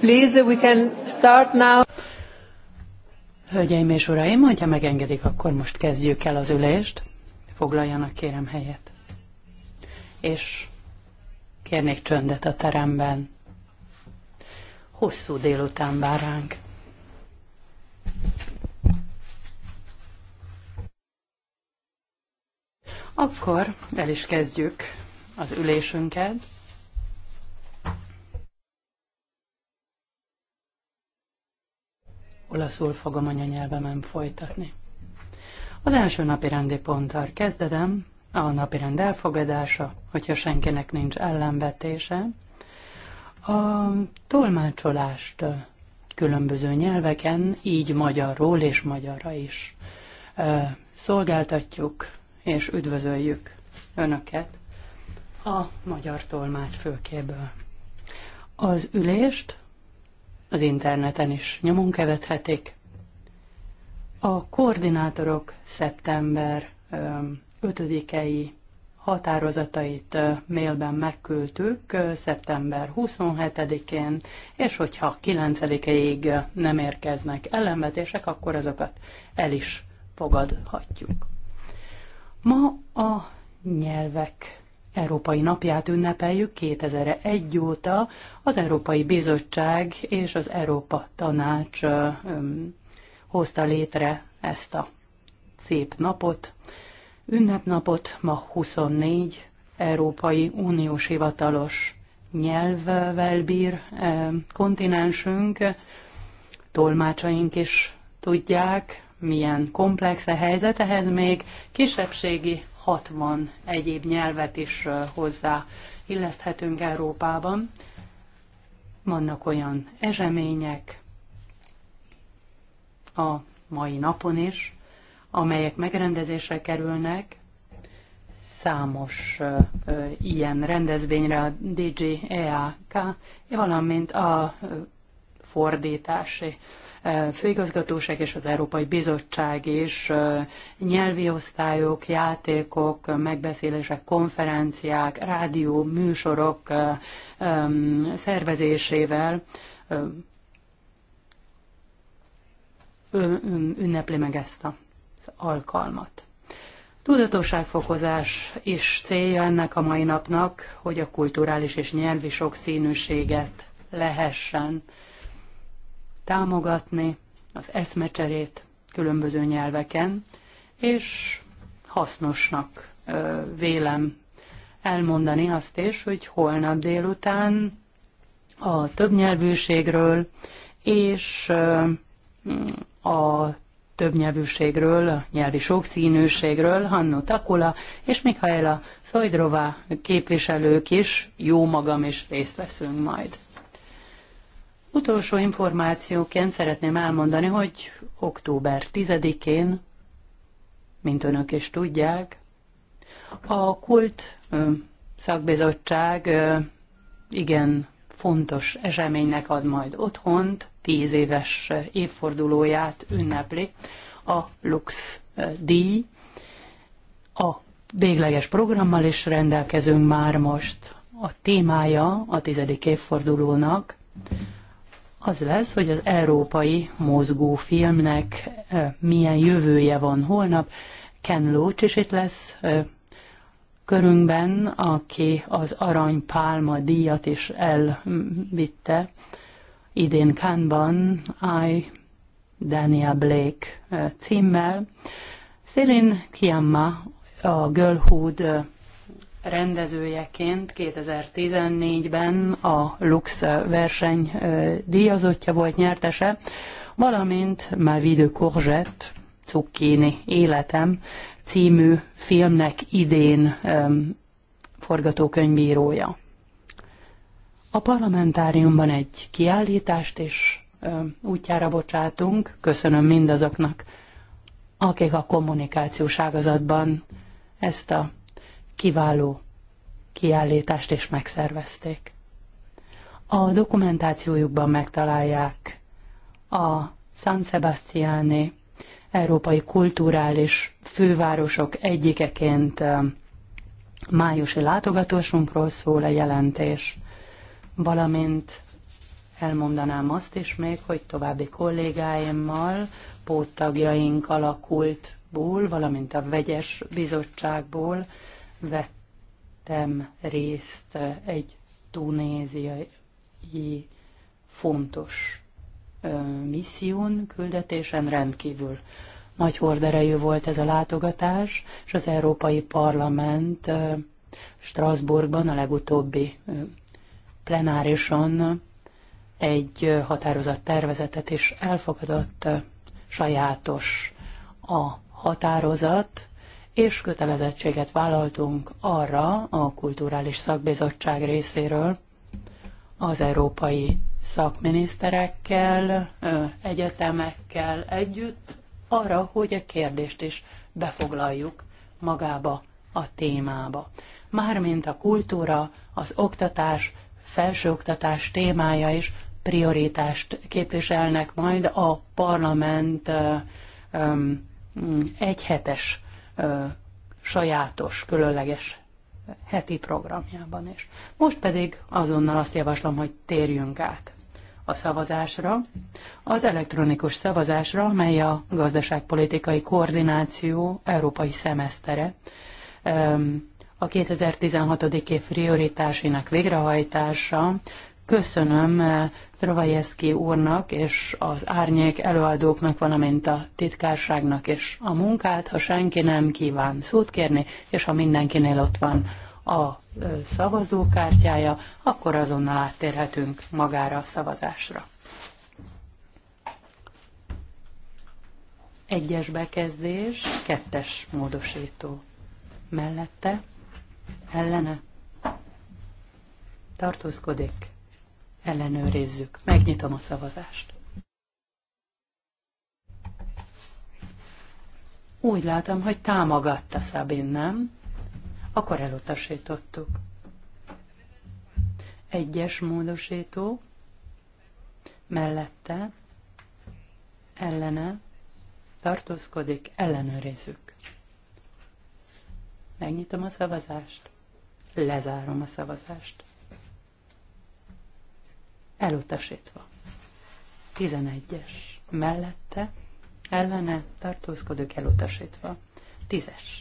Please, we can start now. Hölgyeim és uraim, hogyha megengedik, akkor most kezdjük el az ülést. Foglaljanak kérem helyet. És kérnék csöndet a teremben. Hosszú délután vár ránk. Akkor el is kezdjük az ülésünket. olaszul fogom anyanyelvemen folytatni. Az első napi rendi ponttal kezdedem, a napi rend elfogadása, hogyha senkinek nincs ellenvetése. A tolmácsolást különböző nyelveken, így magyarról és magyarra is szolgáltatjuk és üdvözöljük Önöket a magyar tolmács főkéből. Az ülést az interneten is nyomon kevethetik. A koordinátorok szeptember 5-i határozatait mailben megküldtük szeptember 27-én, és hogyha 9-ig nem érkeznek ellenvetések, akkor azokat el is fogadhatjuk. Ma a nyelvek Európai Napját ünnepeljük 2001 óta az Európai Bizottság és az Európa Tanács hozta létre ezt a szép napot. Ünnepnapot ma 24 Európai Uniós hivatalos nyelvvel bír kontinensünk, tolmácsaink is tudják, milyen komplex a helyzet, ehhez még kisebbségi 60 egyéb nyelvet is hozzá illeszthetünk Európában. Vannak olyan események a mai napon is, amelyek megrendezésre kerülnek. Számos ö, ö, ilyen rendezvényre a DJEAK, valamint a ö, fordítási ö, főigazgatóság és az Európai Bizottság is nyelvi osztályok, játékok, megbeszélések, konferenciák, rádió, műsorok szervezésével ünnepli meg ezt az alkalmat. Tudatosságfokozás is célja ennek a mai napnak, hogy a kulturális és nyelvi sokszínűséget lehessen támogatni az eszmecserét különböző nyelveken, és hasznosnak vélem elmondani azt is, hogy holnap délután a többnyelvűségről és a többnyelvűségről, a nyelvi sokszínűségről Hannu Takula és Mikhaela Szojdrova képviselők is, jó magam is részt veszünk majd. Utolsó információként szeretném elmondani, hogy október 10-én, mint önök is tudják, a kult szakbizottság igen fontos eseménynek ad majd otthont, tíz éves évfordulóját ünnepli a Lux díj. A végleges programmal is rendelkezünk már most. A témája a tizedik évfordulónak az lesz, hogy az európai mozgófilmnek milyen jövője van holnap. Ken Loach is itt lesz körünkben, aki az Arany Pálma díjat is elvitte. Idén Kánban I, Daniel Blake címmel. Céline Kiamma, a Girlhood rendezőjeként 2014-ben a Lux verseny díjazottja volt nyertese, valamint Ma Vie de Courgette, Cukkini életem című filmnek idén um, forgatókönyvírója. A parlamentáriumban egy kiállítást is um, útjára bocsátunk. Köszönöm mindazoknak, akik a kommunikációs ágazatban ezt a kiváló kiállítást is megszervezték. A dokumentációjukban megtalálják a San Sebastiani európai kulturális fővárosok egyikeként um, májusi látogatósunkról szól a jelentés, valamint elmondanám azt is még, hogy további kollégáimmal, póttagjaink ból, valamint a vegyes bizottságból vettem részt egy tunéziai fontos misszión, küldetésen rendkívül nagy horderejű volt ez a látogatás, és az Európai Parlament Strasbourgban a legutóbbi plenárison egy határozat tervezetet is elfogadott sajátos a határozat, és kötelezettséget vállaltunk arra a Kulturális Szakbizottság részéről, az európai szakminiszterekkel, egyetemekkel együtt arra, hogy a kérdést is befoglaljuk magába a témába. Mármint a kultúra, az oktatás, felsőoktatás témája is prioritást képviselnek majd a parlament egyhetes sajátos, különleges heti programjában is. Most pedig azonnal azt javaslom, hogy térjünk át a szavazásra, az elektronikus szavazásra, amely a gazdaságpolitikai koordináció európai szemesztere, a 2016. év prioritásének végrehajtása, Köszönöm eh, Travajeszki úrnak és az árnyék előadóknak, valamint a titkárságnak és a munkát, ha senki nem kíván szót kérni, és ha mindenkinél ott van a eh, szavazókártyája, akkor azonnal áttérhetünk magára a szavazásra. Egyes bekezdés, kettes módosító. Mellette, ellene, tartózkodik, ellenőrizzük. Megnyitom a szavazást. Úgy látom, hogy támogatta Szabin, nem? Akkor elutasítottuk. Egyes módosító mellette, ellene, tartózkodik, ellenőrizzük. Megnyitom a szavazást, lezárom a szavazást elutasítva. 11-es mellette, ellene tartózkodók elutasítva. 10-es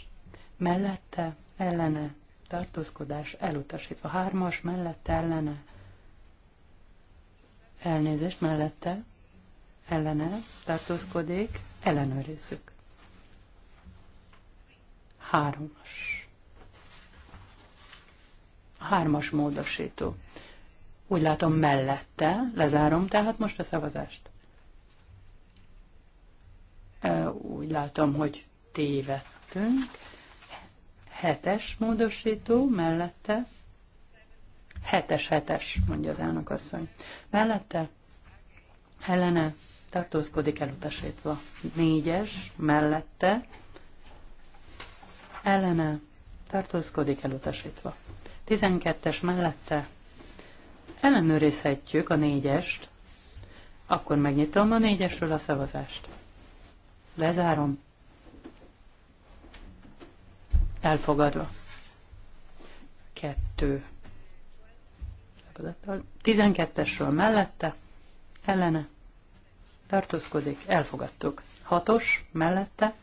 mellette, ellene tartózkodás elutasítva. 3-as mellette, ellene elnézés mellette, ellene tartózkodék, ellenőrizzük. 3-as. 3-as módosító. Úgy látom mellette, lezárom tehát most a szavazást. Úgy látom, hogy tévedtünk. Hetes módosító mellette. Hetes, hetes, mondja az elnökasszony. Mellette Helene tartózkodik elutasítva. Négyes, mellette, Helene tartózkodik elutasítva. Tizenkettes mellette, Ellenőrizhetjük a négyest. Akkor megnyitom a négyesről a szavazást. Lezárom. Elfogadva. Kettő. 12-esről mellette, ellene, tartózkodik, elfogadtuk. 6-os mellette,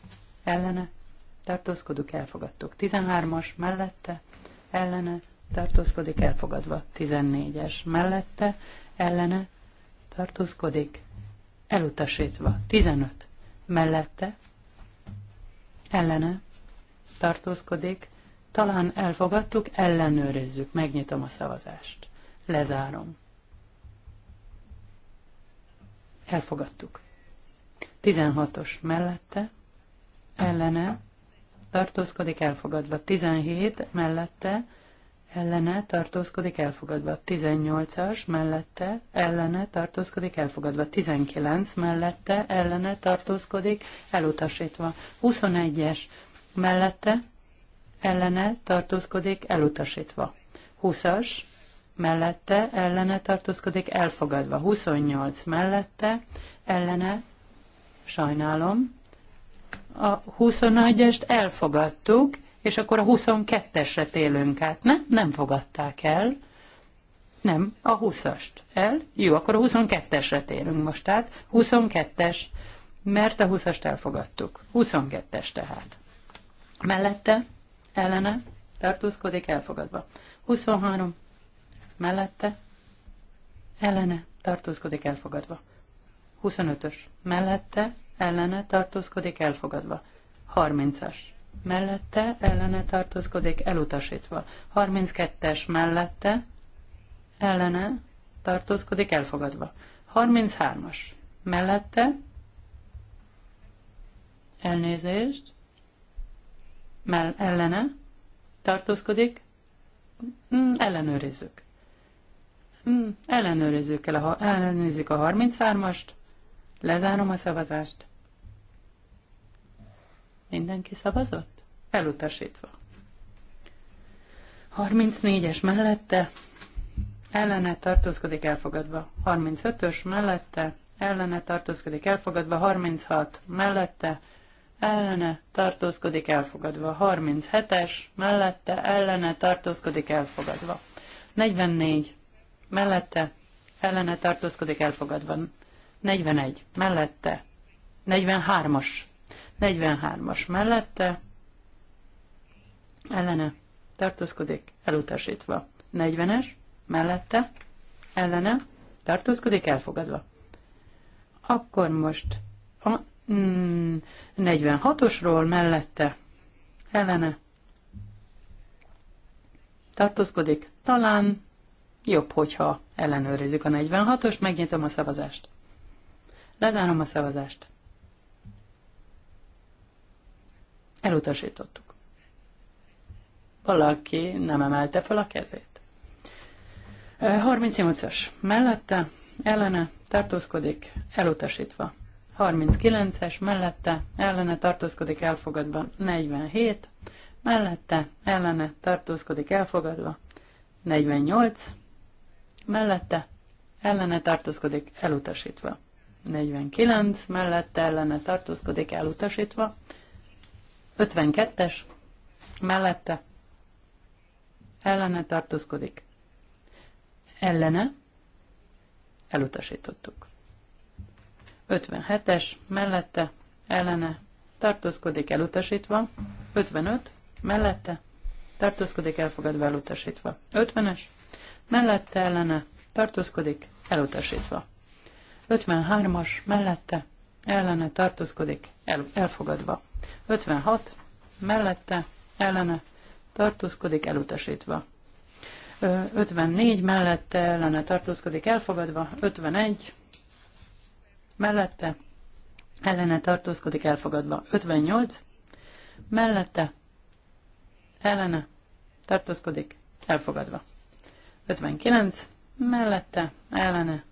ellene, tartózkodik, elfogadtuk. 13-as mellette, ellene, tartózkodik, elfogadva. 14-es mellette, ellene, tartózkodik, elutasítva. 15 mellette, ellene, tartózkodik, talán elfogadtuk, ellenőrizzük, megnyitom a szavazást. Lezárom. Elfogadtuk. 16-os mellette, ellene, tartózkodik elfogadva. 17 mellette, ellene tartózkodik elfogadva 18-as, mellette ellene tartózkodik elfogadva 19, mellette ellene tartózkodik elutasítva 21-es, mellette ellene tartózkodik elutasítva 20-as, mellette ellene tartózkodik elfogadva 28, mellette ellene sajnálom a 21-est elfogadtuk, és akkor a 22-esre télünk át. Nem, nem fogadták el. Nem, a 20-ast el. Jó, akkor a 22-esre térünk most át. 22-es, mert a 20-ast elfogadtuk. 22-es tehát. Mellette, ellene, tartózkodik elfogadva. 23, mellette, ellene, tartózkodik elfogadva. 25-ös, mellette, ellene, tartózkodik elfogadva. 30-as, mellette ellene tartózkodik elutasítva. 32-es mellette ellene tartózkodik elfogadva. 33-as mellette elnézést mell ellene tartózkodik, mm, ellenőrizzük. Mm, ellenőrizzük el, a, ellenőrizzük a 33-ast, lezárom a szavazást. Mindenki szavazott? Elutasítva. 34-es mellette ellene tartózkodik elfogadva. 35-ös mellette ellene tartózkodik elfogadva. 36 mellette ellene tartózkodik elfogadva. 37-es mellette ellene tartózkodik elfogadva. 44 mellette ellene tartózkodik elfogadva. 41 mellette 43-as 43-as mellette, ellene, tartózkodik, elutasítva. 40-es, mellette, ellene, tartózkodik, elfogadva. Akkor most a mm, 46-osról mellette, ellene, tartózkodik, talán jobb, hogyha ellenőrizzük a 46-ost, megnyitom a szavazást. Lezárom a szavazást. Elutasítottuk. Valaki nem emelte fel a kezét. 38-as mellette, ellene tartózkodik, elutasítva. 39-es mellette, ellene tartózkodik, elfogadva. 47 mellette, ellene tartózkodik, elfogadva. 48 mellette, ellene tartózkodik, elutasítva. 49 mellette, ellene tartózkodik, elutasítva. 52-es mellette ellene tartózkodik. Ellene elutasítottuk. 57-es mellette ellene tartózkodik elutasítva. 55 mellette tartózkodik elfogadva elutasítva. 50-es mellette ellene tartózkodik elutasítva. 53-as mellette ellene tartózkodik, el, elfogadva. 56 mellette, ellene tartózkodik, elutasítva. 54 mellette, ellene tartózkodik, elfogadva. 51 mellette, ellene tartózkodik, elfogadva. 58 mellette, ellene tartózkodik, elfogadva. 59 mellette, ellene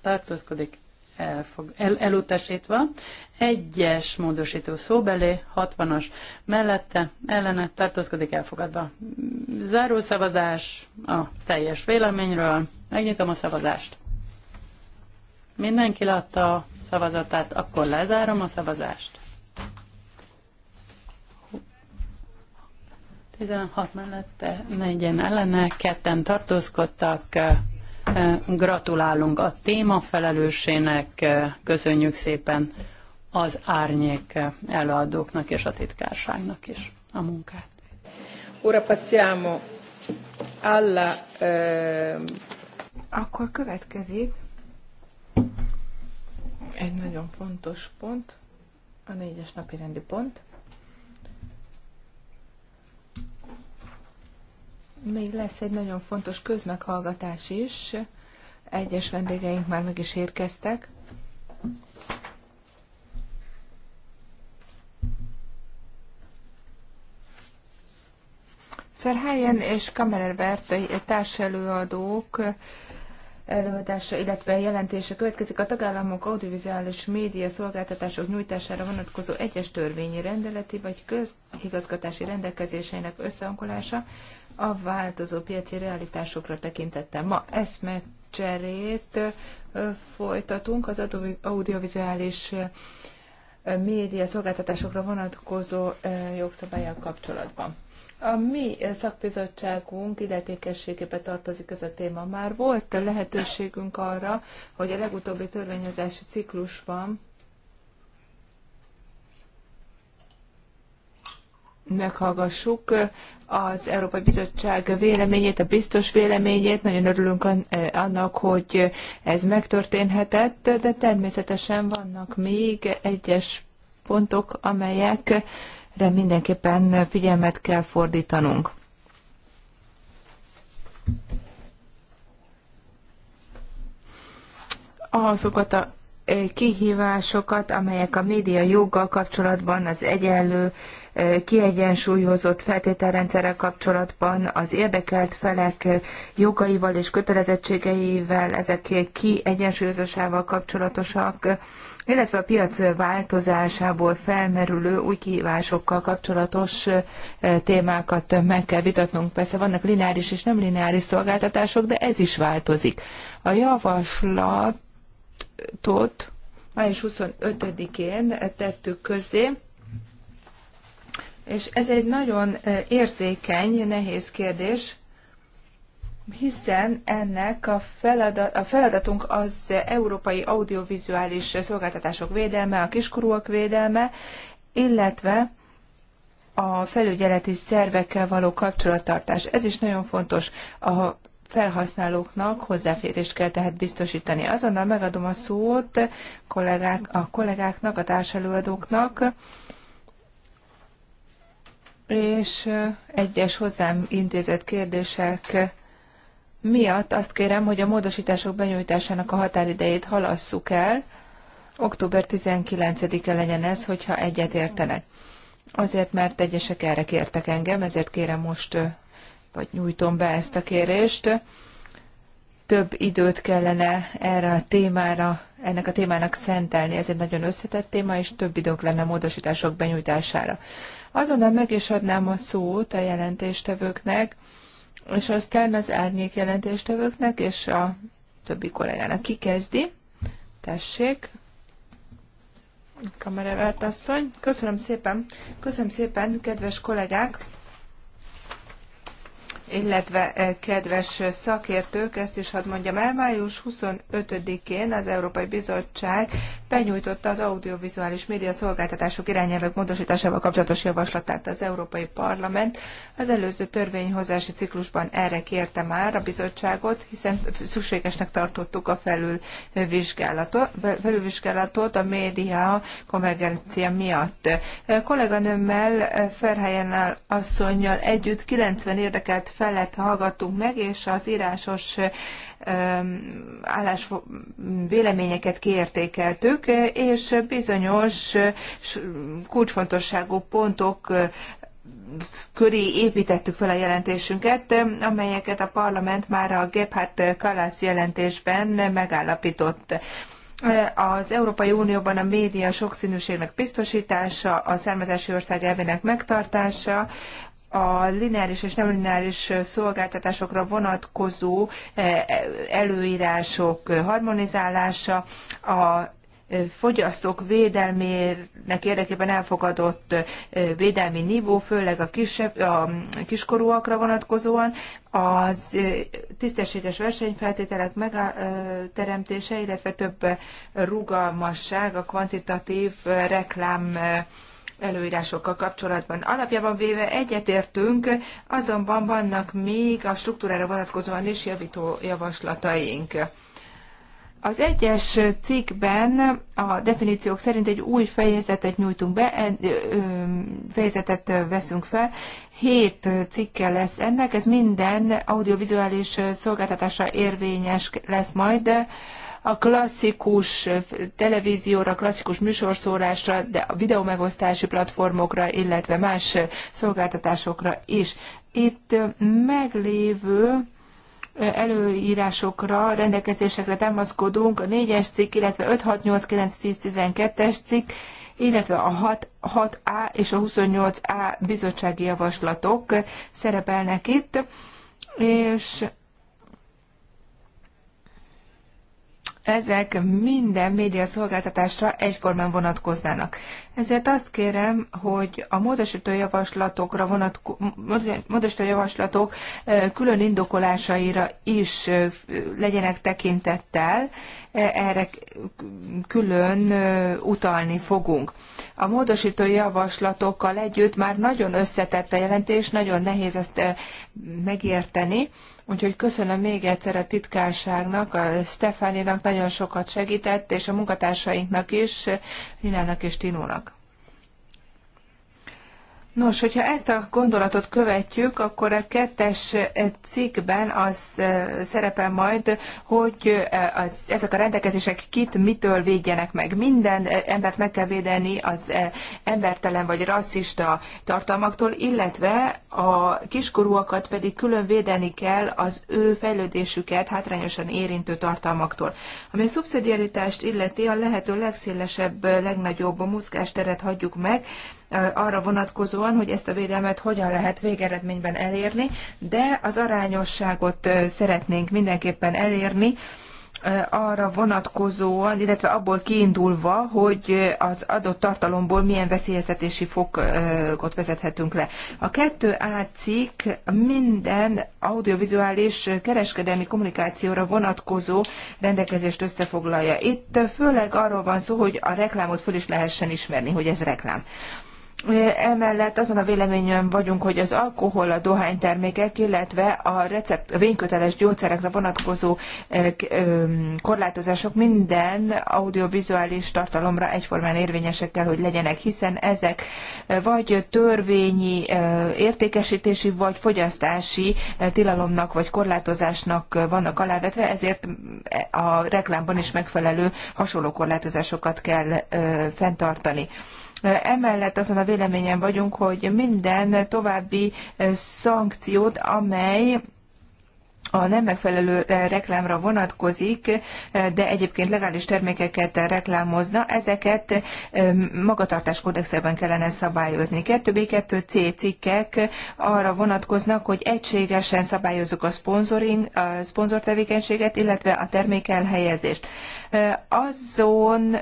tartózkodik, elfog, el, elutasítva. Egyes módosító belé, 60-as mellette, ellene tartózkodik elfogadva. Záró szavazás a teljes véleményről. Megnyitom a szavazást. Mindenki látta a szavazatát, akkor lezárom a szavazást. 16 mellette, 4 ellene, ketten tartózkodtak, Eh, gratulálunk a témafelelősének, eh, köszönjük szépen az árnyék eh, előadóknak és a titkárságnak is a munkát. Ora passiamo alla... Ehm, Akkor következik egy nagyon fontos pont, a négyes napi rendi pont. Még lesz egy nagyon fontos közmeghallgatás is. Egyes vendégeink már meg is érkeztek. Ferhelyen és Kamerbert társelőadók előadása, illetve jelentése következik a tagállamok audiovizuális média szolgáltatások nyújtására vonatkozó egyes törvényi rendeleti vagy közigazgatási rendelkezéseinek összehangolása a változó piaci realitásokra tekintettel. Ma eszmecserét folytatunk az audiovizuális média szolgáltatásokra vonatkozó jogszabályok kapcsolatban. A mi szakbizottságunk illetékességébe tartozik ez a téma. Már volt a lehetőségünk arra, hogy a legutóbbi törvényezési ciklusban meghallgassuk az Európai Bizottság véleményét, a biztos véleményét. Nagyon örülünk eh, annak, hogy ez megtörténhetett, de természetesen vannak még egyes pontok, amelyekre mindenképpen figyelmet kell fordítanunk. Azokat a eh, kihívásokat, amelyek a média joggal kapcsolatban az egyenlő kiegyensúlyozott feltételrendszerrel kapcsolatban, az érdekelt felek jogaival és kötelezettségeivel, ezek kiegyensúlyozásával kapcsolatosak, illetve a piac változásából felmerülő új kihívásokkal kapcsolatos eh, témákat meg kell vitatnunk. Persze vannak lineáris és nem lineáris szolgáltatások, de ez is változik. A javaslatot május 25-én tettük közzé, és ez egy nagyon érzékeny, nehéz kérdés, hiszen ennek a, feladat, a feladatunk az európai audiovizuális szolgáltatások védelme, a kiskorúak védelme, illetve a felügyeleti szervekkel való kapcsolattartás. Ez is nagyon fontos. A felhasználóknak hozzáférést kell tehát biztosítani. Azonnal megadom a szót kollégák, a kollégáknak, a társelőadóknak és egyes hozzám intézett kérdések miatt azt kérem, hogy a módosítások benyújtásának a határidejét halasszuk el, október 19-e legyen ez, hogyha egyet értenek. Azért, mert egyesek erre kértek engem, ezért kérem most, vagy nyújtom be ezt a kérést. Több időt kellene erre a témára, ennek a témának szentelni, ez egy nagyon összetett téma, és több időnk lenne a módosítások benyújtására. Azonnal meg is adnám a szót a jelentéstevőknek, és aztán az árnyék jelentéstevőknek és a többi kollégának. kikezdi. Tessék. Kamerevert asszony. Köszönöm szépen. Köszönöm szépen, kedves kollégák illetve eh, kedves szakértők, ezt is hadd mondjam el, május 25-én az Európai Bizottság benyújtotta az audiovizuális média szolgáltatások irányelvek módosításával kapcsolatos javaslatát az Európai Parlament. Az előző törvényhozási ciklusban erre kérte már a bizottságot, hiszen szükségesnek tartottuk a felülvizsgálatot, felülvizsgálatot a média konvergencia miatt. Eh, kolléganőmmel, eh, Ferhelyen asszonynal együtt 90 érdekelt felett hallgattunk meg, és az írásos állás véleményeket kiértékeltük, és bizonyos kulcsfontosságú pontok köré építettük fel a jelentésünket, amelyeket a parlament már a Gebhardt Kalász jelentésben megállapított. Az Európai Unióban a média sokszínűségnek biztosítása, a származási ország elvének megtartása, a lineáris és nem lineáris szolgáltatásokra vonatkozó eh, előírások harmonizálása, a eh, fogyasztók védelmének érdekében elfogadott eh, védelmi nívó, főleg a, kisebb, a kiskorúakra vonatkozóan, az tisztességes versenyfeltételek megteremtése, illetve több rugalmasság a kvantitatív reklám előírásokkal kapcsolatban. Alapjában véve egyetértünk, azonban vannak még a struktúrára vonatkozóan is javító javaslataink. Az egyes cikkben a definíciók szerint egy új fejezetet nyújtunk be, e, fejezetet veszünk fel. Hét cikke lesz ennek, ez minden audiovizuális szolgáltatásra érvényes lesz majd a klasszikus televízióra, klasszikus műsorszórásra, de a videómegosztási platformokra, illetve más szolgáltatásokra is. Itt meglévő előírásokra, rendelkezésekre támaszkodunk, a 4-es cikk, illetve 5, 6, 8, 9, 10, 12-es cikk, illetve a 6, a és a 28A bizottsági javaslatok szerepelnek itt, és ezek minden médiaszolgáltatásra egyformán vonatkoznának. Ezért azt kérem, hogy a módosító javaslatokra vonatko- módosító javaslatok külön indokolásaira is legyenek tekintettel, e, erre külön utalni fogunk. A módosító javaslatokkal együtt már nagyon összetett a jelentés, nagyon nehéz ezt megérteni, Úgyhogy köszönöm még egyszer a titkárságnak, a Stefáninak nagyon sokat segített, és a munkatársainknak is, Linának és Tinónak. Nos, hogyha ezt a gondolatot követjük, akkor a kettes eh, cikkben az eh, szerepel majd, hogy eh, az, ezek a rendelkezések kit mitől védjenek meg. Minden embert meg kell védeni az embertelen vagy rasszista tartalmaktól, illetve a kiskorúakat pedig külön védeni kell az ő fejlődésüket hátrányosan érintő tartalmaktól. Ami a szubszidiaritást illeti, a lehető legszélesebb, legnagyobb mozgásteret hagyjuk meg, arra vonatkozóan, hogy ezt a védelmet hogyan lehet végeredményben elérni, de az arányosságot szeretnénk mindenképpen elérni, arra vonatkozóan, illetve abból kiindulva, hogy az adott tartalomból milyen veszélyeztetési fokot vezethetünk le. A 2A cikk minden audiovizuális kereskedelmi kommunikációra vonatkozó rendelkezést összefoglalja. Itt főleg arról van szó, hogy a reklámot föl is lehessen ismerni, hogy ez reklám. Emellett azon a véleményen vagyunk, hogy az alkohol, a dohánytermékek, illetve a recept, a vényköteles gyógyszerekre vonatkozó eh, korlátozások minden audiovizuális tartalomra egyformán érvényesek kell, hogy legyenek, hiszen ezek eh, vagy törvényi eh, értékesítési, vagy fogyasztási tilalomnak, vagy korlátozásnak vannak alávetve, ezért a reklámban is megfelelő hasonló korlátozásokat kell fenntartani. Emellett azon a véleményen vagyunk, hogy minden további szankciót, amely a nem megfelelő reklámra vonatkozik, de egyébként legális termékeket reklámozna, ezeket magatartás kódexelben kellene szabályozni. 2B2C cikkek arra vonatkoznak, hogy egységesen szabályozzuk a szponzoring, a szponzor illetve a termék elhelyezést. Azon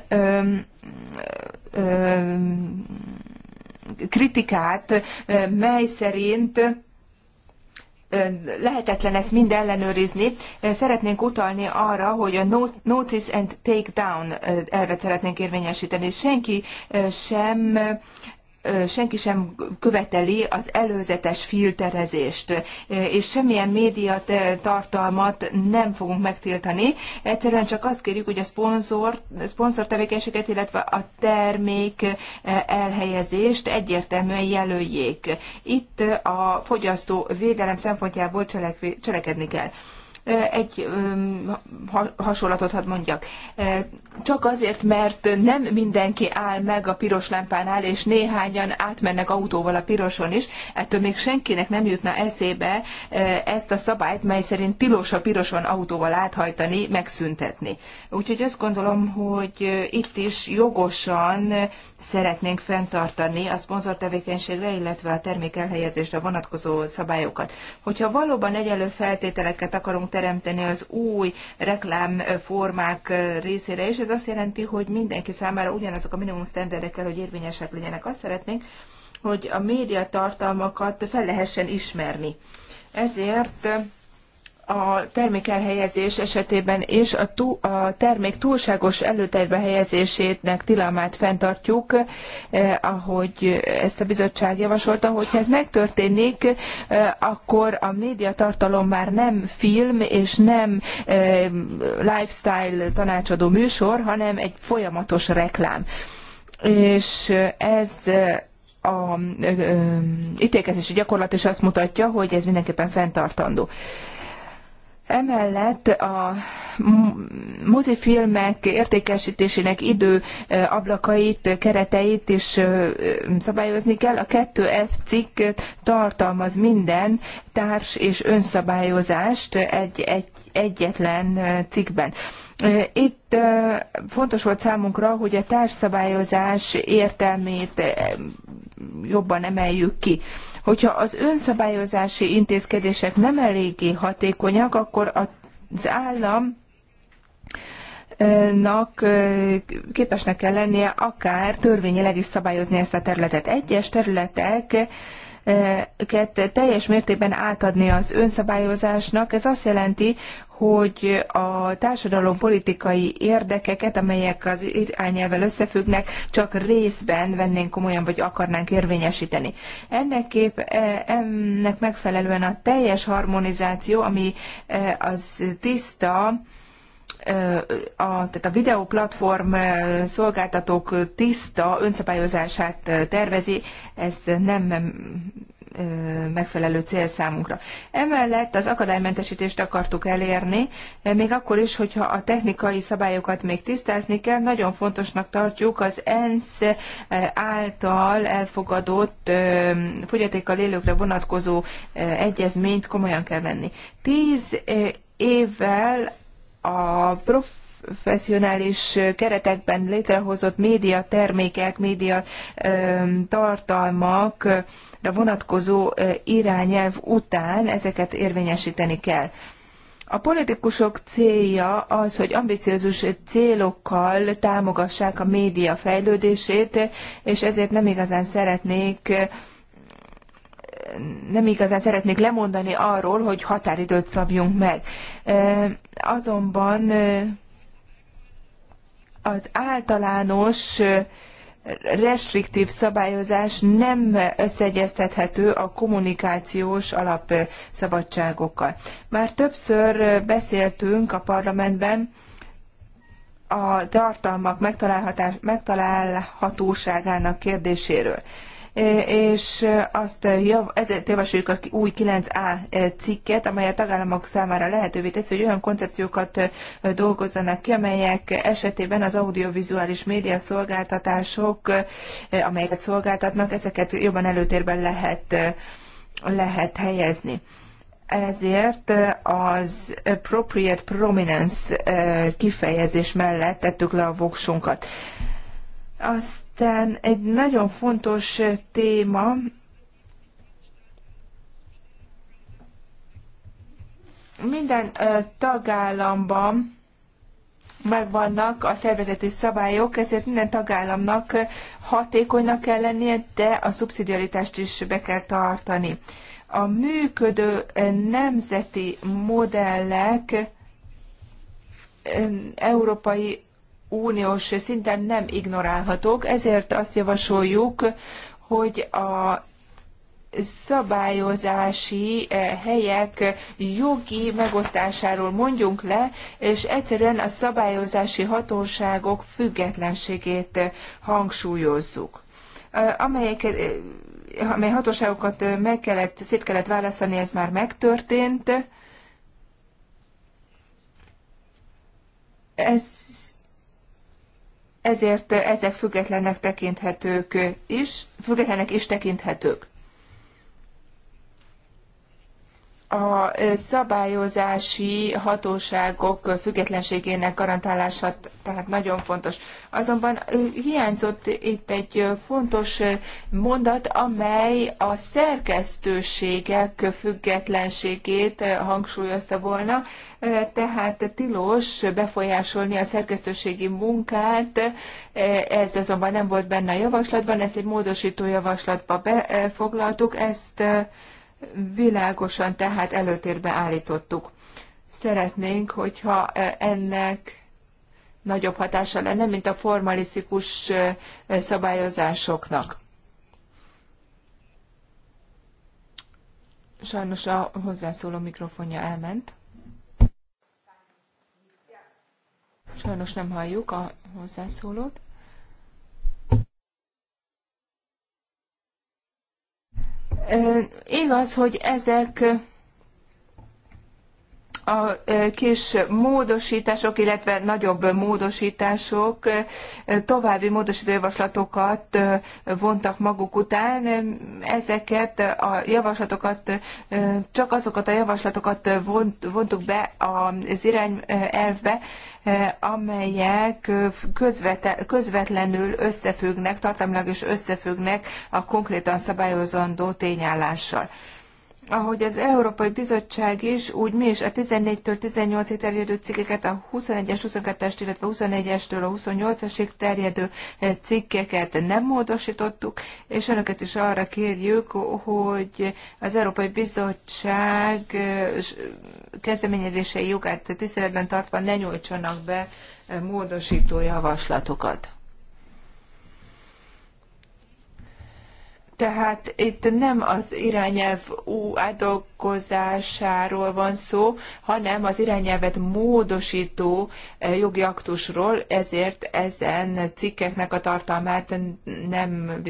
kritikát, mely szerint lehetetlen ezt mind ellenőrizni. Szeretnénk utalni arra, hogy a notice and take down elvet szeretnénk érvényesíteni. Senki sem senki sem követeli az előzetes filterezést, és semmilyen média tartalmat nem fogunk megtiltani. Egyszerűen csak azt kérjük, hogy a szponzor, szponzor tevékenységet, illetve a termék elhelyezést egyértelműen jelöljék. Itt a fogyasztó védelem szempontjából cselekvi, cselekedni kell egy hasonlatot hadd mondjak. Csak azért, mert nem mindenki áll meg a piros lámpánál, és néhányan átmennek autóval a piroson is, ettől még senkinek nem jutna eszébe ezt a szabályt, mely szerint tilos a piroson autóval áthajtani, megszüntetni. Úgyhogy azt gondolom, hogy itt is jogosan szeretnénk fenntartani a szponzor tevékenységre, illetve a termék elhelyezésre vonatkozó szabályokat. Hogyha valóban egyelő feltételeket akarunk teremteni az új reklámformák részére, és ez azt jelenti, hogy mindenki számára ugyanazok a minimum kell, hogy érvényesek legyenek. Azt szeretnénk, hogy a médiatartalmakat fel lehessen ismerni. Ezért a termékelhelyezés esetében és a, tú, a termék túlságos előterbe helyezésének tilalmát fenntartjuk, eh, ahogy ezt a bizottság javasolta, hogyha ez megtörténik, eh, akkor a médiatartalom már nem film és nem eh, lifestyle tanácsadó műsor, hanem egy folyamatos reklám. És ez eh, a ö, eh, ö, eh, ítélkezési gyakorlat is azt mutatja, hogy ez mindenképpen fenntartandó. Ö, Emellett a mozifilmek értékesítésének idő ablakait, kereteit is szabályozni kell. A 2F cikk tartalmaz minden társ és önszabályozást egy, egy, egyetlen cikkben. Itt fontos volt számunkra, hogy a társszabályozás értelmét jobban emeljük ki. Hogyha az önszabályozási intézkedések nem eléggé hatékonyak, akkor az állam nak képesnek kell lennie akár törvényileg is szabályozni ezt a területet. Egyes területek ket teljes mértékben átadni az önszabályozásnak. Ez azt jelenti, hogy a társadalom politikai érdekeket, amelyek az irányelvel összefüggnek, csak részben vennénk komolyan, vagy akarnánk érvényesíteni. Ennek, kép, e, ennek megfelelően a teljes harmonizáció, ami e, az tiszta, a, tehát a platform szolgáltatók tiszta önszabályozását tervezi, ez nem megfelelő cél számunkra. Emellett az akadálymentesítést akartuk elérni, még akkor is, hogyha a technikai szabályokat még tisztázni kell, nagyon fontosnak tartjuk az ENSZ által elfogadott fogyatékkal élőkre vonatkozó egyezményt komolyan kell venni. Tíz évvel a professzionális keretekben létrehozott média termékek, média tartalmakra vonatkozó irányelv után ezeket érvényesíteni kell. A politikusok célja az, hogy ambiciózus célokkal támogassák a média fejlődését, és ezért nem igazán szeretnék nem igazán szeretnék lemondani arról, hogy határidőt szabjunk meg. Azonban az általános restriktív szabályozás nem összeegyeztethető a kommunikációs alapszabadságokkal. Már többször beszéltünk a parlamentben a tartalmak megtalálhatóságának kérdéséről. E, és e, azt e, jav, ezért javasoljuk a új 9A cikket, amely a tagállamok számára lehetővé teszi, hogy olyan koncepciókat dolgozzanak ki, amelyek esetében az audiovizuális média szolgáltatások, amelyeket szolgáltatnak, ezeket jobban előtérben lehet, lehet helyezni ezért az appropriate prominence kifejezés mellett tettük le a voksunkat. Azt aztán egy nagyon fontos téma, minden tagállamban megvannak a szervezeti szabályok, ezért minden tagállamnak hatékonynak kell lennie, de a szubszidiaritást is be kell tartani. A működő nemzeti modellek európai uniós szinten nem ignorálhatók, ezért azt javasoljuk, hogy a szabályozási eh, helyek jogi megosztásáról mondjunk le, és egyszerűen a szabályozási hatóságok függetlenségét eh, hangsúlyozzuk, eh, amelyek, amely hatóságokat meg kellett, szét kellett választani, ez már megtörtént. Ez ezért ezek függetlenek tekinthetők is, függetlenek is tekinthetők. a szabályozási hatóságok függetlenségének garantálása tehát nagyon fontos. Azonban hiányzott itt egy fontos mondat, amely a szerkesztőségek függetlenségét hangsúlyozta volna, tehát tilos befolyásolni a szerkesztőségi munkát, ez azonban nem volt benne a javaslatban, ezt egy módosító javaslatba befoglaltuk, ezt világosan tehát előtérbe állítottuk. Szeretnénk, hogyha e, ennek nagyobb hatása lenne, mint a formalisztikus e, szabályozásoknak. Sajnos a hozzászóló mikrofonja elment. Sajnos nem halljuk a hozzászólót. Igaz, hogy ezek a kis módosítások, illetve nagyobb módosítások további javaslatokat vontak maguk után. Ezeket a javaslatokat, csak azokat a javaslatokat vontuk be az irányelvbe, amelyek közvetlenül összefüggnek, tartalmilag is összefüggnek a konkrétan szabályozandó tényállással ahogy az Európai Bizottság is, úgy mi is a 14-től 18-ig terjedő cikkeket, a 21-es, 22-es, illetve 21-estől a 28-asig terjedő eh, cikkeket nem módosítottuk, és önöket is arra kérjük, hogy az Európai Bizottság eh, kezdeményezései jogát tiszteletben tartva ne nyújtsanak be eh, módosító javaslatokat. Tehát itt nem az irányelv átdolgozásáról van szó, hanem az irányelvet módosító eh, jogi aktusról, ezért ezen cikkeknek a tartalmát nem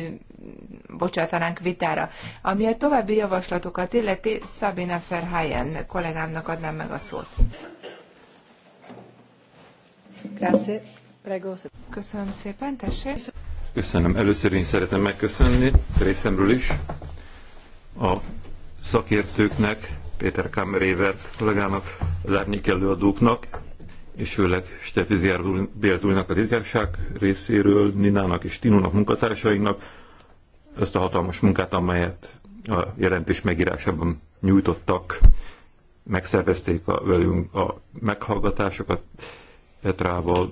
bocsátanánk vitára. Ami a további javaslatokat illeti, Sabina Ferhajen kollégámnak adnám meg a szót. Köszönöm szépen, tessék. Köszönöm. Először én szeretem megköszönni részemről is a szakértőknek, Péter Kammerévert, kollégának, az árnyék előadóknak, és főleg Stefi Bérzújnak a titkárság részéről, Ninának és Tinónak munkatársainak ezt a hatalmas munkát, amelyet a jelentés megírásában nyújtottak, megszervezték a, velünk a meghallgatásokat Petrával,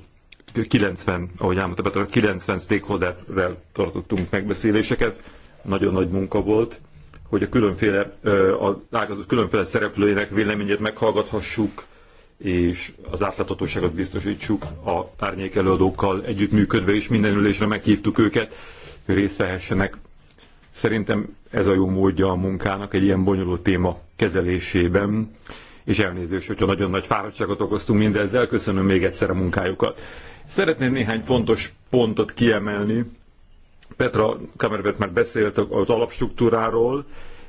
90, ahogy elmondta 90 stakeholderrel tartottunk megbeszéléseket, nagyon nagy munka volt, hogy a különféle, a ágazat különféle szereplőinek véleményét meghallgathassuk, és az átláthatóságot biztosítsuk a árnyék előadókkal együttműködve, és minden ülésre meghívtuk őket, hogy részt vehessenek. Szerintem ez a jó módja a munkának egy ilyen bonyolult téma kezelésében, és elnézést, hogyha nagyon nagy fáradtságot okoztunk mindezzel, köszönöm még egyszer a munkájukat. Szeretném néhány fontos pontot kiemelni. Petra Kamervet már beszélt az alapstruktúráról,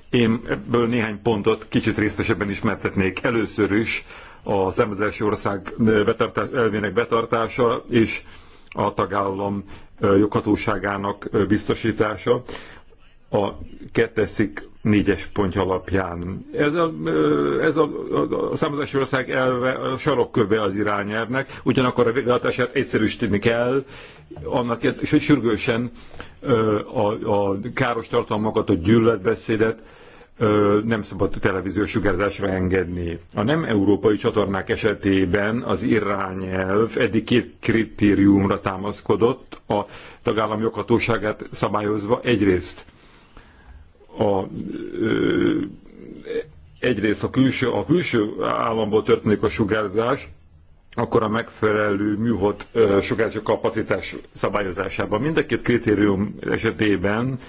én ebből néhány pontot kicsit részesebben ismertetnék. Először is a származási ország betartás, elvének betartása és a tagállam joghatóságának biztosítása. A ketteszik négyes pontja alapján. Ez a, ez a, a, a számozási ország elve a sarokköve az irányelvnek, ugyanakkor a végrehajtását egyszerűsíteni kell, annak sürgősen a, a káros tartalmakat, a gyűlöletbeszédet nem szabad a televíziós sugárzásra engedni. A nem európai csatornák esetében az irányelv eddig két kritériumra támaszkodott, a tagállami joghatóságát szabályozva egyrészt a, egyrészt a külső, a külső államból történik a sugárzás, akkor a megfelelő műhold sugárzó kapacitás szabályozásában. Mind a két kritérium esetében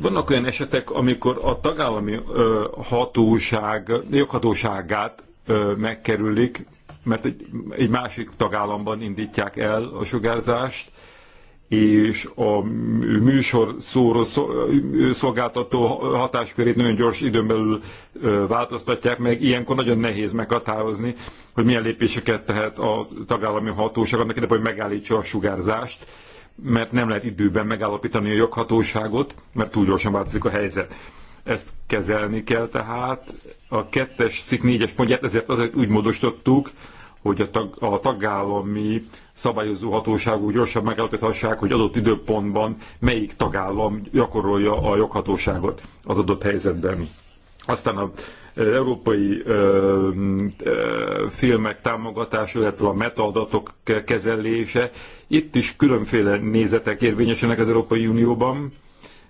vannak olyan esetek, amikor a tagállami hatóság, joghatóságát megkerülik, mert egy, egy másik tagállamban indítják el a sugárzást, és a műsor szóra szolgáltató hatáskörét nagyon gyors időn belül változtatják meg. Ilyenkor nagyon nehéz meghatározni, hogy milyen lépéseket tehet a tagállami hatóság annak érdekében, hogy megállítsa a sugárzást, mert nem lehet időben megállapítani a joghatóságot, mert túl gyorsan változik a helyzet. Ezt kezelni kell tehát. A kettes cikk négyes pontját ezért azért úgy módosítottuk, hogy a, tag, a tagállami szabályozó hatóságok gyorsabb megállapíthassák, hogy adott időpontban melyik tagállam gyakorolja a joghatóságot az adott helyzetben. Aztán a e, európai ö, e, ö, e, filmek támogatása, illetve a metaadatok kezelése. Itt is különféle nézetek érvényesülnek az Európai Unióban.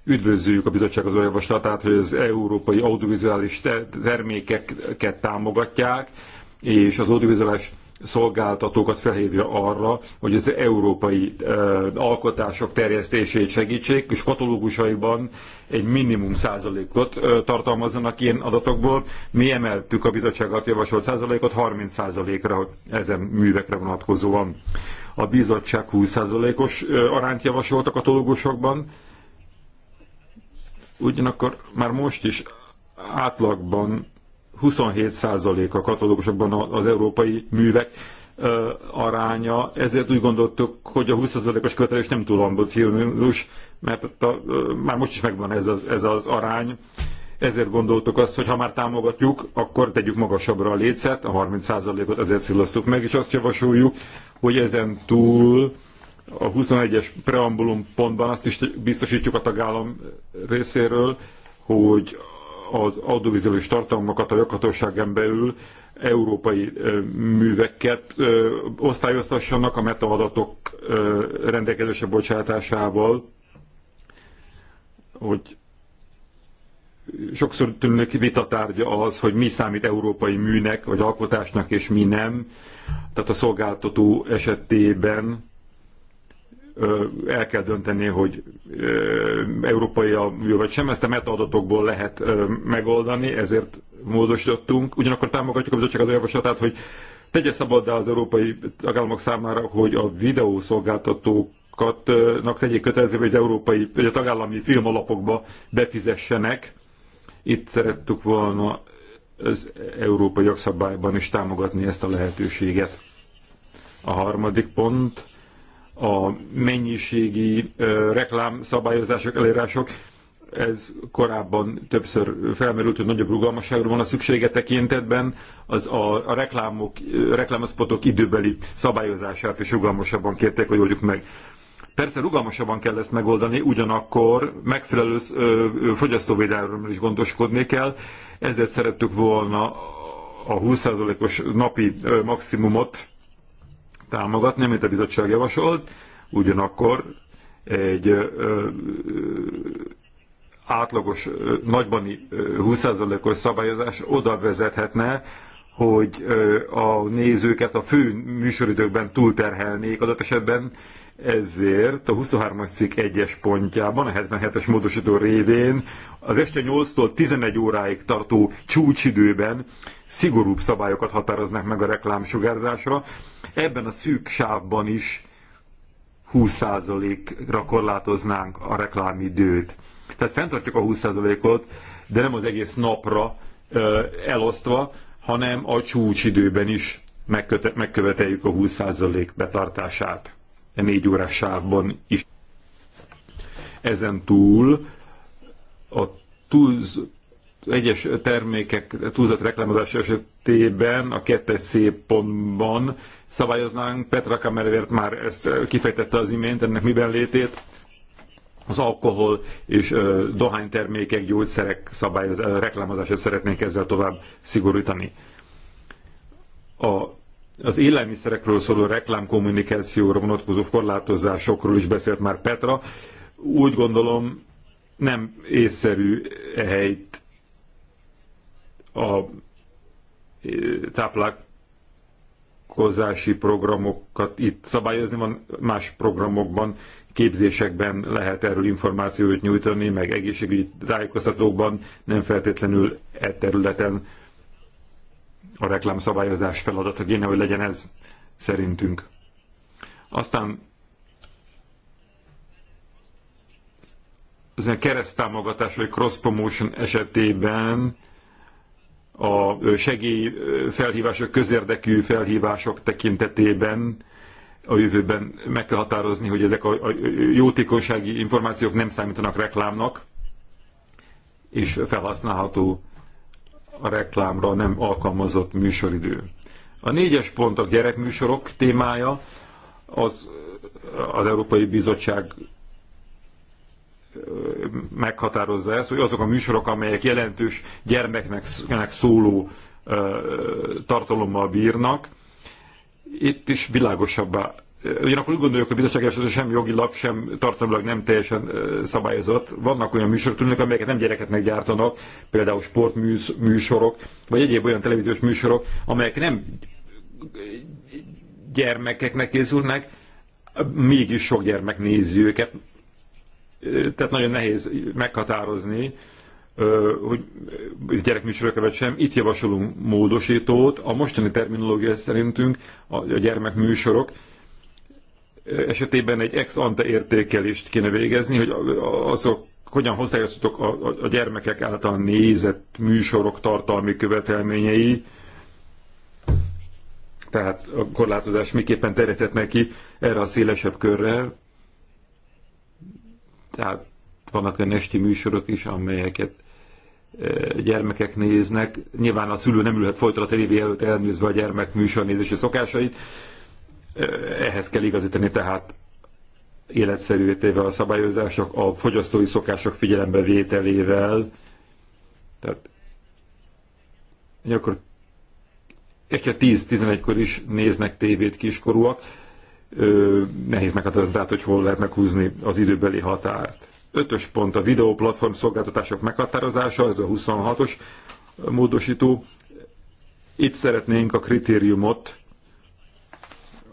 Üdvözlőjük a bizottság az javaslatát, hogy az európai audiovizuális termékeket támogatják, és az audiovizuális szolgáltatókat felhívja arra, hogy az európai e, alkotások terjesztését segítsék, és katalógusaiban egy minimum százalékot e, tartalmazzanak ilyen adatokból. Mi emeltük a bizottságot javasolt százalékot 30 százalékra ezen művekre vonatkozóan. A bizottság 20 százalékos arányt javasolt a katalógusokban, ugyanakkor már most is átlagban 27% a katalógusokban az európai művek aránya, ezért úgy gondoltuk, hogy a 20%-os követelés nem túl ambiciózus, mert a, már most is megvan ez az, ez az arány, ezért gondoltuk azt, hogy ha már támogatjuk, akkor tegyük magasabbra a lécet, a 30%-ot ezért szilasztjuk meg, és azt javasoljuk, hogy ezen túl a 21-es preambulum pontban azt is biztosítsuk a tagállam részéről, hogy az audiovizuális tartalmakat a joghatóságen belül európai műveket osztályoztassanak a metaadatok rendelkezésre bocsátásával, hogy sokszor tűnik vitatárgya az, hogy mi számít európai műnek, vagy alkotásnak, és mi nem. Tehát a szolgáltató esetében el kell dönteni, hogy európai a jó vagy sem, ezt a metaadatokból lehet megoldani, ezért módosítottunk. Ugyanakkor támogatjuk a bizottság az a javaslatát, hogy tegye szabaddá az európai tagállamok számára, hogy a videószolgáltatókatnak tegyék kötelezővé, hogy európai, vagy a tagállami filmalapokba befizessenek. Itt szerettük volna az európai jogszabályban is támogatni ezt a lehetőséget. A harmadik pont a mennyiségi reklámszabályozások, elérások, ez korábban többször felmerült, hogy nagyobb rugalmasságra van a szüksége tekintetben, az a, a reklámok, reklámaszpotok időbeli szabályozását is rugalmasabban kérték, hogy oldjuk meg. Persze rugalmasabban kell ezt megoldani, ugyanakkor megfelelő fogyasztóvédelemről is gondoskodni kell. Ezért szerettük volna a 20%-os napi maximumot támogatni, amit a bizottság javasolt, ugyanakkor egy ö, ö, átlagos, ö, nagybani 20%-os szabályozás oda vezethetne, hogy a nézőket a fő műsoridőkben túlterhelnék adott esetben, ezért a 23. cikk 1-es pontjában, a 77-es módosító révén az este 8-tól 11 óráig tartó csúcsidőben szigorúbb szabályokat határoznak meg a reklámsugárzásra. Ebben a szűk sávban is 20%-ra korlátoznánk a reklámidőt. Tehát fenntartjuk a 20%-ot, de nem az egész napra ö, elosztva, hanem a csúcsidőben is megköte- megköveteljük a 20% betartását. A e négy órás sávban is. Ezen túl a túlz, egyes termékek túlzott reklámozása esetében a kettes C pontban szabályoznánk, Petra Kamervért már ezt kifejtette az imént, ennek miben létét, az alkohol és ö, dohánytermékek, gyógyszerek szabályoz, reklámozását szeretnénk ezzel tovább szigorítani. A, az élelmiszerekről szóló reklámkommunikációra vonatkozó korlátozásokról is beszélt már Petra. Úgy gondolom, nem észszerű ehelyt a táplálkozási programokat itt szabályozni van, más programokban, képzésekben lehet erről információt nyújtani, meg egészségügyi tájékoztatókban, nem feltétlenül e területen a reklámszabályozás feladata kéne, hogy legyen ez szerintünk. Aztán az ilyen kereszttámogatás vagy cross promotion esetében a segélyfelhívások, közérdekű felhívások tekintetében a jövőben meg kell határozni, hogy ezek a, jótékonysági információk nem számítanak reklámnak, és felhasználható a reklámra nem alkalmazott műsoridő. A négyes pont a gyerekműsorok témája, az, az Európai Bizottság meghatározza ezt, hogy azok a műsorok, amelyek jelentős gyermeknek szóló tartalommal bírnak, itt is világosabbá. Ugyanakkor úgy gondoljuk, hogy a bizottság esetben sem jogilag, sem tartalmilag nem teljesen szabályozott. Vannak olyan műsorok, amelyeket nem gyerekeknek gyártanak, például sportműsorok, vagy egyéb olyan televíziós műsorok, amelyek nem gyermekeknek készülnek, mégis sok gyermek nézi őket, tehát nagyon nehéz meghatározni, hogy gyerekműsorokat sem. Itt javasolunk módosítót, a mostani terminológia szerintünk a gyermekműsorok esetében egy ex ante értékelést kéne végezni, hogy azok hogyan hozzájárulhatók a, a gyermekek által nézett műsorok tartalmi követelményei, tehát a korlátozás miképpen terjedhet neki erre a szélesebb körre, tehát vannak olyan esti műsorok is, amelyeket e, gyermekek néznek. Nyilván a szülő nem ülhet folyton a tévé előtt elnézve a gyermek műsornézési szokásait. E, ehhez kell igazítani tehát életszerűvé téve a szabályozások, a fogyasztói szokások figyelembe vételével. Tehát akkor este 10-11-kor is néznek tévét kiskorúak, ö, nehéz meghatározni, tehát hogy hol lehet meghúzni az időbeli határt. Ötös pont a videó platform szolgáltatások meghatározása, ez a 26-os módosító. Itt szeretnénk a kritériumot,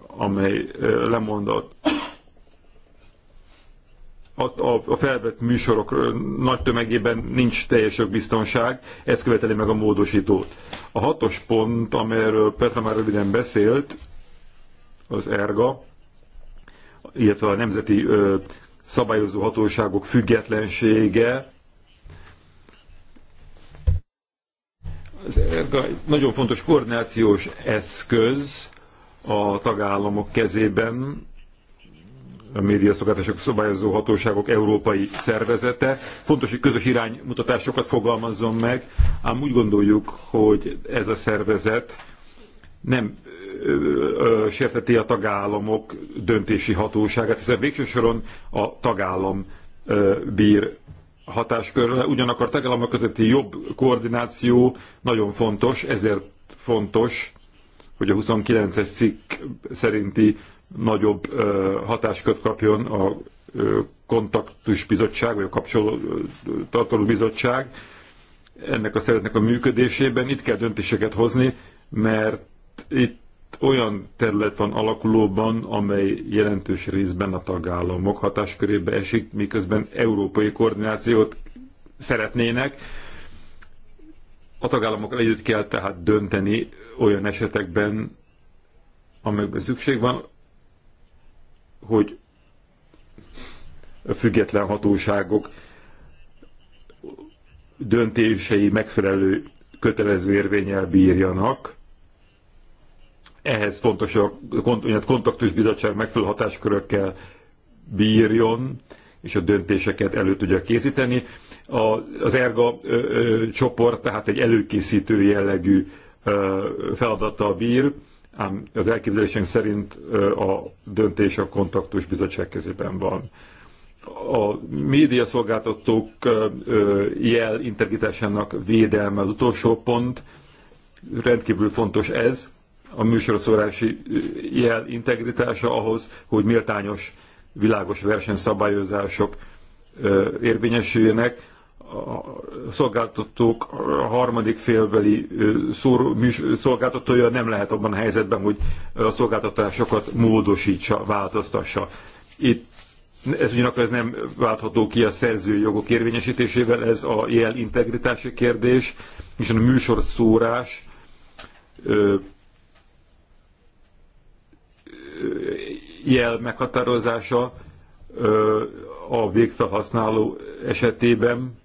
amely lemondott a, a, a felvett műsorok nagy tömegében nincs teljes biztonság, ez követeli meg a módosítót. A hatos pont, amelyről Petra már röviden beszélt, az ERGA, illetve a nemzeti ö, szabályozó hatóságok függetlensége. Az ERGA nagyon fontos koordinációs eszköz a tagállamok kezében, a médiaszokatások szabályozó hatóságok európai szervezete. Fontos, hogy közös iránymutatásokat fogalmazzon meg, ám úgy gondoljuk, hogy ez a szervezet nem sérteti a tagállamok döntési hatóságát, hiszen végső soron a tagállam bír hatáskörre, ugyanakkor a tagállamok közötti jobb koordináció nagyon fontos, ezért fontos, hogy a 29-es cikk szerinti nagyobb hatáskört kapjon a kontaktus bizottság, vagy a kapcsolattartó bizottság ennek a szeretnek a működésében. Itt kell döntéseket hozni, mert itt olyan terület van alakulóban, amely jelentős részben a tagállamok hatáskörébe esik, miközben európai koordinációt szeretnének. A tagállamok együtt kell tehát dönteni olyan esetekben, amelyekben szükség van, hogy a független hatóságok döntései megfelelő kötelező érvényel bírjanak, ehhez fontos, hogy a kontaktus bizottság megfelelő hatáskörökkel bírjon, és a döntéseket elő tudja készíteni. A, az ERGA ö, ö, csoport tehát egy előkészítő jellegű ö, a bír, ám az elképzelésünk szerint ö, a döntés a kontaktus bizottság kezében van. A médiaszolgáltatók jel integritásának védelme az utolsó pont, rendkívül fontos ez, a műsorszórási jel integritása ahhoz, hogy méltányos, világos versenyszabályozások érvényesüljenek, a szolgáltatók a harmadik félbeli szolgáltatója nem lehet abban a helyzetben, hogy a szolgáltatásokat módosítsa, változtassa. Itt ez ugyanakkor ez nem váltható ki a szerzői jogok érvényesítésével, ez a jel integritási kérdés, és a műsorszórás jel meghatározása a végfelhasználó esetében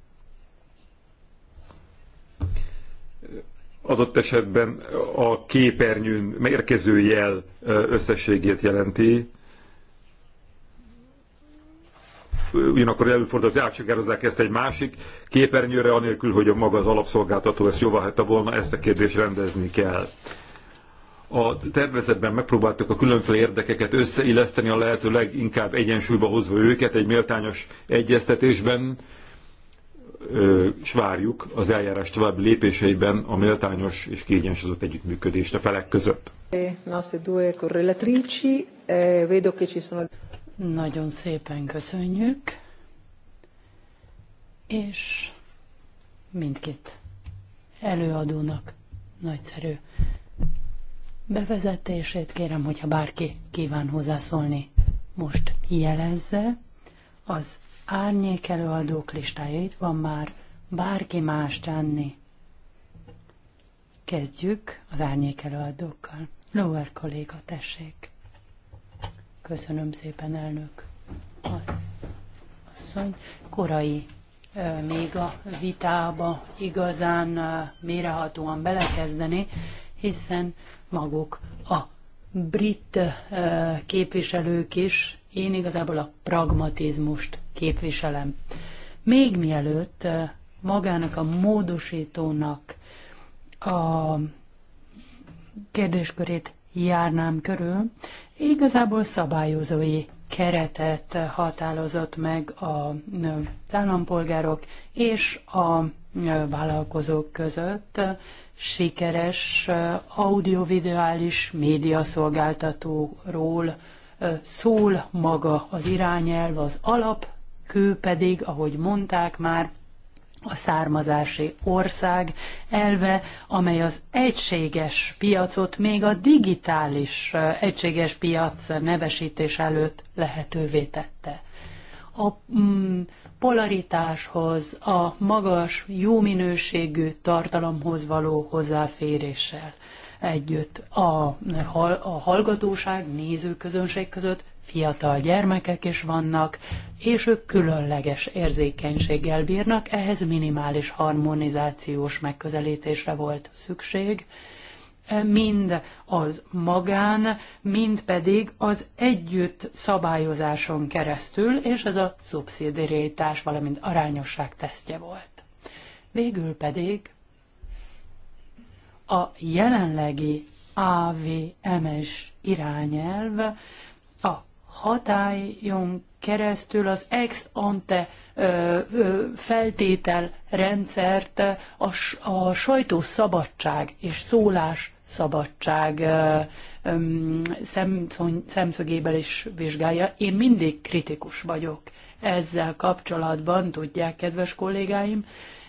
adott esetben a képernyőn megérkező jel összességét jelenti. Ugyanakkor előfordul, hogy átsugározzák ezt egy másik képernyőre, anélkül, hogy a maga az alapszolgáltató ezt jóvá hagyta volna, ezt a kérdést rendezni kell. A tervezetben megpróbáltuk a különféle érdekeket összeilleszteni, a lehető leginkább egyensúlyba hozva őket egy méltányos egyeztetésben, és várjuk az eljárás tovább lépéseiben a méltányos és kiegyensúlyozott együttműködést a felek között. Nagyon szépen köszönjük, és mindkét előadónak nagyszerű bevezetését. Kérem, hogyha bárki kíván hozzászólni, most jelezze. Az árnyék előadók listája itt van már, bárki más tenni. Kezdjük az árnyék előadókkal. Lower kolléga, tessék. Köszönöm szépen, elnök. Az, asszony, korai még a vitába igazán mérehatóan belekezdeni, hiszen maguk a brit eh, képviselők is, én igazából a pragmatizmust képviselem. Még mielőtt eh, magának a módosítónak a kérdéskörét járnám körül, igazából szabályozói keretet eh, határozott meg az állampolgárok és a vállalkozók között sikeres audiovizuális médiaszolgáltatóról szól maga az irányelv, az alapkő pedig, ahogy mondták már, a származási ország elve, amely az egységes piacot még a digitális egységes piac nevesítés előtt lehetővé tette. A mm, polaritáshoz, a magas, jó minőségű tartalomhoz való hozzáféréssel együtt a, a hallgatóság, nézőközönség között fiatal gyermekek is vannak, és ők különleges érzékenységgel bírnak, ehhez minimális harmonizációs megközelítésre volt szükség, mind az magán, mind pedig az együtt szabályozáson keresztül, és ez a szubszidiaritás, valamint arányosság tesztje volt. Végül pedig a jelenlegi AVMS irányelv a hatályon keresztül az ex ante feltétel rendszert a, a sajtószabadság és szólás szabadság szemszögéből is vizsgálja. Én mindig kritikus vagyok ezzel kapcsolatban, tudják, kedves kollégáim,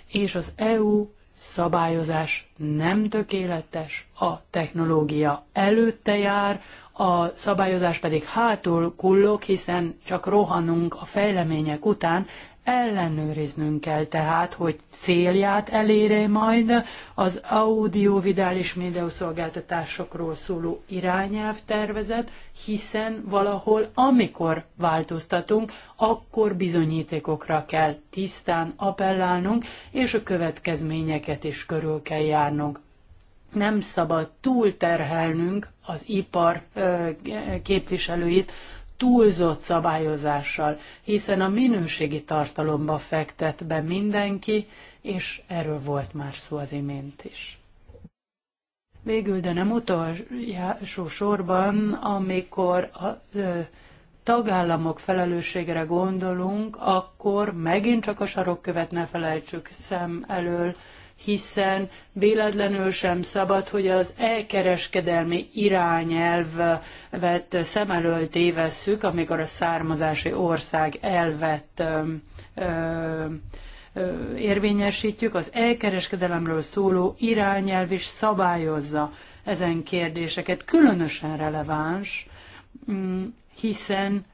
és az EU szabályozás nem tökéletes, a technológia előtte jár, a szabályozás pedig hátul kullog, hiszen csak rohanunk a fejlemények után, Ellenőriznünk kell tehát, hogy célját elére majd az audiovidális médiaszolgáltatásokról szóló irányelv tervezet, hiszen valahol, amikor változtatunk, akkor bizonyítékokra kell tisztán appellálnunk, és a következményeket is körül kell járnunk nem szabad túlterhelnünk az ipar képviselőit túlzott szabályozással, hiszen a minőségi tartalomba fektet be mindenki, és erről volt már szó az imént is. Végül, de nem utolsó sorban, amikor a ö, tagállamok felelősségre gondolunk, akkor megint csak a sarokkövet ne felejtsük szem elől, hiszen véletlenül sem szabad, hogy az elkereskedelmi irányelvet szem elől tévesszük, amikor a származási ország elvet érvényesítjük. Az elkereskedelemről szóló irányelv is szabályozza ezen kérdéseket. Különösen releváns, mm, hiszen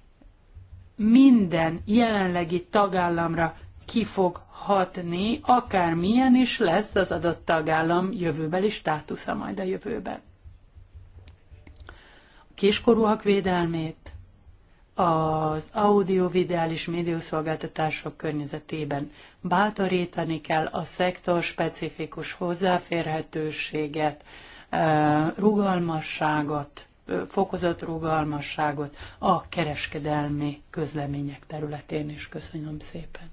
minden jelenlegi tagállamra ki fog hatni, akármilyen is lesz az adott tagállam jövőbeli státusza majd a jövőben. A kiskorúak védelmét, az audiovideális médiaszolgáltatások környezetében bátorítani kell a szektor specifikus hozzáférhetőséget, rugalmasságot, fokozott rugalmasságot a kereskedelmi közlemények területén is. Köszönöm szépen.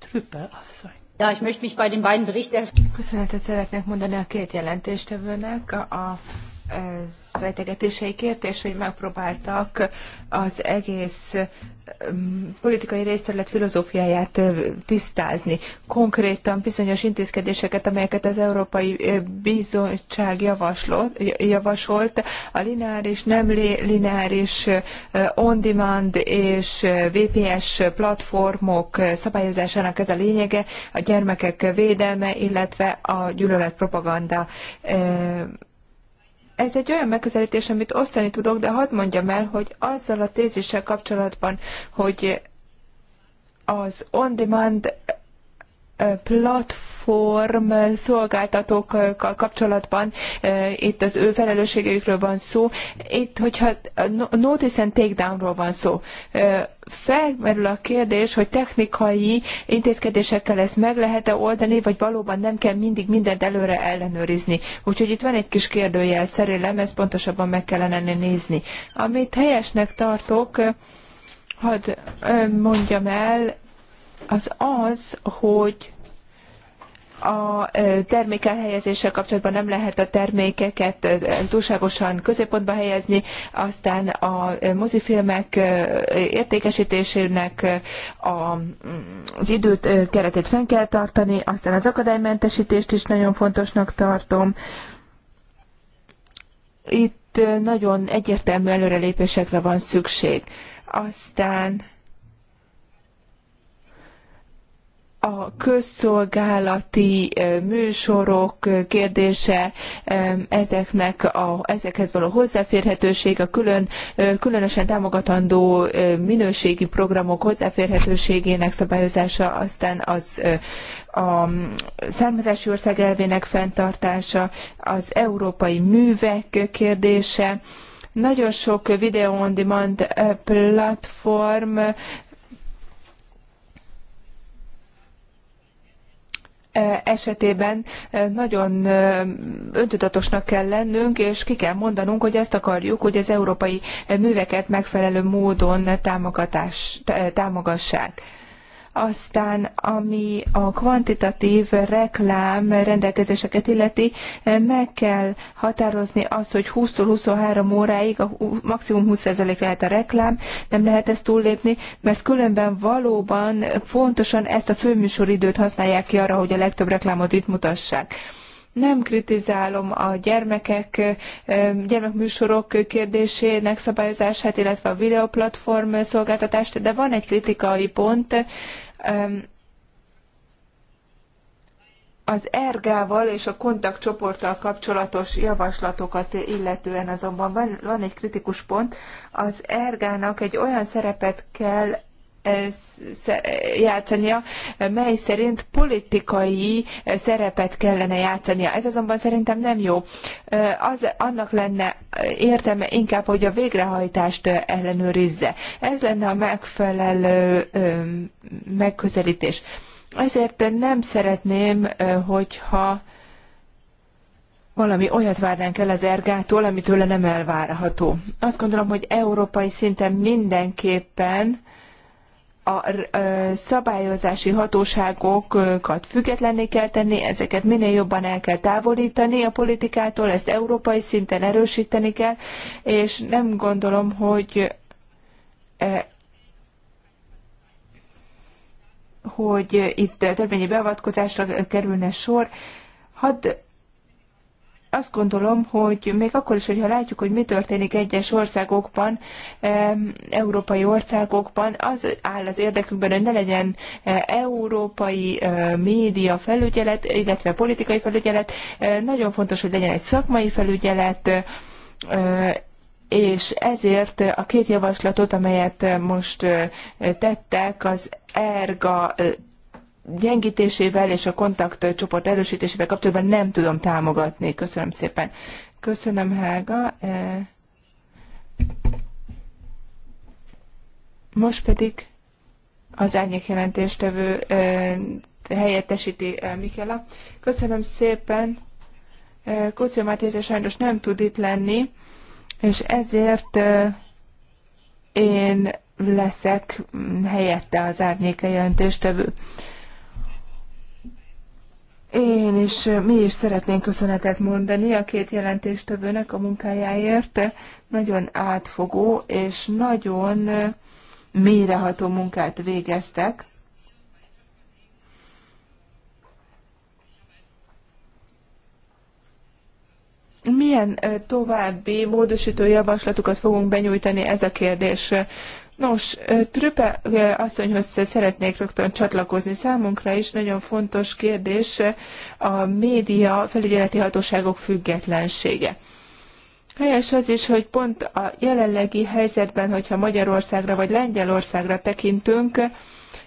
Trüppel asszony. Ja, ich möchte mich bei den beiden Köszönetet szeretnék mondani a két jelentéstevőnek. A fejtegetéseikért, és hogy megpróbáltak az egész mm, politikai részterület filozófiáját tisztázni. Konkrétan bizonyos intézkedéseket, amelyeket az Európai Bizottság javasolt, a lineáris, nem lineáris, on-demand és VPS platformok szabályozásának ez a lényege, a gyermekek védelme, illetve a gyűlöletpropaganda propaganda ez egy olyan megközelítés, amit osztani tudok, de hadd mondjam el, hogy azzal a tézissel kapcsolatban, hogy az on-demand platform szolgáltatókkal kapcsolatban, eh, itt az ő felelősségeikről van szó, itt, hogyha notice and takedownról van szó, eh, felmerül a kérdés, hogy technikai intézkedésekkel ezt meg lehet-e oldani, vagy valóban nem kell mindig mindent előre ellenőrizni. Úgyhogy itt van egy kis kérdőjel szerélem, ezt pontosabban meg kellene nézni. Amit helyesnek tartok, eh, hadd mondjam el, az az, hogy a termék elhelyezéssel kapcsolatban nem lehet a termékeket túlságosan középpontba helyezni, aztán a mozifilmek értékesítésének az időt keretét fenn kell tartani, aztán az akadálymentesítést is nagyon fontosnak tartom. Itt nagyon egyértelmű előrelépésekre van szükség. Aztán a közszolgálati műsorok kérdése, ezeknek a, ezekhez való hozzáférhetőség, a külön, különösen támogatandó minőségi programok hozzáférhetőségének szabályozása, aztán az a származási ország elvének fenntartása, az európai művek kérdése, nagyon sok video on demand platform E, esetében e, nagyon e, öntudatosnak kell lennünk, és ki kell mondanunk, hogy ezt akarjuk, hogy az európai műveket megfelelő módon támogatás, támogassák. Aztán, ami a kvantitatív reklám rendelkezéseket illeti, eh, meg kell határozni azt, hogy 20-23 óráig a maximum 20% lehet a reklám, nem lehet ezt túllépni, mert különben valóban fontosan ezt a főműsoridőt használják ki arra, hogy a legtöbb reklámot itt mutassák. Nem kritizálom a gyermekek, gyermekműsorok kérdésének szabályozását, illetve a videoplatform szolgáltatást, de van egy kritikai pont, az ergával és a kontaktcsoporttal kapcsolatos javaslatokat illetően azonban van, van egy kritikus pont, az ergának egy olyan szerepet kell játszania, mely szerint politikai szerepet kellene játszania. Ez azonban szerintem nem jó. Az, annak lenne értelme inkább, hogy a végrehajtást ellenőrizze. Ez lenne a megfelelő megközelítés. Ezért nem szeretném, hogyha valami olyat várnánk el az ergától, ami tőle nem elvárható. Azt gondolom, hogy európai szinten mindenképpen a szabályozási hatóságokat függetlenné kell tenni, ezeket minél jobban el kell távolítani a politikától, ezt európai szinten erősíteni kell, és nem gondolom, hogy hogy itt törvényi beavatkozásra kerülne sor. Hadd azt gondolom, hogy még akkor is, hogyha látjuk, hogy mi történik egyes országokban, európai országokban, az áll az érdekükben, hogy ne legyen e, európai e, média felügyelet, illetve politikai felügyelet. E, nagyon fontos, hogy legyen egy szakmai felügyelet, és ezért a két javaslatot, amelyet most tettek, az ERGA gyengítésével és a kontaktcsoport erősítésével kapcsolatban nem tudom támogatni. Köszönöm szépen. Köszönöm, Hága. E, most pedig az árnyék jelentéstevő e, helyettesíti e, Mikela. Köszönöm szépen. Kócia Mátéze sajnos nem tud itt lenni, és ezért én leszek mm, helyette az árnyék jelentéstevő. Én is, mi is szeretnénk köszönetet mondani a két jelentéstevőnek a munkájáért. Nagyon átfogó és nagyon mélyreható munkát végeztek. Milyen további módosító javaslatokat fogunk benyújtani, ez a kérdés Nos, Trüpe asszonyhoz szeretnék rögtön csatlakozni. Számunkra is nagyon fontos kérdés a média felügyeleti hatóságok függetlensége. Helyes az is, hogy pont a jelenlegi helyzetben, hogyha Magyarországra vagy Lengyelországra tekintünk,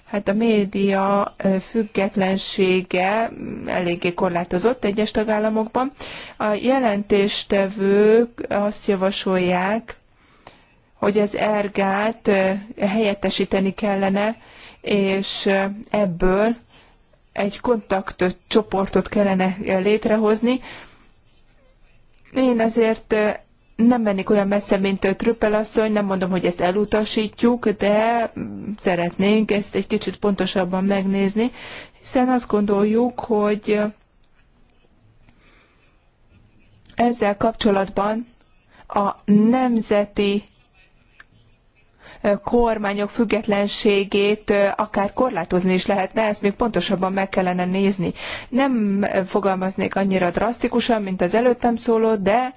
hát a média függetlensége eléggé korlátozott egyes tagállamokban. A jelentéstevők azt javasolják, hogy az ergát helyettesíteni kellene, és ebből egy csoportot kellene létrehozni. Én azért nem mennék olyan messze, mint Trüppel asszony, nem mondom, hogy ezt elutasítjuk, de szeretnénk ezt egy kicsit pontosabban megnézni, hiszen azt gondoljuk, hogy ezzel kapcsolatban a nemzeti kormányok függetlenségét akár korlátozni is lehetne, ezt még pontosabban meg kellene nézni. Nem fogalmaznék annyira drasztikusan, mint az előttem szóló, de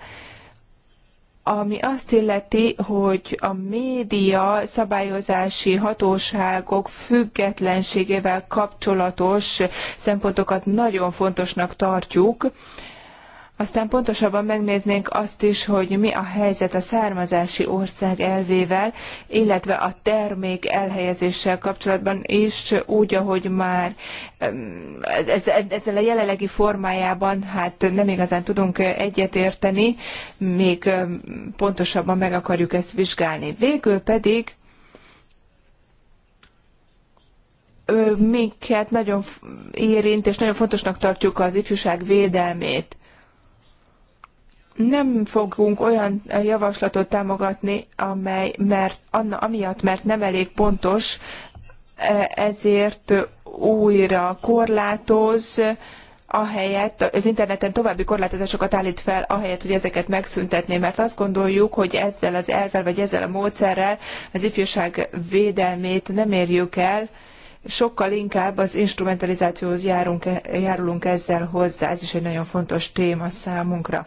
ami azt illeti, hogy a média szabályozási hatóságok függetlenségével kapcsolatos szempontokat nagyon fontosnak tartjuk, aztán pontosabban megnéznénk azt is, hogy mi a helyzet a származási ország elvével, illetve a termék elhelyezéssel kapcsolatban is, úgy, ahogy már ezzel a jelenlegi formájában hát nem igazán tudunk egyetérteni, még pontosabban meg akarjuk ezt vizsgálni. Végül pedig minket nagyon érint, és nagyon fontosnak tartjuk az ifjúság védelmét nem fogunk olyan javaslatot támogatni, amely mert, anna, amiatt, mert nem elég pontos, e, ezért újra korlátoz, ahelyett az interneten további korlátozásokat állít fel, ahelyett, hogy ezeket megszüntetné, mert azt gondoljuk, hogy ezzel az elvel vagy ezzel a módszerrel az ifjúság védelmét nem érjük el, sokkal inkább az instrumentalizációhoz járunk, e, járulunk ezzel hozzá. Ez is egy nagyon fontos téma számunkra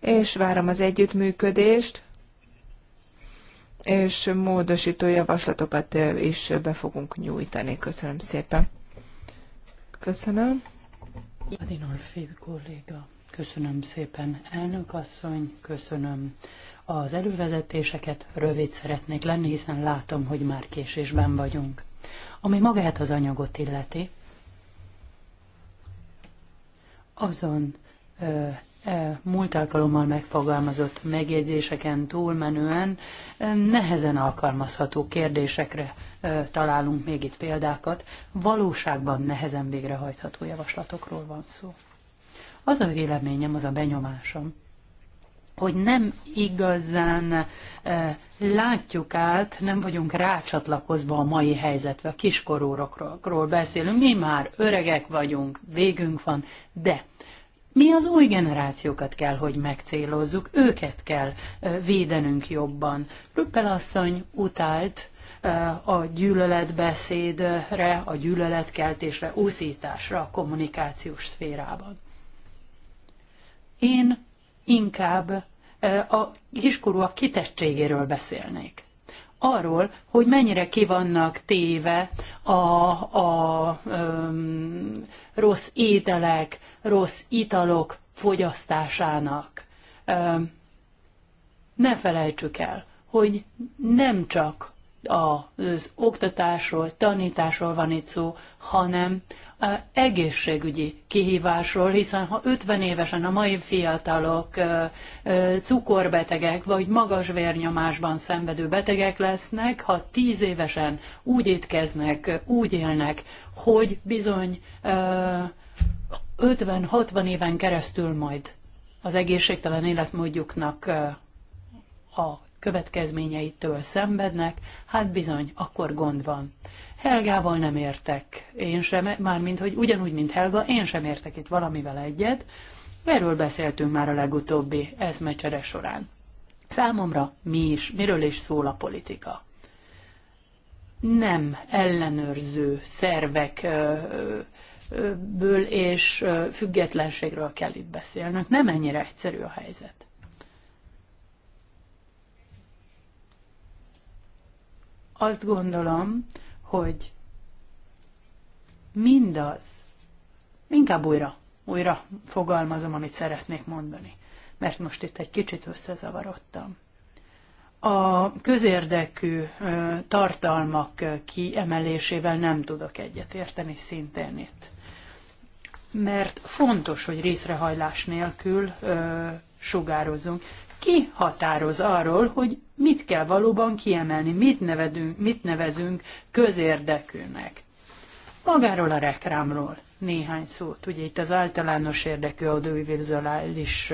és várom az együttműködést, és módosító javaslatokat is be fogunk nyújtani. Köszönöm szépen. Köszönöm. Adinolfi kolléga, köszönöm szépen. Elnök asszony, köszönöm az elővezetéseket. Rövid szeretnék lenni, hiszen látom, hogy már késésben vagyunk. Ami magát az anyagot illeti, azon ö, E, múlt alkalommal megfogalmazott megjegyzéseken túlmenően e, nehezen alkalmazható kérdésekre e, találunk még itt példákat, valóságban nehezen végrehajtható javaslatokról van szó. Az a véleményem, az a benyomásom, hogy nem igazán e, látjuk át, nem vagyunk rácsatlakozva a mai helyzetbe, a kiskorúrokról beszélünk, mi már öregek vagyunk, végünk van, de mi az új generációkat kell, hogy megcélozzuk, őket kell védenünk jobban. Rüppel asszony utált a gyűlöletbeszédre, a gyűlöletkeltésre, úszításra a kommunikációs szférában. Én inkább a kiskorúak kitettségéről beszélnék. Arról, hogy mennyire ki vannak téve a, a, a rossz ételek, rossz italok fogyasztásának. Ne felejtsük el, hogy nem csak az oktatásról, tanításról van itt szó, hanem egészségügyi kihívásról, hiszen ha 50 évesen a mai fiatalok cukorbetegek vagy magas vérnyomásban szenvedő betegek lesznek, ha 10 évesen úgy étkeznek, úgy élnek, hogy bizony 50-60 éven keresztül majd az egészségtelen életmódjuknak a következményeitől szenvednek, hát bizony, akkor gond van. Helgával nem értek, én sem, mármint, hogy ugyanúgy, mint Helga, én sem értek itt valamivel egyet, erről beszéltünk már a legutóbbi eszmecsere során. Számomra mi is, miről is szól a politika? Nem ellenőrző szervek ö, ö, ből és függetlenségről kell itt beszélnünk. Nem ennyire egyszerű a helyzet. Azt gondolom, hogy mindaz, inkább újra, újra fogalmazom, amit szeretnék mondani, mert most itt egy kicsit összezavarodtam. A közérdekű tartalmak kiemelésével nem tudok egyetérteni szintén itt mert fontos, hogy részrehajlás nélkül ö, sugározzunk. Ki határoz arról, hogy mit kell valóban kiemelni, mit, nevedünk, mit nevezünk közérdekűnek? Magáról a reklámról néhány szót. Ugye itt az általános érdekű audiovizuális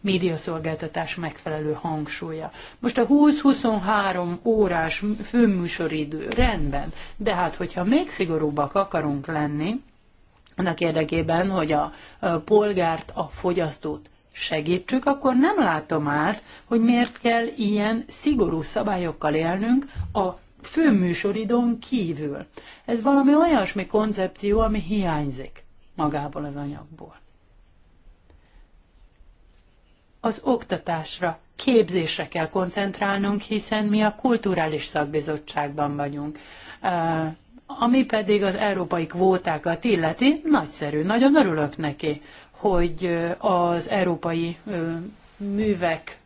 médiaszolgáltatás megfelelő hangsúlya. Most a 20-23 órás főműsoridő rendben, de hát hogyha még szigorúbbak akarunk lenni, annak érdekében, hogy a polgárt, a fogyasztót segítsük, akkor nem látom át, hogy miért kell ilyen szigorú szabályokkal élnünk a főműsoridón kívül. Ez valami olyasmi koncepció, ami hiányzik magából az anyagból. Az oktatásra, képzésre kell koncentrálnunk, hiszen mi a kulturális szakbizottságban vagyunk. Ami pedig az európai kvótákat illeti, nagyszerű, nagyon örülök neki, hogy az európai művek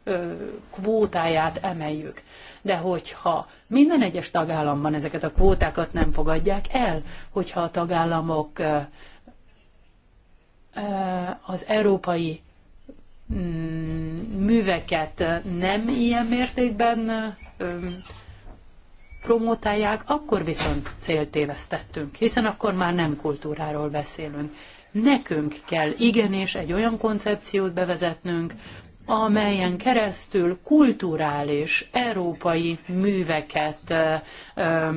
kvótáját emeljük. De hogyha minden egyes tagállamban ezeket a kvótákat nem fogadják el, hogyha a tagállamok az európai mm, műveket nem ilyen mértékben promotálják, akkor viszont céltévesztettünk, hiszen akkor már nem kultúráról beszélünk. Nekünk kell igenis egy olyan koncepciót bevezetnünk, amelyen keresztül kulturális európai műveket ö, ö,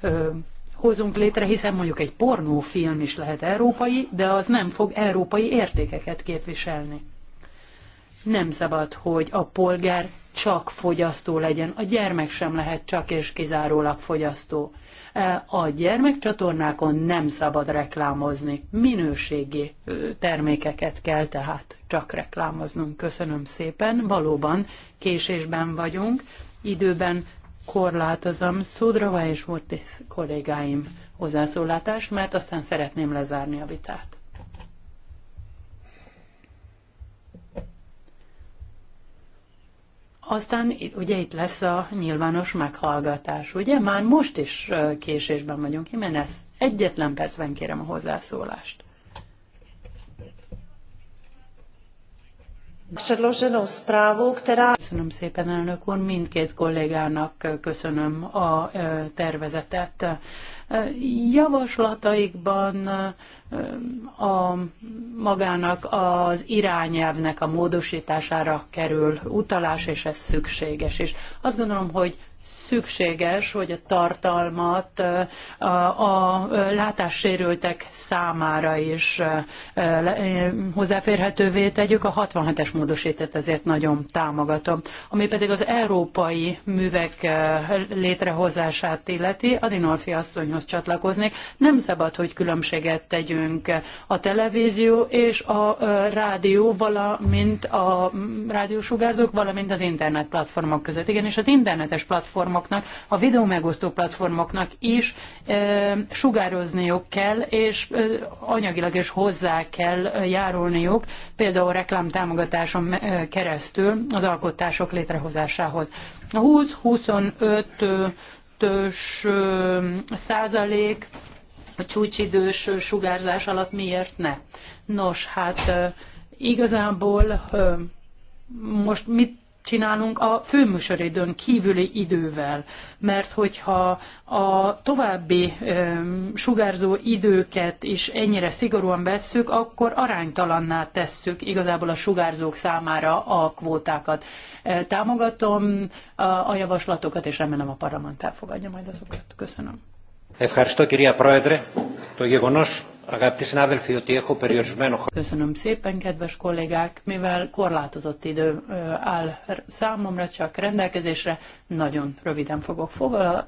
ö, hozunk létre, hiszen mondjuk egy pornófilm is lehet európai, de az nem fog európai értékeket képviselni. Nem szabad, hogy a polgár csak fogyasztó legyen. A gyermek sem lehet csak és kizárólag fogyasztó. E, a gyermekcsatornákon nem szabad reklámozni. Minőségi termékeket kell tehát csak reklámoznunk. Köszönöm szépen. Valóban késésben vagyunk. Időben korlátozom Szudrava és Mortis kollégáim hozzászólátást, mert aztán szeretném lezárni a vitát. Aztán ugye itt lesz a nyilvános meghallgatás, ugye? Már most is késésben vagyunk. Jimenez, egyetlen percben kérem a hozzászólást. Předloženou zprávu, která... Köszönöm szépen, elnök úr, mindkét kollégának köszönöm a e, tervezetet. E, javaslataikban e, a magának az irányelvnek a módosítására kerül utalás, és ez szükséges is. Azt gondolom, hogy szükséges, hogy a tartalmat a látássérültek számára is hozzáférhetővé tegyük. A 67-es módosítót ezért nagyon támogatom. Ami pedig az európai művek létrehozását illeti, Adinolfi asszonyhoz csatlakoznék. Nem szabad, hogy különbséget tegyünk a televízió és a rádió, valamint a rádiósugárzók, valamint az internet platformok között. Igen, és az internetes platformok platformoknak, a videó megosztó platformoknak is e, sugározniuk kell, és e, anyagilag is hozzá kell járulniuk, például reklámtámogatáson keresztül az alkotások létrehozásához. A 20-25-ös százalék a csúcsidős sugárzás alatt miért ne? Nos, hát igazából most mit csinálunk a főműsoridőn kívüli idővel, mert hogyha a további ö, sugárzó időket is ennyire szigorúan vesszük, akkor aránytalanná tesszük igazából a sugárzók számára a kvótákat. E, támogatom a, a javaslatokat, és remélem a parlament elfogadja majd azokat. Köszönöm. Ευχαριστώ κυρία Πρόεδρε. Το γεγονός Αγαπητοί συνάδελφοι, ότι έχω περιορισμένο Köszönöm szépen, kedves kollégák, mivel korlátozott idő áll számomra csak rendelkezésre, nagyon röviden fogok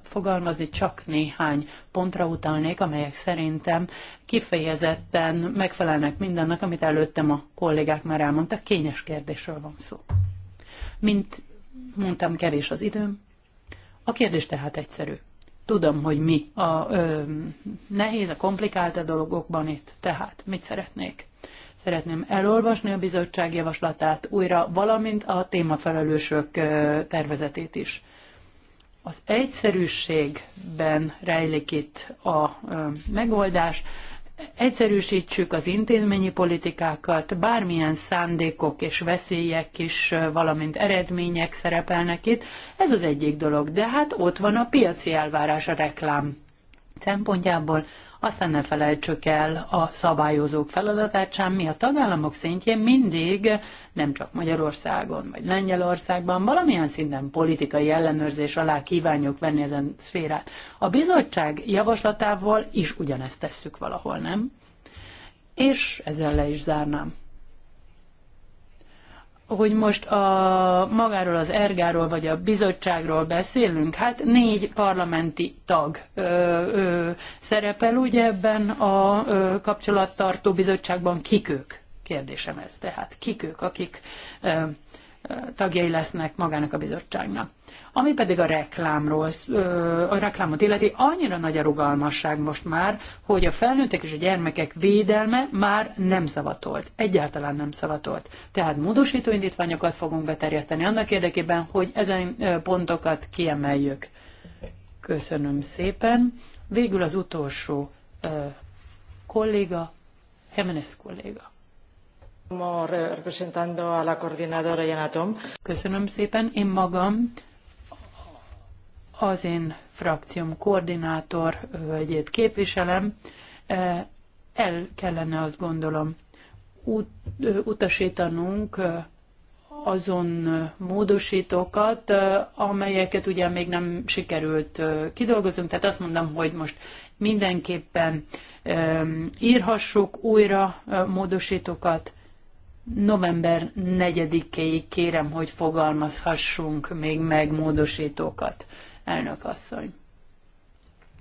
fogalmazni, csak néhány pontra utalnék, amelyek szerintem kifejezetten megfelelnek mindannak, amit előttem a kollégák már elmondtak. Kényes kérdésről van szó. Mint mondtam, kevés az időm. A kérdés tehát egyszerű. Tudom, hogy mi a ö, nehéz, a komplikált a dolgokban itt. Tehát mit szeretnék? Szeretném elolvasni a bizottság javaslatát újra, valamint a témafelelősök tervezetét is. Az egyszerűségben rejlik itt a megoldás egyszerűsítsük az intézményi politikákat, bármilyen szándékok és veszélyek is, valamint eredmények szerepelnek itt, ez az egyik dolog. De hát ott van a piaci elvárás a reklám szempontjából, aztán ne felejtsük el a szabályozók feladatát sem, mi a tagállamok szintjén mindig, nem csak Magyarországon vagy Lengyelországban, valamilyen szinten politikai ellenőrzés alá kívánjuk venni ezen szférát. A bizottság javaslatával is ugyanezt tesszük valahol, nem? És ezzel le is zárnám hogy most a magáról az ergáról vagy a bizottságról beszélünk, hát négy parlamenti tag ö, ö, szerepel ugye ebben a ö, kapcsolattartó bizottságban, kik ők? Kérdésem ez tehát, kik ők, akik ö, tagjai lesznek magának a bizottságnak. Ami pedig a reklámról, a reklámot illeti, annyira nagy a rugalmasság most már, hogy a felnőttek és a gyermekek védelme már nem szavatolt. Egyáltalán nem szavatolt. Tehát módosító indítványokat fogunk beterjeszteni annak érdekében, hogy ezen pontokat kiemeljük. Köszönöm szépen. Végül az utolsó kolléga, Hemenes kolléga. Köszönöm szépen. Én magam az én frakcióm koordinátor egyét képviselem. E, el kellene azt gondolom utasítanunk azon módosítókat, amelyeket ugye még nem sikerült kidolgozunk. Tehát azt mondom, hogy most mindenképpen írhassuk újra módosítókat, november 4 ig kérem, hogy fogalmazhassunk még meg módosítókat, elnök asszony.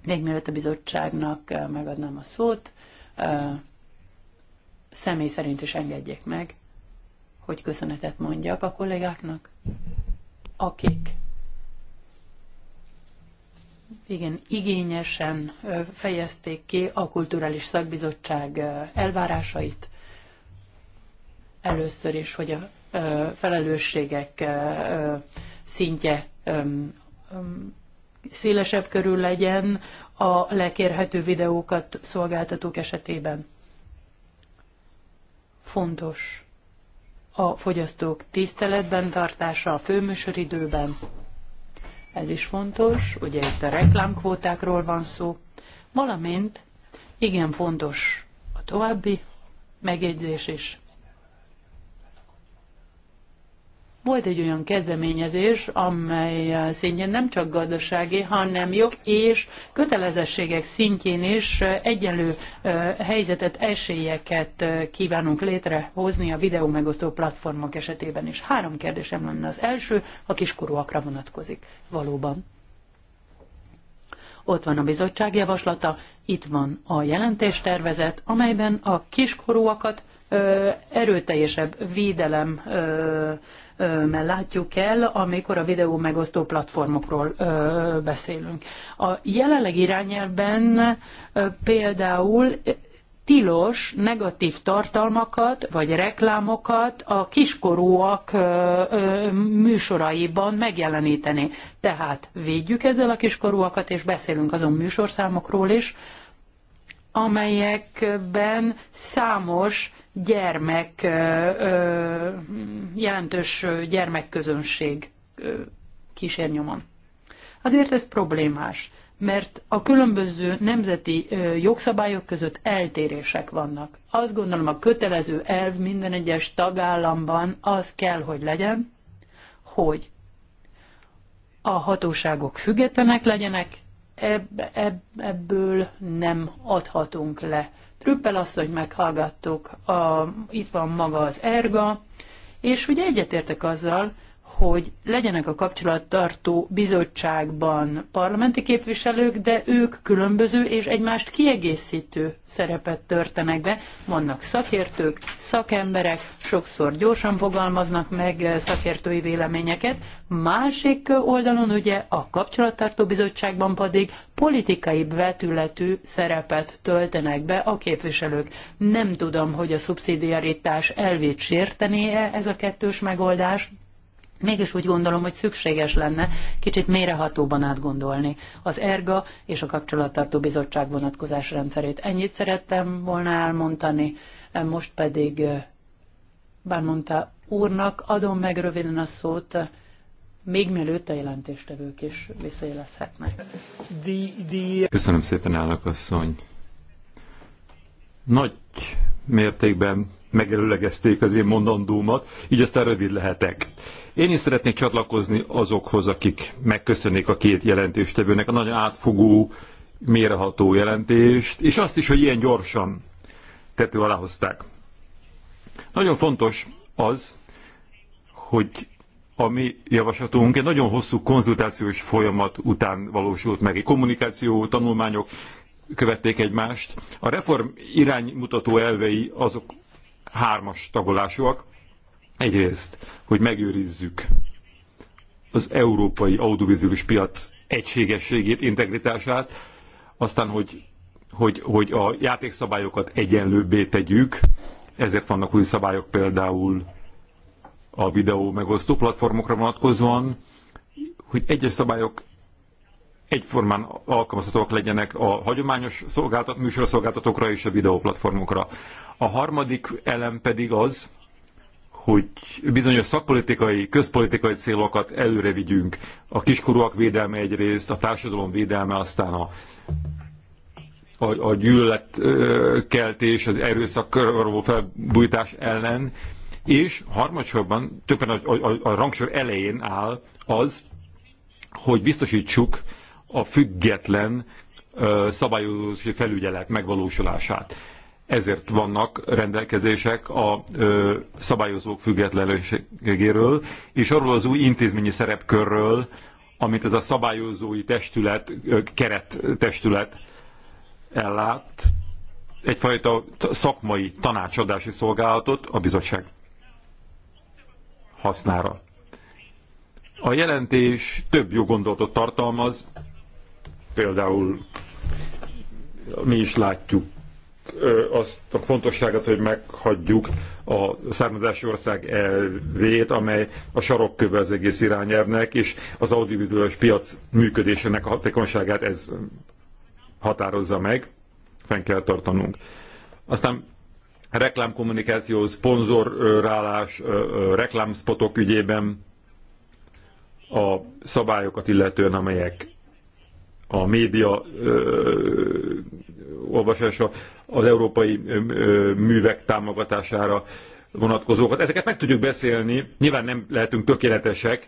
Még mielőtt a bizottságnak eh, megadnám a szót, eh, személy szerint is engedjék meg, hogy köszönetet mondjak a kollégáknak, akik igen, igényesen eh, fejezték ki a Kulturális Szakbizottság elvárásait, először is, hogy a felelősségek szintje szélesebb körül legyen a lekérhető videókat szolgáltatók esetében. Fontos a fogyasztók tiszteletben tartása a főműsoridőben. Ez is fontos, ugye itt a reklámkvótákról van szó, valamint igen fontos a további megjegyzés is, volt egy olyan kezdeményezés, amely szintjén nem csak gazdasági, hanem jog és kötelezettségek szintjén is egyenlő helyzetet, esélyeket kívánunk létrehozni a videó megosztó platformok esetében is. Három kérdésem lenne az első, a kiskorúakra vonatkozik. Valóban. Ott van a bizottság javaslata, itt van a jelentéstervezet, amelyben a kiskorúakat erőteljesebb védelem látjuk el, amikor a videó megosztó platformokról beszélünk. A jelenleg irányelvben például tilos negatív tartalmakat vagy reklámokat a kiskorúak műsoraiban megjeleníteni. Tehát védjük ezzel a kiskorúakat, és beszélünk azon műsorszámokról is, amelyekben számos gyermek jelentős gyermekközönség kísér nyomon. Azért ez problémás, mert a különböző nemzeti jogszabályok között eltérések vannak. Azt gondolom a kötelező elv minden egyes tagállamban az kell, hogy legyen, hogy a hatóságok függetlenek legyenek, ebb, ebb, ebből nem adhatunk le. Trüppel azt, hogy meghallgattuk, a, itt van maga az erga, és ugye egyetértek azzal, hogy legyenek a kapcsolattartó bizottságban parlamenti képviselők, de ők különböző és egymást kiegészítő szerepet törtenek be. Vannak szakértők, szakemberek, sokszor gyorsan fogalmaznak meg szakértői véleményeket. Másik oldalon ugye a kapcsolattartó bizottságban pedig politikai vetületű szerepet töltenek be a képviselők. Nem tudom, hogy a szubszidiaritás elvét sértené-e ez a kettős megoldás, Mégis úgy gondolom, hogy szükséges lenne kicsit mérehatóban átgondolni az ERGA és a Kapcsolattartó Bizottság vonatkozás rendszerét. Ennyit szerettem volna elmondani, most pedig Bármonta úrnak adom meg röviden a szót, még mielőtt a jelentéstevők is visszajelezhetnek. Köszönöm szépen, állnak asszony. Nagy mértékben megelőlegezték az én mondandómat, így aztán rövid lehetek. Én is szeretnék csatlakozni azokhoz, akik megköszönik a két jelentéstevőnek a nagyon átfogó, méreható jelentést, és azt is, hogy ilyen gyorsan tető alá hozták. Nagyon fontos az, hogy a mi javaslatunk egy nagyon hosszú konzultációs folyamat után valósult meg. Egy kommunikáció, tanulmányok követték egymást. A reform iránymutató elvei azok hármas tagolásúak. Egyrészt, hogy megőrizzük az európai audiovizuális piac egységességét, integritását, aztán, hogy, hogy, hogy a játékszabályokat egyenlőbbé tegyük, ezért vannak új szabályok például a videó megosztó platformokra vonatkozóan, hogy egyes szabályok egyformán alkalmazhatóak legyenek a hagyományos szolgáltat, műsorszolgáltatókra és a videó platformokra. A harmadik elem pedig az, hogy bizonyos szakpolitikai, közpolitikai célokat előre vigyünk. A kiskorúak védelme egyrészt, a társadalom védelme, aztán a, a, a gyűlöletkeltés, az erőszakról felbújtás ellen, és harmadsorban, többen a, a, a rangsor elején áll az, hogy biztosítsuk a független szabályozási felügyelet megvalósulását ezért vannak rendelkezések a ö, szabályozók függetlenségéről, és arról az új intézményi szerepkörről, amit ez a szabályozói testület, ö, keret testület ellát, egyfajta szakmai tanácsadási szolgálatot a bizottság hasznára. A jelentés több jó gondolatot tartalmaz, például mi is látjuk azt a fontosságot, hogy meghagyjuk a származási ország elvét, amely a sarokköve az egész irányelvnek, és az audiovizuális piac működésének a hatékonyságát ez határozza meg, fenn kell tartanunk. Aztán reklámkommunikáció, szponzorrálás, reklámspotok ügyében a szabályokat illetően, amelyek a média ö, olvasása, az európai ö, művek támogatására vonatkozókat. Hát ezeket meg tudjuk beszélni, nyilván nem lehetünk tökéletesek,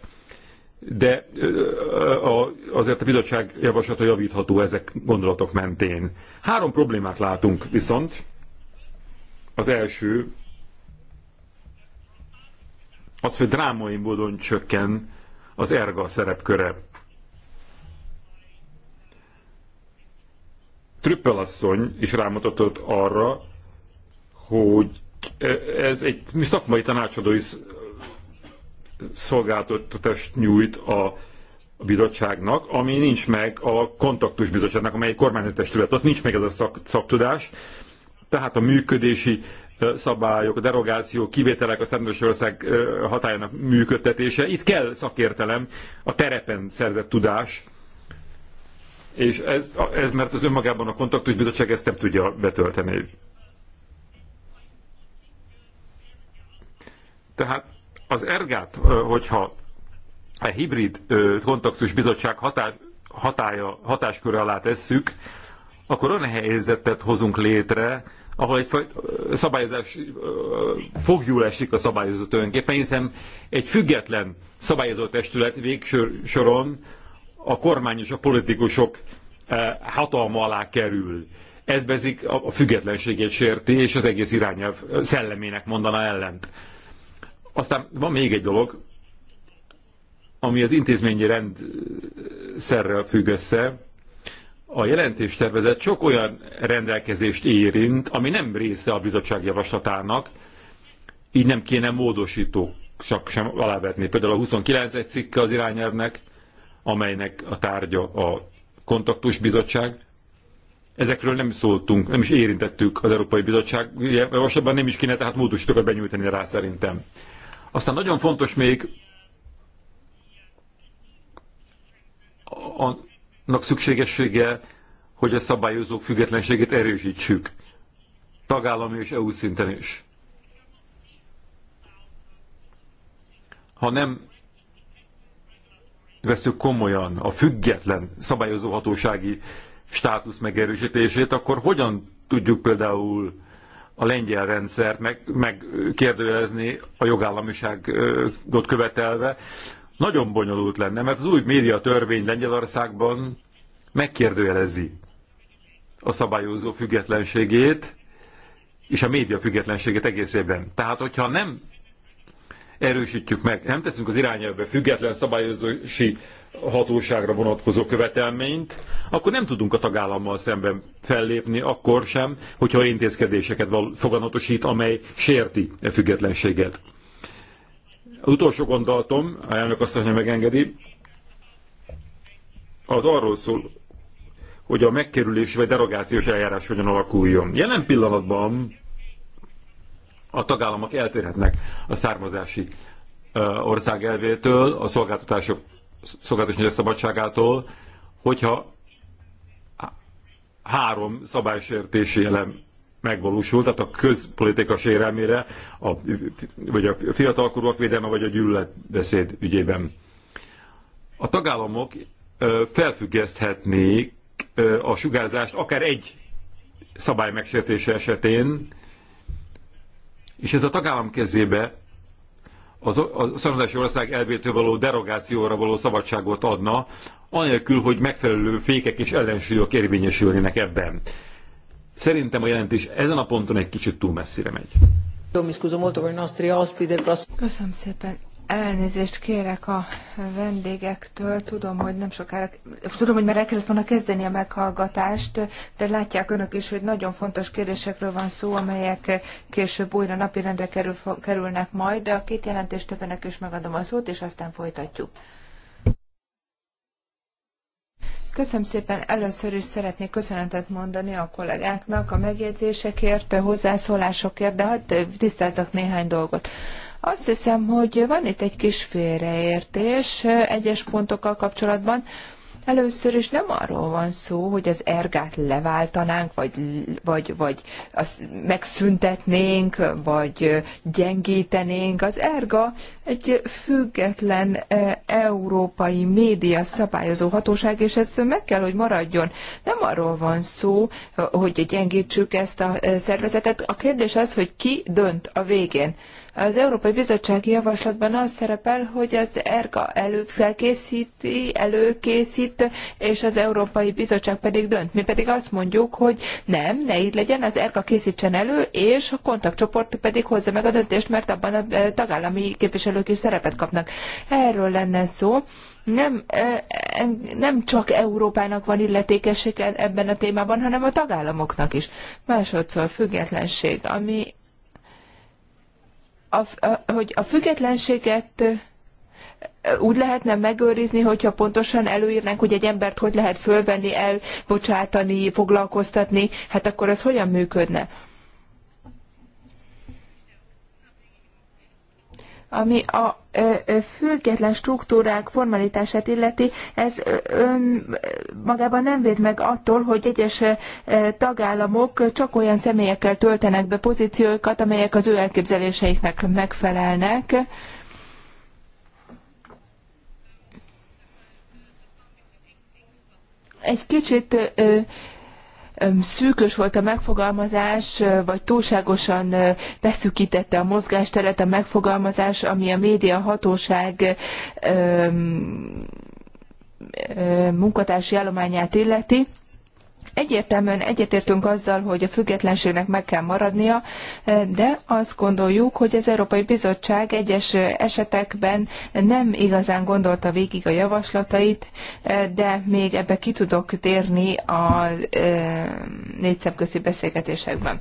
de a, azért a bizottság javaslata javítható ezek gondolatok mentén. Három problémát látunk viszont. Az első az, hogy drámai módon csökken az erga szerepköre Trüppel asszony is rámutatott arra, hogy e, ez egy szakmai tanácsadói szolgáltatást nyújt a bizottságnak, ami nincs meg a kontaktus bizottságnak, amely egy kormányzati testület, ott nincs meg ez a szak, szaktudás, tehát a működési e, szabályok, a derogáció, kivételek a szemes ország e, hatájának működtetése. Itt kell szakértelem, a terepen szerzett tudás, és ez, ez mert az önmagában a kontaktus bizottság ezt nem tudja betölteni. Tehát az ergát, hogyha a hibrid kontaktus bizottság hatás, hatáskör alá tesszük, akkor olyan helyzetet hozunk létre, ahol egy szabályozás fogjul esik a szabályozó tulajdonképpen, hiszen egy független szabályozó testület végső soron a kormány és a politikusok eh, hatalma alá kerül. Ez vezik a függetlenséget sérti, és az egész irányelv szellemének mondana ellent. Aztán van még egy dolog, ami az intézményi rendszerrel függ össze. A jelentéstervezet sok olyan rendelkezést érint, ami nem része a bizottság javaslatának, így nem kéne módosító csak sem alávetni. Például a 29-es cikke az irányelvnek, amelynek a tárgya a kontaktus bizottság. Ezekről nem szóltunk, nem is érintettük az Európai Bizottság javaslatban, nem is kéne tehát módosítókat benyújtani rá szerintem. Aztán nagyon fontos még annak szükségessége, hogy a szabályozók függetlenségét erősítsük. Tagállami és EU szinten is. Ha nem veszük komolyan a független szabályozó hatósági státusz megerősítését, akkor hogyan tudjuk például a lengyel rendszert meg, a jogállamiságot követelve, nagyon bonyolult lenne, mert az új média törvény Lengyelországban megkérdőjelezi a szabályozó függetlenségét, és a média függetlenségét egészében. Tehát, hogyha nem erősítjük meg. Nem teszünk az irányelvbe független szabályozási hatóságra vonatkozó követelményt, akkor nem tudunk a tagállammal szemben fellépni, akkor sem, hogyha intézkedéseket foganatosít, amely sérti e függetlenséget. Az utolsó gondolatom, a elnök azt mondja, megengedi, az arról szól, hogy a megkerülés vagy derogációs eljárás hogyan alakuljon. Jelen pillanatban a tagállamok eltérhetnek a származási ország elvétől, a szolgáltatások szolgáltatási szabadságától, hogyha három szabálysértési elem megvalósul, tehát a közpolitika sérelmére, a, vagy a fiatalkorúak védelme, vagy a gyűlöletbeszéd ügyében. A tagállamok felfüggeszthetnék a sugárzást akár egy szabály megsértése esetén, és ez a tagállam kezébe az, a származási ország elvétől való derogációra való szabadságot adna, anélkül, hogy megfelelő fékek és ellensúlyok érvényesülnének ebben. Szerintem a jelentés ezen a ponton egy kicsit túl messzire megy. Köszönöm szépen. Elnézést kérek a vendégektől. Tudom, hogy nem sokára, tudom, hogy már el kellett volna kezdeni a meghallgatást, de látják önök is, hogy nagyon fontos kérdésekről van szó, amelyek később újra napirendre kerül, kerülnek majd, de a két jelentést többenek is megadom a szót, és aztán folytatjuk. Köszönöm szépen. Először is szeretnék köszönetet mondani a kollégáknak a megjegyzésekért, a hozzászólásokért, de hadd tisztázzak néhány dolgot. Azt hiszem, hogy van itt egy kis félreértés egyes pontokkal kapcsolatban. Először is nem arról van szó, hogy az ergát leváltanánk, vagy, vagy, vagy azt megszüntetnénk, vagy gyengítenénk. Az erga egy független európai média szabályozó hatóság, és ez meg kell, hogy maradjon. Nem arról van szó, hogy gyengítsük ezt a szervezetet. A kérdés az, hogy ki dönt a végén. Az Európai Bizottsági Javaslatban az szerepel, hogy az ERGA elő felkészíti, előkészít, és az Európai Bizottság pedig dönt. Mi pedig azt mondjuk, hogy nem, ne így legyen, az ERGA készítsen elő, és a kontaktcsoport pedig hozza meg a döntést, mert abban a e, tagállami képviselők is szerepet kapnak. Erről lenne szó nem, e, nem csak Európának van illetékessége ebben a témában, hanem a tagállamoknak is. Másodszor függetlenség, ami a, hogy a függetlenséget úgy lehetne megőrizni, hogyha pontosan előírnánk, hogy egy embert hogy lehet fölvenni, elbocsátani, foglalkoztatni, hát akkor ez hogyan működne? Ami a független struktúrák formalitását illeti, ez magában nem véd meg attól, hogy egyes tagállamok csak olyan személyekkel töltenek be pozíciókat, amelyek az ő elképzeléseiknek megfelelnek. Egy kicsit szűkös volt a megfogalmazás, vagy túlságosan beszűkítette a mozgásteret a megfogalmazás, ami a média hatóság munkatársi állományát illeti. Egyértelműen egyetértünk azzal, hogy a függetlenségnek meg kell maradnia, e, de azt gondoljuk, hogy az Európai Bizottság egyes e, esetekben nem igazán gondolta végig a javaslatait, e, de még ebbe ki tudok térni a négy négyszemközi beszélgetésekben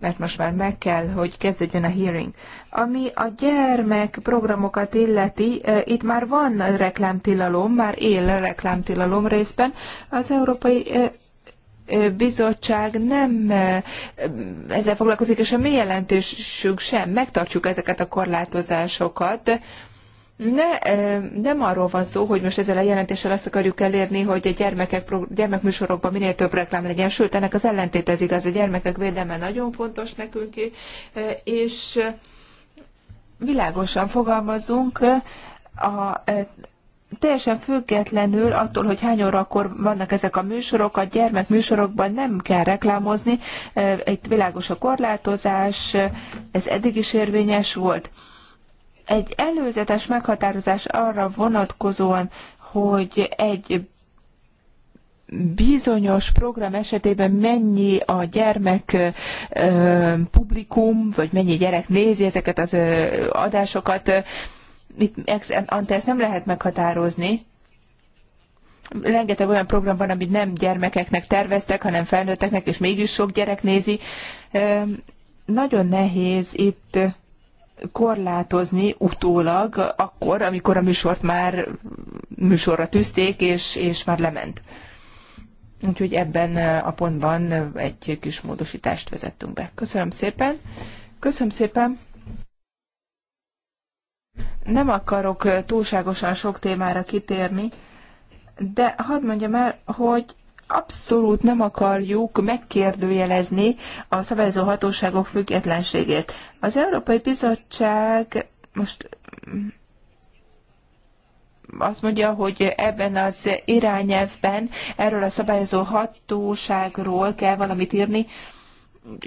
mert most már meg kell, hogy kezdődjön a hearing. Ami a gyermek programokat illeti, itt már van reklámtilalom, már él reklámtilalom részben. Az Európai bizottság nem ezzel foglalkozik, és a mi jelentésünk sem. Megtartjuk ezeket a korlátozásokat. Ne, nem arról van szó, hogy most ezzel a jelentéssel azt akarjuk elérni, hogy a gyermekek, gyermekműsorokban minél több reklám legyen, sőt, ennek az ellentét ez igaz, a gyermekek védelme nagyon fontos nekünk, és világosan fogalmazunk, a, teljesen függetlenül attól, hogy hány órakor vannak ezek a műsorok, a gyermek műsorokban nem kell reklámozni, egy világos a korlátozás, ez eddig is érvényes volt. Egy előzetes meghatározás arra vonatkozóan, hogy egy bizonyos program esetében mennyi a gyermek publikum, vagy mennyi gyerek nézi ezeket az adásokat, mit ex ante ezt nem lehet meghatározni. Rengeteg olyan program van, amit nem gyermekeknek terveztek, hanem felnőtteknek, és mégis sok gyerek nézi. Nagyon nehéz itt korlátozni utólag, akkor, amikor a műsort már műsorra tűzték, és, és már lement. Úgyhogy ebben a pontban egy kis módosítást vezettünk be. Köszönöm szépen. Köszönöm szépen. Nem akarok túlságosan sok témára kitérni, de hadd mondjam el, hogy abszolút nem akarjuk megkérdőjelezni a szabályozó hatóságok függetlenségét. Az Európai Bizottság most mm, azt mondja, hogy ebben az irányelvben erről a szabályozó hatóságról kell valamit írni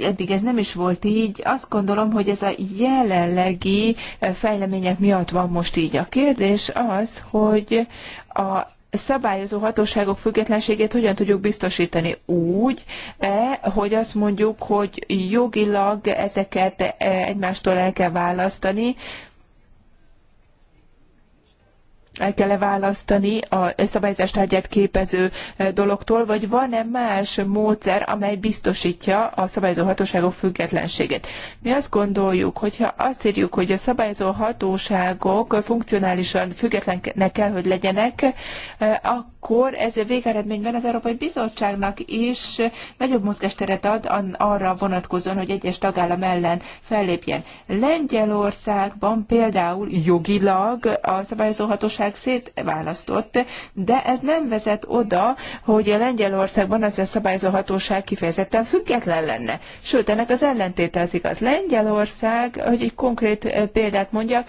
eddig ez nem is volt így. Azt gondolom, hogy ez a jelenlegi fejlemények miatt van most így. A kérdés az, hogy a szabályozó hatóságok függetlenségét hogyan tudjuk biztosítani úgy, e, hogy azt mondjuk, hogy jogilag ezeket e, egymástól el kell választani, el kell-e választani a szabályzás tárgyát képező e, dologtól, vagy van-e más módszer, amely biztosítja a szabályozó hatóságok függetlenségét. Mi azt gondoljuk, hogyha azt írjuk, hogy a szabályozó hatóságok funkcionálisan függetlenek kell, hogy legyenek, akkor e, akkor ez a végeredményben az Európai Bizottságnak is nagyobb mozgásteret ad arra vonatkozóan, hogy egyes tagállam ellen fellépjen. Lengyelországban például jogilag a szabályozóhatóság szétválasztott, de ez nem vezet oda, hogy a Lengyelországban az a szabályozóhatóság kifejezetten független lenne. Sőt, ennek az ellentéte az igaz. Lengyelország, hogy egy konkrét példát mondjak,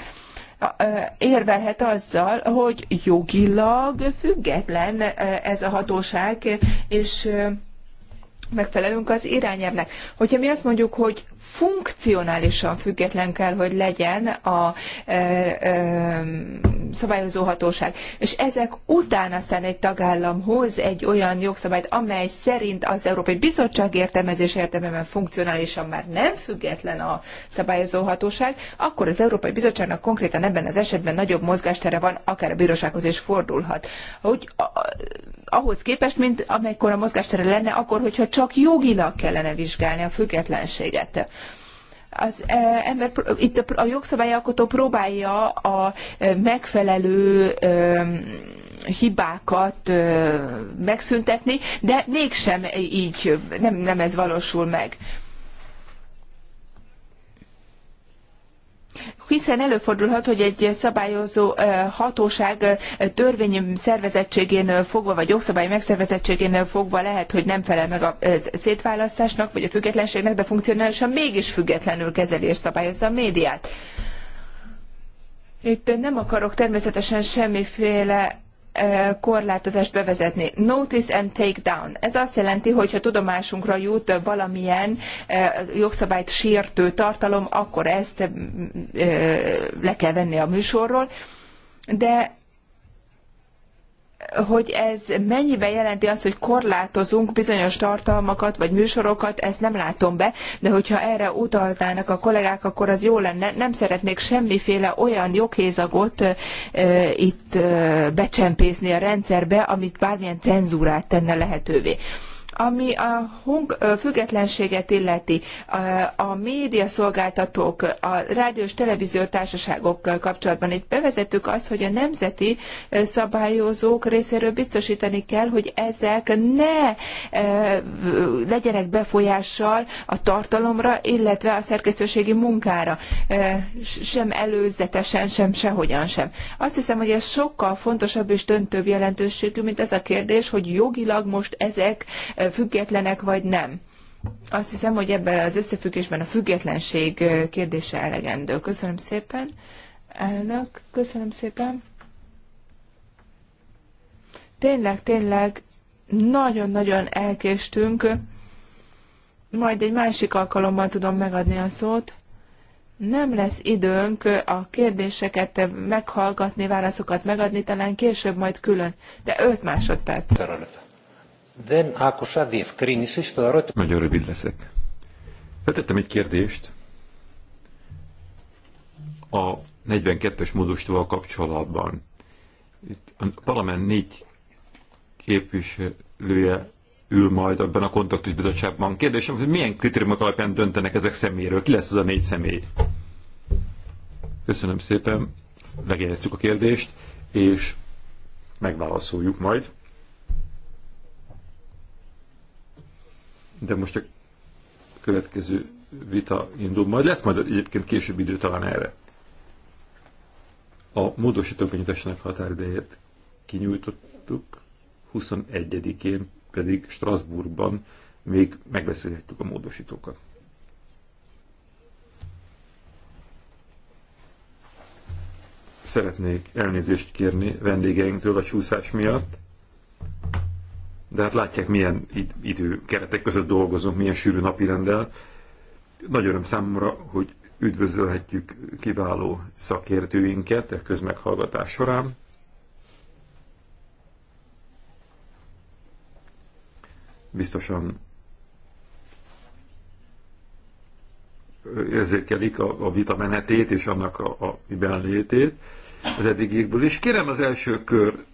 érvelhet azzal, hogy jogilag független ez a hatóság, és megfelelünk az irányelvnek. Hogyha mi azt mondjuk, hogy funkcionálisan független kell, hogy legyen a e, e, szabályozó hatóság, és ezek után aztán egy tagállam hoz egy olyan jogszabályt, amely szerint az Európai Bizottság értelmezés értelmében funkcionálisan már nem független a szabályozó hatóság, akkor az Európai Bizottságnak konkrétan ebben az esetben nagyobb mozgástere van, akár a bírósághoz is fordulhat. Hogy a, ahhoz képest, mint amikor a mozgástere lenne, akkor, hogyha csak jogilag kellene vizsgálni a függetlenséget az e, ember, itt a jogszabályalkotó próbálja a e, megfelelő e, hibákat megszüntetni, de mégsem így, nem, nem ez valósul meg. hiszen előfordulhat, hogy egy szabályozó hatóság törvény szervezettségén fogva, vagy jogszabály megszervezettségén fogva lehet, hogy nem felel meg a szétválasztásnak, vagy a függetlenségnek, de funkcionálisan mégis függetlenül kezeli és szabályozza a médiát. Itt nem akarok természetesen semmiféle korlátozást bevezetni. Notice and take down. Ez azt jelenti, hogy ha tudomásunkra jut valamilyen jogszabályt sértő tartalom, akkor ezt le kell venni a műsorról. De hogy ez mennyiben jelenti azt, hogy korlátozunk bizonyos tartalmakat vagy műsorokat, ezt nem látom be, de hogyha erre utaltának a kollégák, akkor az jó lenne. Nem szeretnék semmiféle olyan joghézagot e, itt e, becsempészni a rendszerbe, amit bármilyen cenzúrát tenne lehetővé. Ami a hung, függetlenséget illeti, a, médiaszolgáltatók, a rádiós televízió társaságok kapcsolatban itt bevezettük azt, hogy a nemzeti szabályozók részéről biztosítani kell, hogy ezek ne legyenek befolyással a tartalomra, illetve a szerkesztőségi munkára, sem előzetesen, sem sehogyan sem. Azt hiszem, hogy ez sokkal fontosabb és döntőbb jelentőségű, mint ez a kérdés, hogy jogilag most ezek függetlenek vagy nem. Azt hiszem, hogy ebben az összefüggésben a függetlenség kérdése elegendő. Köszönöm szépen, elnök, köszönöm szépen. Tényleg, tényleg, nagyon-nagyon elkéstünk. Majd egy másik alkalommal tudom megadni a szót. Nem lesz időnk a kérdéseket meghallgatni, válaszokat megadni, talán később majd külön, de 5 másodperc. Terület. Nagyon rövid leszek. Feltettem egy kérdést a 42-es módostóval kapcsolatban. Itt a parlament négy képviselője ül majd abban a kontaktus bizottságban. Kérdésem, hogy milyen kritériumok alapján döntenek ezek személyről? Ki lesz ez a négy személy? Köszönöm szépen, megjegyeztük a kérdést, és megválaszoljuk majd. de most a következő vita indul. Majd lesz majd egyébként később idő talán erre. A módosítók nyitásának határidejét kinyújtottuk, 21-én pedig Strasbourgban még megbeszélhetjük a módosítókat. Szeretnék elnézést kérni vendégeinktől a csúszás miatt de hát látják, milyen idő keretek között dolgozunk, milyen sűrű rendel. Nagy öröm számomra, hogy üdvözölhetjük kiváló szakértőinket a e közmeghallgatás során. Biztosan érzékelik a, a vita menetét és annak a, a benlétét az eddigiekből. És kérem az első kör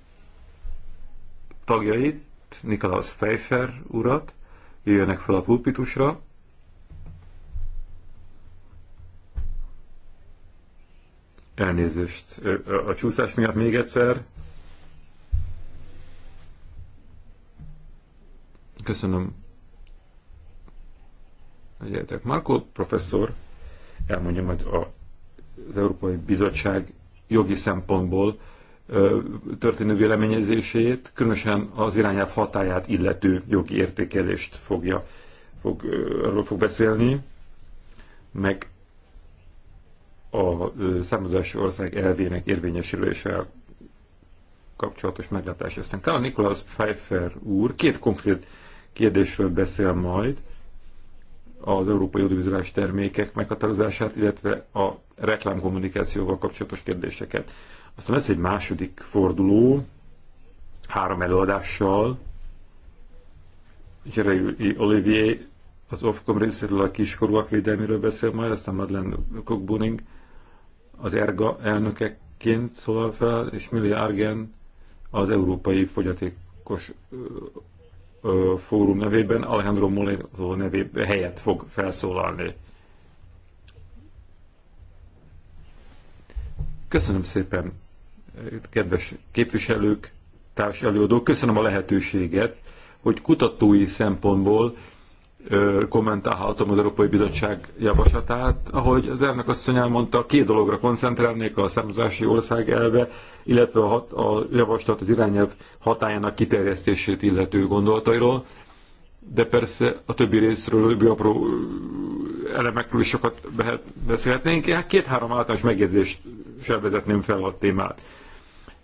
tagjait, Nikolaus Pfeiffer urat, jöjjönek fel a pulpitusra. Elnézést a csúszás miatt még egyszer. Köszönöm. Egyetek. Marco professzor elmondja majd a, az Európai Bizottság jogi szempontból történő véleményezését, különösen az irányelv hatáját illető jogi értékelést fogja, fog, arról fog beszélni, meg a származási ország elvének érvényesülésével kapcsolatos meglátás. Aztán talán Nikolaus Pfeiffer úr két konkrét kérdésről beszél majd, az európai audiovizuális termékek meghatározását, illetve a reklámkommunikációval kapcsolatos kérdéseket. Aztán lesz egy második forduló, három előadással. Jerry Olivier az Ofcom részéről a kiskorúak védelméről beszél majd, aztán Madeleine Cockbuning az ERGA elnökeként szólal fel, és Millie Argen az Európai Fogyatékos Fórum nevében, Alejandro Molero nevében helyett fog felszólalni. Köszönöm szépen! kedves képviselők, társelőadók, köszönöm a lehetőséget, hogy kutatói szempontból kommentálhatom az Európai Bizottság javaslatát. Ahogy az elnök asszony elmondta, két dologra koncentrálnék, a származási ország elve, illetve a, hat, a javaslat az irányelv hatájának kiterjesztését illető gondolatairól, de persze a többi részről, többi apró elemekről is sokat beszélhetnénk. két-három általános megjegyzést sem vezetném fel a témát.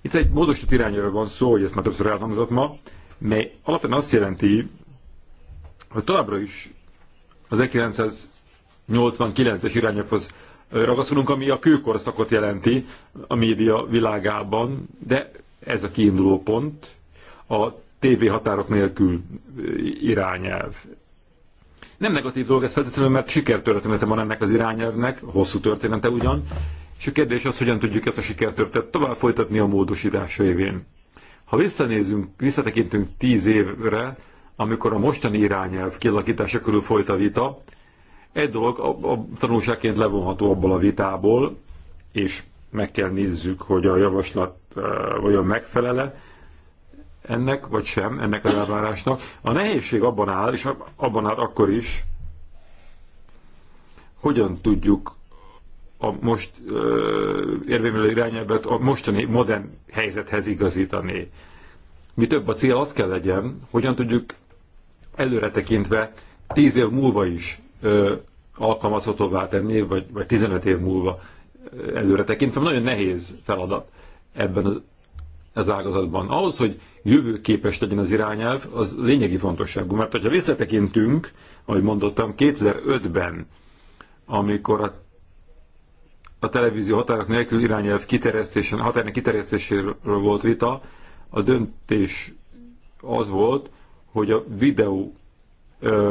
Itt egy módosított irányról van szó, hogy ezt már többször elhangzott ma, mely alapvetően azt jelenti, hogy továbbra is az 1989-es irányokhoz ragaszolunk, ami a kőkorszakot jelenti a média világában, de ez a kiinduló pont a TV határok nélkül irányelv. Nem negatív dolog ez feltétlenül, mert sikertörténete van ennek az irányelvnek, hosszú története ugyan, és a kérdés az, hogyan tudjuk ezt a sikertörténetet tovább folytatni a módosítás évén. Ha visszanézünk, visszatekintünk tíz évre, amikor a mostani irányelv kialakítása körül folyt a vita, egy dolog a, a tanulságként levonható abból a vitából, és meg kell nézzük, hogy a javaslat uh, e, olyan megfelele ennek, vagy sem, ennek az elvárásnak. A nehézség abban áll, és abban áll akkor is, hogyan tudjuk a most érvényelő irányelvet a mostani modern helyzethez igazítani. Mi több a cél az kell legyen, hogyan tudjuk előre tekintve tíz év múlva is ö, alkalmazhatóvá tenni, vagy, vagy 15 év múlva előre tekintve. Nagyon nehéz feladat ebben az, az ágazatban. Ahhoz, hogy jövőképes legyen az irányelv, az lényegi fontosságú. Mert ha visszatekintünk, ahogy mondottam, 2005-ben, amikor a a televízió határok nélkül irányelv kiterjesztésen, határnak kiterjesztéséről volt vita, a döntés az volt, hogy a videó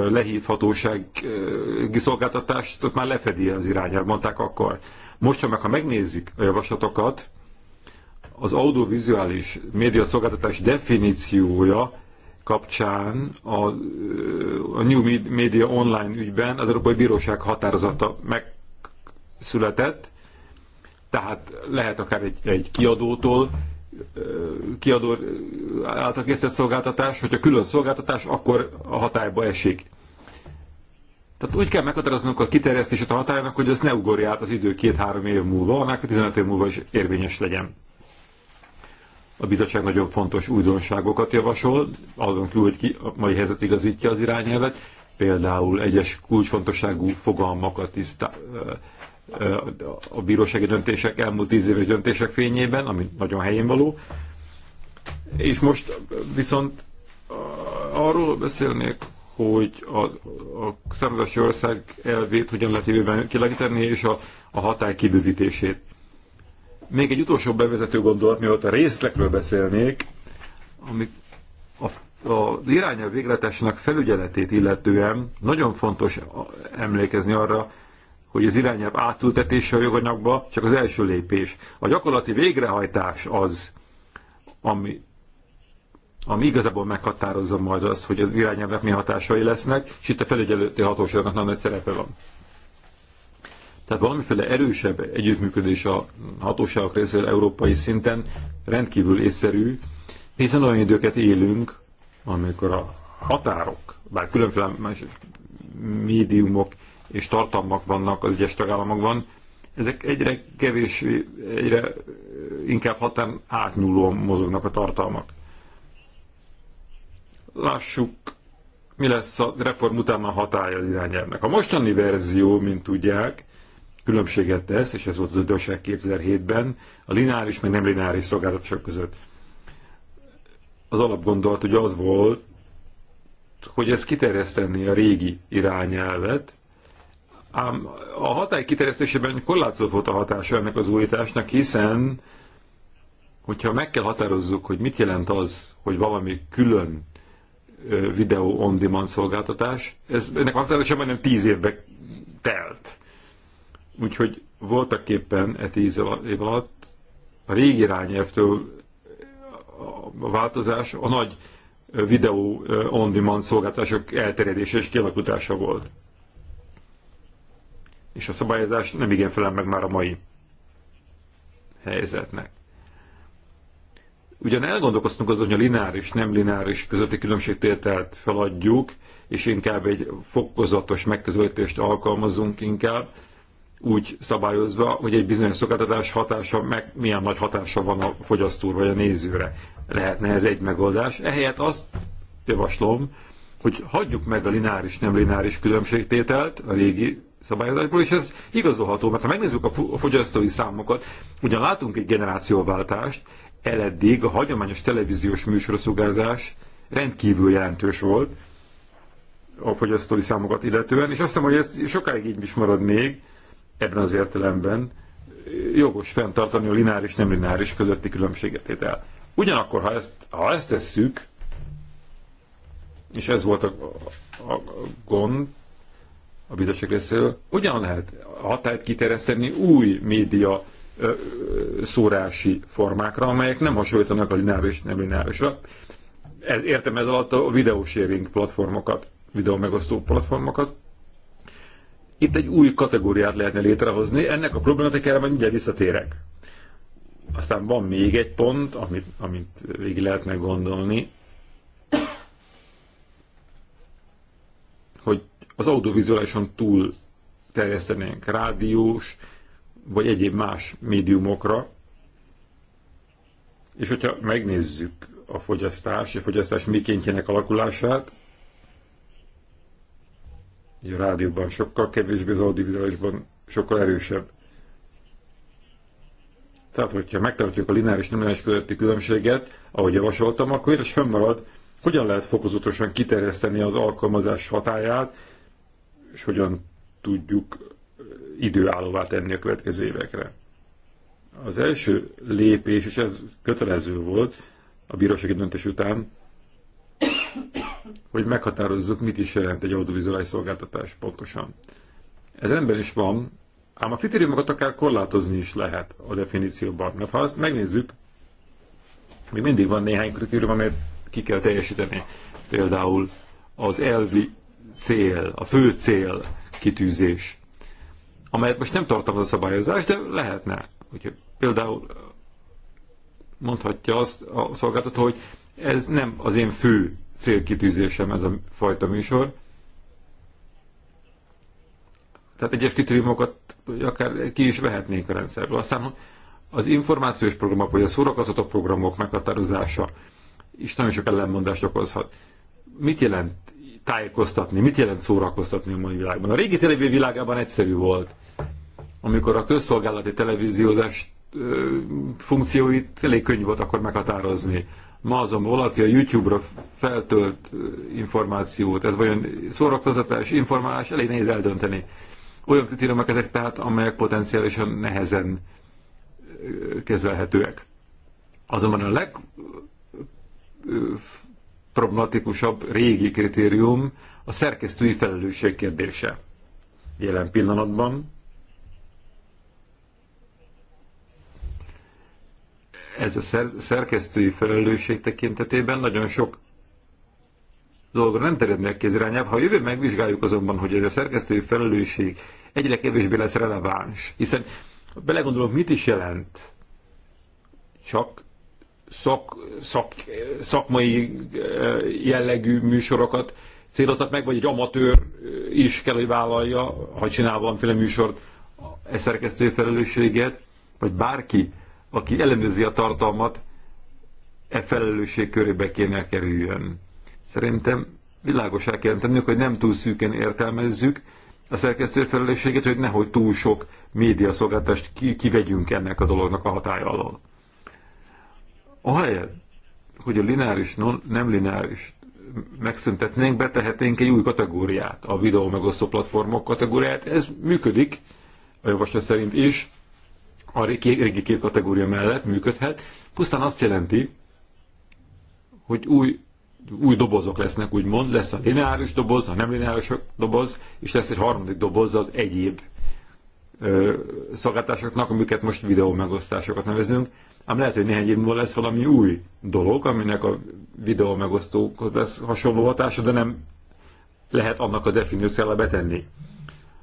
lehívhatósági szolgáltatást ott már lefedi az irányelv, mondták akkor. Most, meg ha megnézik a javaslatokat, az audiovizuális média szolgáltatás definíciója kapcsán a, a New Media Online ügyben az Európai Bíróság határozata megszületett, tehát lehet akár egy, egy kiadótól, kiadó által készített szolgáltatás, hogyha külön szolgáltatás, akkor a hatályba esik. Tehát úgy kell meghatároznunk a kiterjesztését a hatálynak, hogy ez ne ugorja át az idő két-három év múlva, hanem 15 év múlva is érvényes legyen. A bizottság nagyon fontos újdonságokat javasol, azon kívül, hogy ki a mai helyzet igazítja az irányelvet, például egyes kulcsfontosságú fogalmakat tisztá, a bírósági döntések, elmúlt tíz éves döntések fényében, ami nagyon helyén való. És most viszont arról beszélnék, hogy a, a származási ország elvét hogyan lehet jövőben kilegíteni, és a, a hatály kibővítését. Még egy utolsó bevezető gondolat, mielőtt a részlekről beszélnék, ami a, a, az irányelv végletesnek felügyeletét illetően nagyon fontos emlékezni arra, hogy az irányelv átültetése a joganyagba csak az első lépés. A gyakorlati végrehajtás az, ami, ami igazából meghatározza majd azt, hogy az irányelvek mi hatásai lesznek, és itt a felügyelőti hatóságnak nagyon nagy szerepe van. Tehát valamiféle erősebb együttműködés a hatóságok részéről európai szinten rendkívül észszerű, hiszen olyan időket élünk, amikor a határok, bár különféle más médiumok és tartalmak vannak az egyes tagállamokban, ezek egyre kevés, egyre inkább hatán átnyúlóan mozognak a tartalmak. Lássuk, mi lesz a reform után a hatája az irányelvnek. A mostani verzió, mint tudják, különbséget tesz, és ez volt az ödösság 2007-ben, a lineáris meg nem lineáris szolgáltatások között. Az alapgondolat ugye az volt, hogy ez kiterjeszteni a régi irányelvet, Ám a hatály kiterjesztésében korlátszó volt a hatása ennek az újításnak, hiszen hogyha meg kell határozzuk, hogy mit jelent az, hogy valami külön videó on-demand szolgáltatás, ez, ennek a határozása majdnem tíz évbe telt. Úgyhogy voltak éppen e tíz év alatt a régi irányelvtől a változás a nagy videó on-demand szolgáltatások elterjedése és kialakítása volt és a szabályozás nem igen felel meg már a mai helyzetnek. Ugyan elgondolkoztunk azon, hogy a lineáris, nem lineáris közötti különbségtételt feladjuk, és inkább egy fokozatos megközelítést alkalmazunk inkább, úgy szabályozva, hogy egy bizonyos szolgáltatás hatása, meg milyen nagy hatása van a fogyasztóra vagy a nézőre. Lehetne ez egy megoldás. Ehelyett azt javaslom, hogy hagyjuk meg a lineáris, nem lineáris különbségtételt, a régi szabályozásból, és ez igazolható, mert ha megnézzük a fogyasztói számokat, ugyan látunk egy generációváltást, eleddig a hagyományos televíziós műsorsugárzás rendkívül jelentős volt a fogyasztói számokat illetően, és azt hiszem, hogy ez sokáig így is marad még, ebben az értelemben jogos fenntartani a lineáris, nem lineáris közötti el. Ugyanakkor, ha ezt, ha ezt tesszük, és ez volt a, a, a gond, a bizottság részéről, hogyan lehet hatályt kiterjeszteni új média ö, ö, szórási formákra, amelyek nem hasonlítanak a lineáris, nem lineárisra. Ez értem ez alatt a videósharing platformokat, videó megosztó platformokat. Itt egy új kategóriát lehetne létrehozni, ennek a problématikára majd mindjárt visszatérek. Aztán van még egy pont, amit, amit végig lehetne gondolni, hogy az audiovizuálisan túl terjesztenénk rádiós, vagy egyéb más médiumokra. És hogyha megnézzük a fogyasztás, a fogyasztás mikéntjének alakulását, a rádióban sokkal kevésbé, az audiovizuálisban sokkal erősebb. Tehát, hogyha megtartjuk a lineáris lineáris közötti különbséget, ahogy javasoltam, akkor is fönnmarad, hogyan lehet fokozatosan kiterjeszteni az alkalmazás hatáját, és hogyan tudjuk eh, időállóvá tenni a következő évekre. Az első lépés, és ez kötelező volt a bírósági döntés után, hogy meghatározzuk, mit is jelent egy audiovizuális szolgáltatás pontosan. Ez ember is van, ám a kritériumokat akár korlátozni is lehet a definícióban. Mert ha azt megnézzük, még mindig van néhány kritérium, amelyet ki kell teljesíteni. Például az elvi cél, a fő cél kitűzés, amelyet most nem tartalmaz a szabályozás, de lehetne. hogy például mondhatja azt a szolgáltató, hogy ez nem az én fő célkitűzésem ez a fajta műsor. Tehát egyes kritériumokat akár ki is vehetnénk a rendszerből. Aztán az információs programok vagy a szórakozatok programok meghatározása is nagyon sok ellenmondást okozhat. Mit jelent tájékoztatni? Mit jelent szórakoztatni a mai világban? A régi televízió világában egyszerű volt, amikor a közszolgálati televíziózás funkcióit elég könnyű volt akkor meghatározni. Ma azon valaki a YouTube-ra feltölt információt, ez vajon szórakoztatás, informálás, elég nehéz eldönteni. Olyan kritériumok ezek tehát, amelyek potenciálisan nehezen kezelhetőek. Azonban a leg legproblematikusabb régi kritérium a szerkesztői felelősség kérdése. Jelen pillanatban ez a szer- szerkesztői felelősség tekintetében nagyon sok dologra nem terjednek irányába. Ha jövő megvizsgáljuk azonban, hogy ez a szerkesztői felelősség egyre kevésbé lesz releváns, hiszen belegondolom, mit is jelent csak szak, szak, szakmai jellegű műsorokat céloznak meg, vagy egy amatőr is kell, hogy vállalja, ha csinál valamiféle műsort, e szerkesztő felelősséget, vagy bárki, aki ellenőrzi a tartalmat, e felelősség körébe kéne kerüljön. Szerintem világosá kell tennünk, hogy nem túl szűken értelmezzük a szerkesztő felelősséget, hogy nehogy túl sok médiaszolgáltást kivegyünk ennek a dolognak a hatája alól ahelyett, hogy a lineáris, non, nem lineáris megszüntetnénk, betehetnénk egy új kategóriát, a videó megosztó platformok kategóriát. Ez működik, a javaslat szerint is, a régi két kategória mellett működhet. Pusztán azt jelenti, hogy új, új dobozok lesznek, úgymond. Lesz a lineáris doboz, a nem lineáris doboz, és lesz egy harmadik doboz az egyéb ö, szolgáltásoknak, amiket most videó megosztásokat nevezünk ám lehet, hogy néhány év múlva lesz valami új dolog, aminek a videó megosztókhoz lesz hasonló hatása, de nem lehet annak a definíciójára betenni.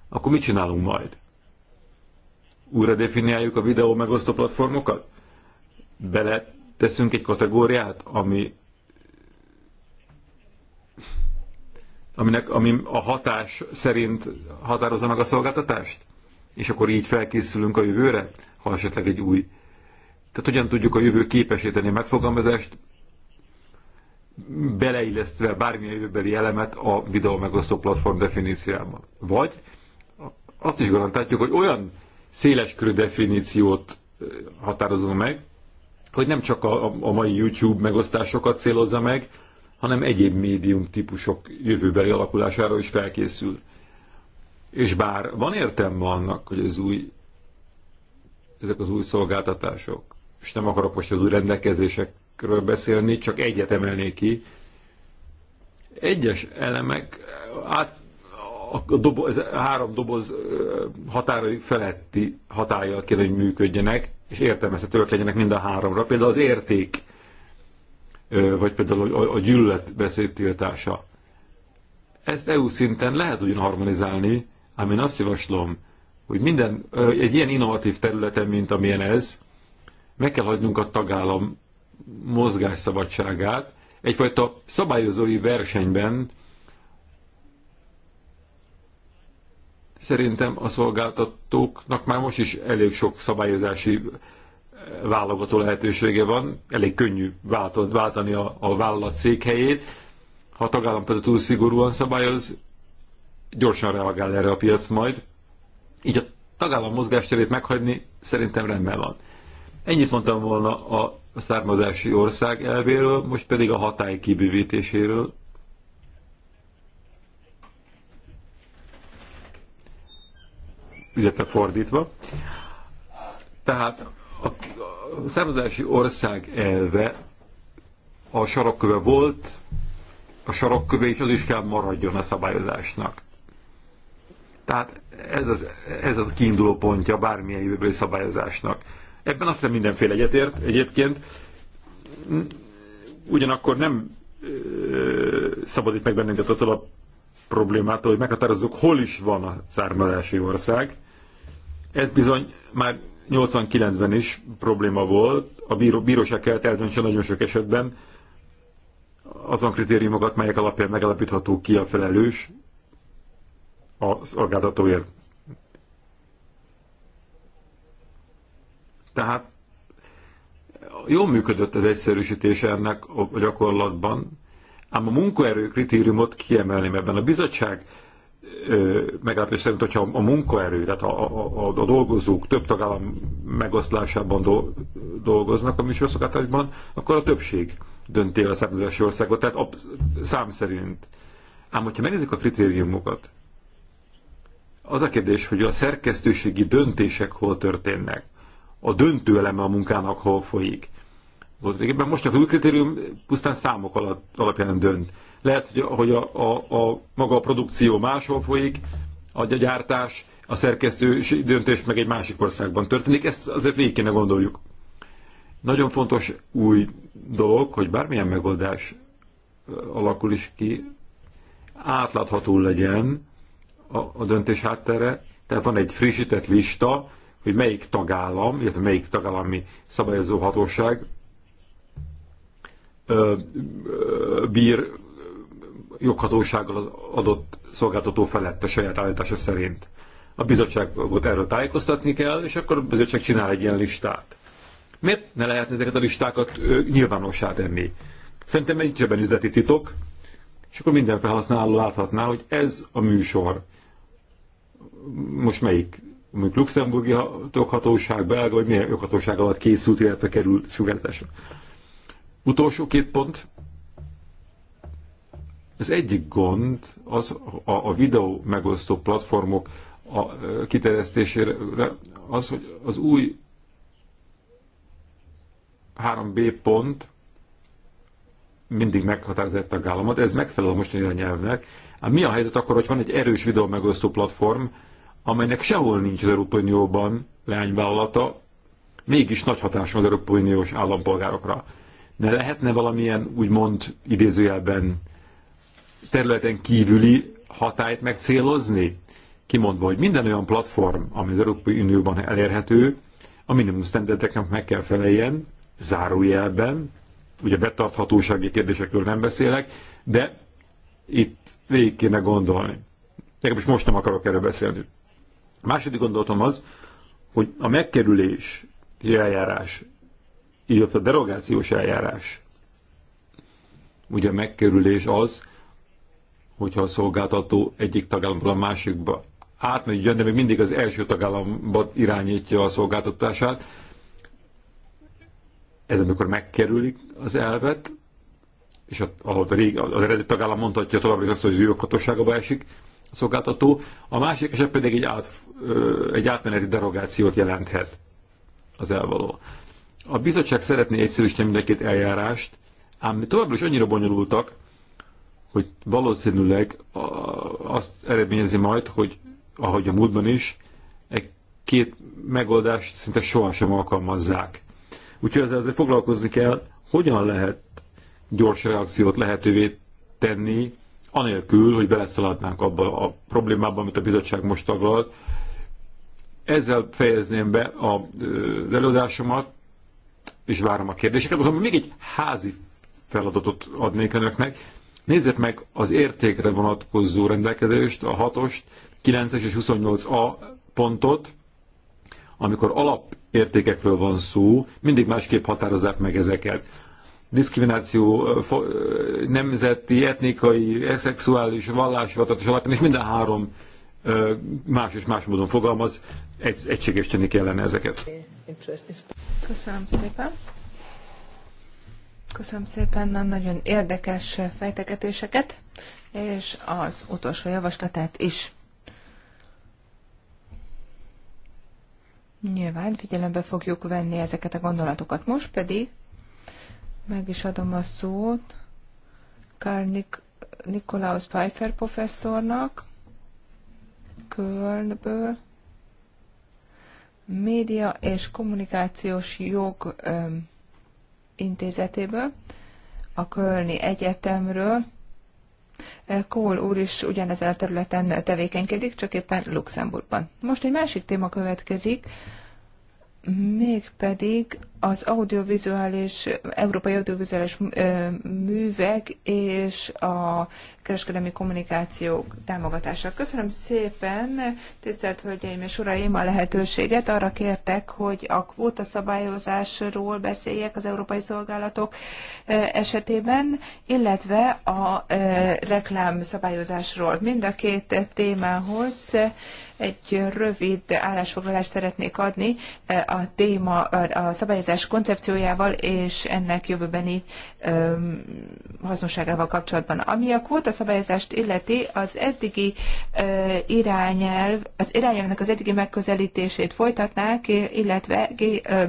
Akkor mit csinálunk majd? Újra definiáljuk a videó megosztó platformokat? Bele teszünk egy kategóriát, ami aminek, ami a hatás szerint határozza meg a szolgáltatást? És akkor így felkészülünk a jövőre, ha esetleg egy új tehát hogyan tudjuk a jövő képesíteni a megfogalmazást, beleillesztve bármilyen jövőbeli elemet a videó megosztó platform definíciába. Vagy azt is garantáljuk, hogy olyan széleskörű definíciót határozunk meg, hogy nem csak a, a mai YouTube megosztásokat célozza meg, hanem egyéb médium típusok jövőbeli alakulására is felkészül. És bár van értelme annak, hogy ez új, ezek az új szolgáltatások és nem akarok most az új rendelkezésekről beszélni, csak egyet emelnék ki. Egyes elemek át, a doboz, a három doboz határai feletti hatállyal kéne, hogy működjenek, és értelmezhetőek legyenek mind a háromra. Például az érték, vagy például a, a gyűlölet beszédtiltása. Ezt EU szinten lehet ugyan harmonizálni, ám én azt javaslom, hogy minden, egy ilyen innovatív területen, mint amilyen ez, meg kell hagynunk a tagállam mozgásszabadságát egyfajta szabályozói versenyben, szerintem a szolgáltatóknak már most is elég sok szabályozási eh, válogató lehetősége van, elég könnyű váltani a, a vállalat székhelyét. Ha a tagállam például túl szigorúan szabályoz, gyorsan reagál erre a piac majd. Így a tagállam mozgásterét meghagyni szerintem rendben van. Ennyit mondtam volna a származási ország elvéről, most pedig a hatály kibővítéséről. illetve fordítva. Tehát a származási ország elve a sarokköve volt, a sarokköve is az is kell maradjon a szabályozásnak. Tehát ez az, ez az kiinduló pontja bármilyen jövőbeli szabályozásnak. Ebben azt hiszem mindenféle egyetért egyébként. Ugyanakkor nem ö, szabadít meg bennünket attól a problémától, hogy meghatározzuk, hol is van a származási ország. Ez bizony már 89-ben is probléma volt. A bíró, bíróság kellett eldöntse nagyon sok esetben azon kritériumokat, melyek alapján megalapítható ki a felelős a szolgáltatóért. Tehát jól működött az egyszerűsítés ennek a gyakorlatban, ám a munkaerő kritériumot kiemelném ebben. A bizottság meglátás szerint, hogyha a munkaerő, tehát a, a, a, dolgozók több tagállam megoszlásában do, dolgoznak a műsorszolgáltatásban, akkor a többség dönti el a származási országot, tehát a, szám szerint. Ám hogyha megnézzük a kritériumokat, az a kérdés, hogy a szerkesztőségi döntések hol történnek a döntő eleme a munkának hol folyik. Voltaképpen most a új kritérium pusztán számok alatt, alapján dönt. Lehet, hogy, a, hogy a, a, a maga a produkció máshol folyik, a gyártás, a szerkesztő döntés meg egy másik országban történik, ezt azért végig kéne gondoljuk. Nagyon fontos új dolog, hogy bármilyen megoldás alakul is ki, átlátható legyen a, a döntés háttere, tehát van egy frissített lista, hogy melyik tagállam, illetve melyik tagállami szabályozó hatóság bír joghatósággal az adott szolgáltató felett a saját állítása szerint. A bizottságot erről tájékoztatni kell, és akkor a bizottság csinál egy ilyen listát. Miért ne lehetne ezeket a listákat nyilvánossá tenni? Szerintem egy ebben üzleti titok, és akkor minden felhasználó láthatná, hogy ez a műsor most melyik mondjuk luxemburgi joghatóság, belga vagy milyen joghatóság alatt készült, illetve került sugárzásra. Utolsó két pont. Az egyik gond az a, a videó megosztó platformok a, a kiterjesztésére az, hogy az új 3B pont mindig meghatározza tagállamot, ez megfelel a mostani irányelvnek. mi a helyzet akkor, hogy van egy erős videó megosztó platform, amelynek sehol nincs az Európai Unióban leányvállalata, mégis nagy hatás van az Európai Uniós állampolgárokra. Ne lehetne valamilyen, úgymond idézőjelben területen kívüli hatályt megcélozni? Kimondva, hogy minden olyan platform, ami az Európai Unióban elérhető, a minimum standardeknek meg kell feleljen, zárójelben, ugye betarthatósági kérdésekről nem beszélek, de itt végig kéne gondolni. Nekem is most nem akarok erről beszélni. A második gondolatom az, hogy a megkerülés eljárás, illetve a derogációs eljárás, ugye a megkerülés az, hogyha a szolgáltató egyik tagállamból a másikba átmegy, de még mindig az első tagállamba irányítja a szolgáltatását, ez amikor megkerülik az elvet, és a, a, a a, a eredeti tagállam mondhatja tovább, hogy az, hogy ő joghatóságába esik, szolgáltató, a másik eset pedig egy, át, egy átmeneti derogációt jelenthet az elvaló. A bizottság szeretné egyszerűsíteni mindenkit eljárást, ám továbbra is annyira bonyolultak, hogy valószínűleg azt eredményezi majd, hogy ahogy a múltban is, egy két megoldást szinte sohasem alkalmazzák. Úgyhogy ezzel azért foglalkozni kell, hogyan lehet gyors reakciót lehetővé tenni anélkül, hogy beleszaladnánk abba a problémába, amit a bizottság most taglalt. Ezzel fejezném be az előadásomat, és várom a kérdéseket, azonban még egy házi feladatot adnék önöknek. Nézzék meg az értékre vonatkozó rendelkezést, a 6-ost, 9-es és 28a pontot, amikor alapértékekről van szó, mindig másképp határozzák meg ezeket diszkrimináció nemzeti, etnikai, szexuális, vallásvatatos alapján, és minden három más és más módon fogalmaz, egy, tenni kellene ezeket. Köszönöm szépen. Köszönöm szépen a nagyon érdekes fejteketéseket, és az utolsó javaslatát is. Nyilván figyelembe fogjuk venni ezeket a gondolatokat. Most pedig meg is adom a szót Karl Nik- Nikolaus Pfeiffer professzornak, Kölnből, Média és Kommunikációs Jog ö, Intézetéből, a Kölni Egyetemről. Kohl úr is ugyanezen a területen tevékenykedik, csak éppen Luxemburgban. Most egy másik téma következik, mégpedig az audiovizuális, európai audiovizuális művek és a kereskedelmi kommunikációk támogatása. Köszönöm szépen, tisztelt Hölgyeim és Uraim, a lehetőséget. Arra kértek, hogy a kvóta szabályozásról beszéljek az európai szolgálatok esetében, illetve a reklám szabályozásról. Mind a két témához egy rövid állásfoglalást szeretnék adni a téma, a szabályozás szabályozás koncepciójával és ennek jövőbeni öm, hasznosságával kapcsolatban. Ami a kvóta szabályozást illeti, az eddigi ö, irányelv, az irányelvnek az eddigi megközelítését folytatnák, illetve ö,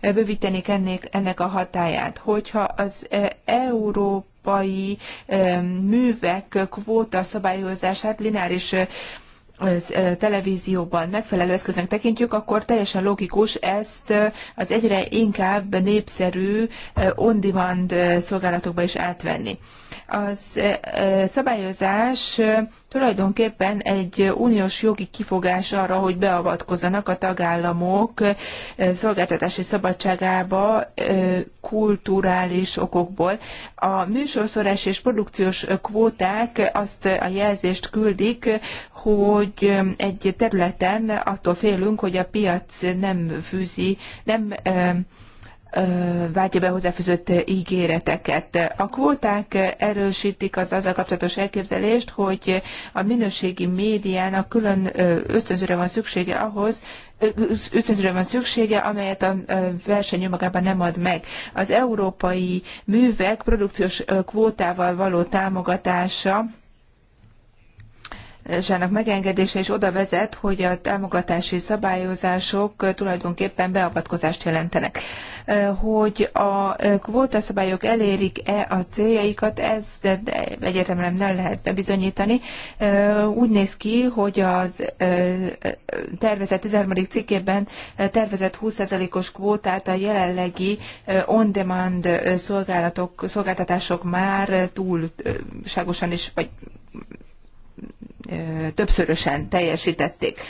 bővítenék ennek, ennek a hatáját. Hogyha az európai művek kvóta szabályozását lineáris az televízióban megfelelő eszköznek tekintjük, akkor teljesen logikus ezt az egyre inkább népszerű on-demand szolgálatokba is átvenni. Az szabályozás tulajdonképpen egy uniós jogi kifogás arra, hogy beavatkozzanak a tagállamok szolgáltatási szabadságába kulturális okokból. A műsorszórás és produkciós kvóták azt a jelzést küldik, hogy egy területen attól félünk, hogy a piac nem fűzi, nem váltja be hozzáfűzött ígéreteket. A kvóták erősítik az azzal kapcsolatos elképzelést, hogy a minőségi médiának külön ösztönzőre van szüksége ahhoz, ösztönzőre van szüksége, amelyet a verseny önmagában nem ad meg. Az európai művek produkciós kvótával való támogatása támogatásának megengedése is oda vezet, hogy a támogatási szabályozások tulajdonképpen beavatkozást jelentenek. Hogy a kvótaszabályok elérik-e a céljaikat, ezt egyértelműen nem lehet bebizonyítani. Úgy néz ki, hogy a tervezet 13. cikkében tervezett 20%-os kvótát a jelenlegi on-demand szolgálatok, szolgáltatások már túlságosan is, vagy többszörösen teljesítették.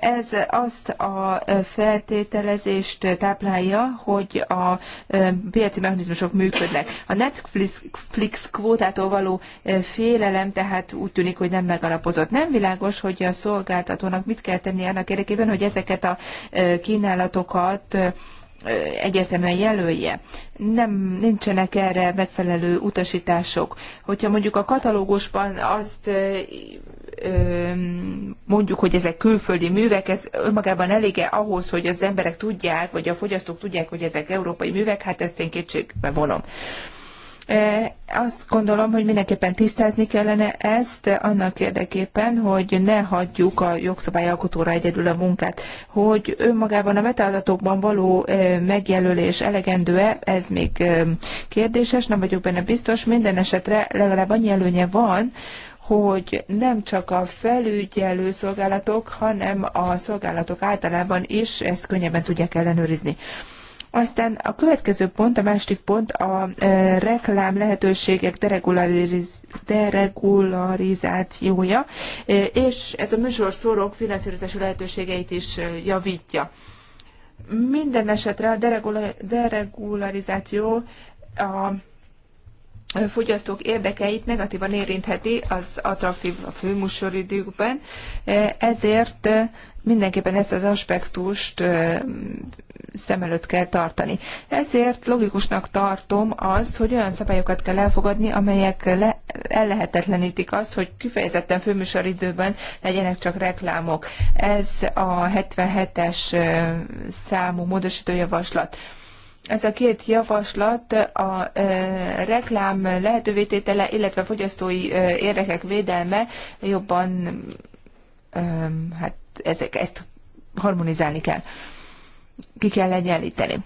Ez azt a feltételezést táplálja, hogy a piaci mechanizmusok működnek. A Netflix kvótától való félelem tehát úgy tűnik, hogy nem megalapozott. Nem világos, hogy a szolgáltatónak mit kell tenni annak érdekében, hogy ezeket a kínálatokat egyértelműen jelölje. Nem, nincsenek erre megfelelő utasítások. Hogyha mondjuk a katalógusban azt mondjuk, hogy ezek külföldi művek, ez önmagában elég -e ahhoz, hogy az emberek tudják, vagy a fogyasztók tudják, hogy ezek európai művek, hát ezt én kétségbe vonom. E, azt gondolom, hogy mindenképpen tisztázni kellene ezt annak érdekében, hogy ne hagyjuk a jogszabályalkotóra egyedül a munkát. Hogy önmagában a metaadatokban való e, megjelölés elegendő-e, ez még e, kérdéses, nem vagyok benne biztos. Minden esetre legalább annyi előnye van, hogy nem csak a felügyelő szolgálatok, hanem a szolgálatok általában is ezt könnyebben tudják ellenőrizni. Aztán a következő pont, a második pont a e, reklám lehetőségek deregulariz, deregularizációja, e, és ez a műsor szórók finanszírozási lehetőségeit is e, javítja. Minden esetre a deregularizáció a fogyasztók érdekeit negatívan érintheti az attraktív főmusoridőkben, e, ezért e, mindenképpen ezt az aspektust e, szem előtt kell tartani. Ezért logikusnak tartom az, hogy olyan szabályokat kell elfogadni, amelyek le, ellehetetlenítik azt, hogy kifejezetten főműsoridőben legyenek csak reklámok. Ez a 77-es számú módosítójavaslat. javaslat ez a két javaslat a e, reklám lehetővététele, illetve fogyasztói e, érdekek védelme jobban, e, hát ezek, ezt harmonizálni kell, ki kell egyenlíteni.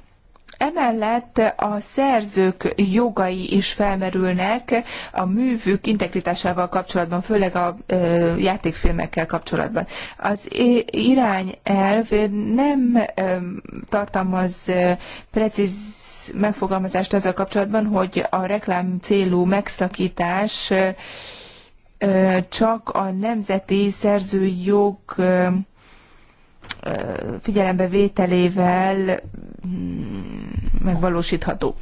Emellett a szerzők jogai is felmerülnek a művük integritásával kapcsolatban, főleg a játékfilmekkel kapcsolatban. Az irányelv nem tartalmaz precíz megfogalmazást azzal kapcsolatban, hogy a reklám célú megszakítás csak a nemzeti szerzőjog figyelembe vételével hm, megvalósítható.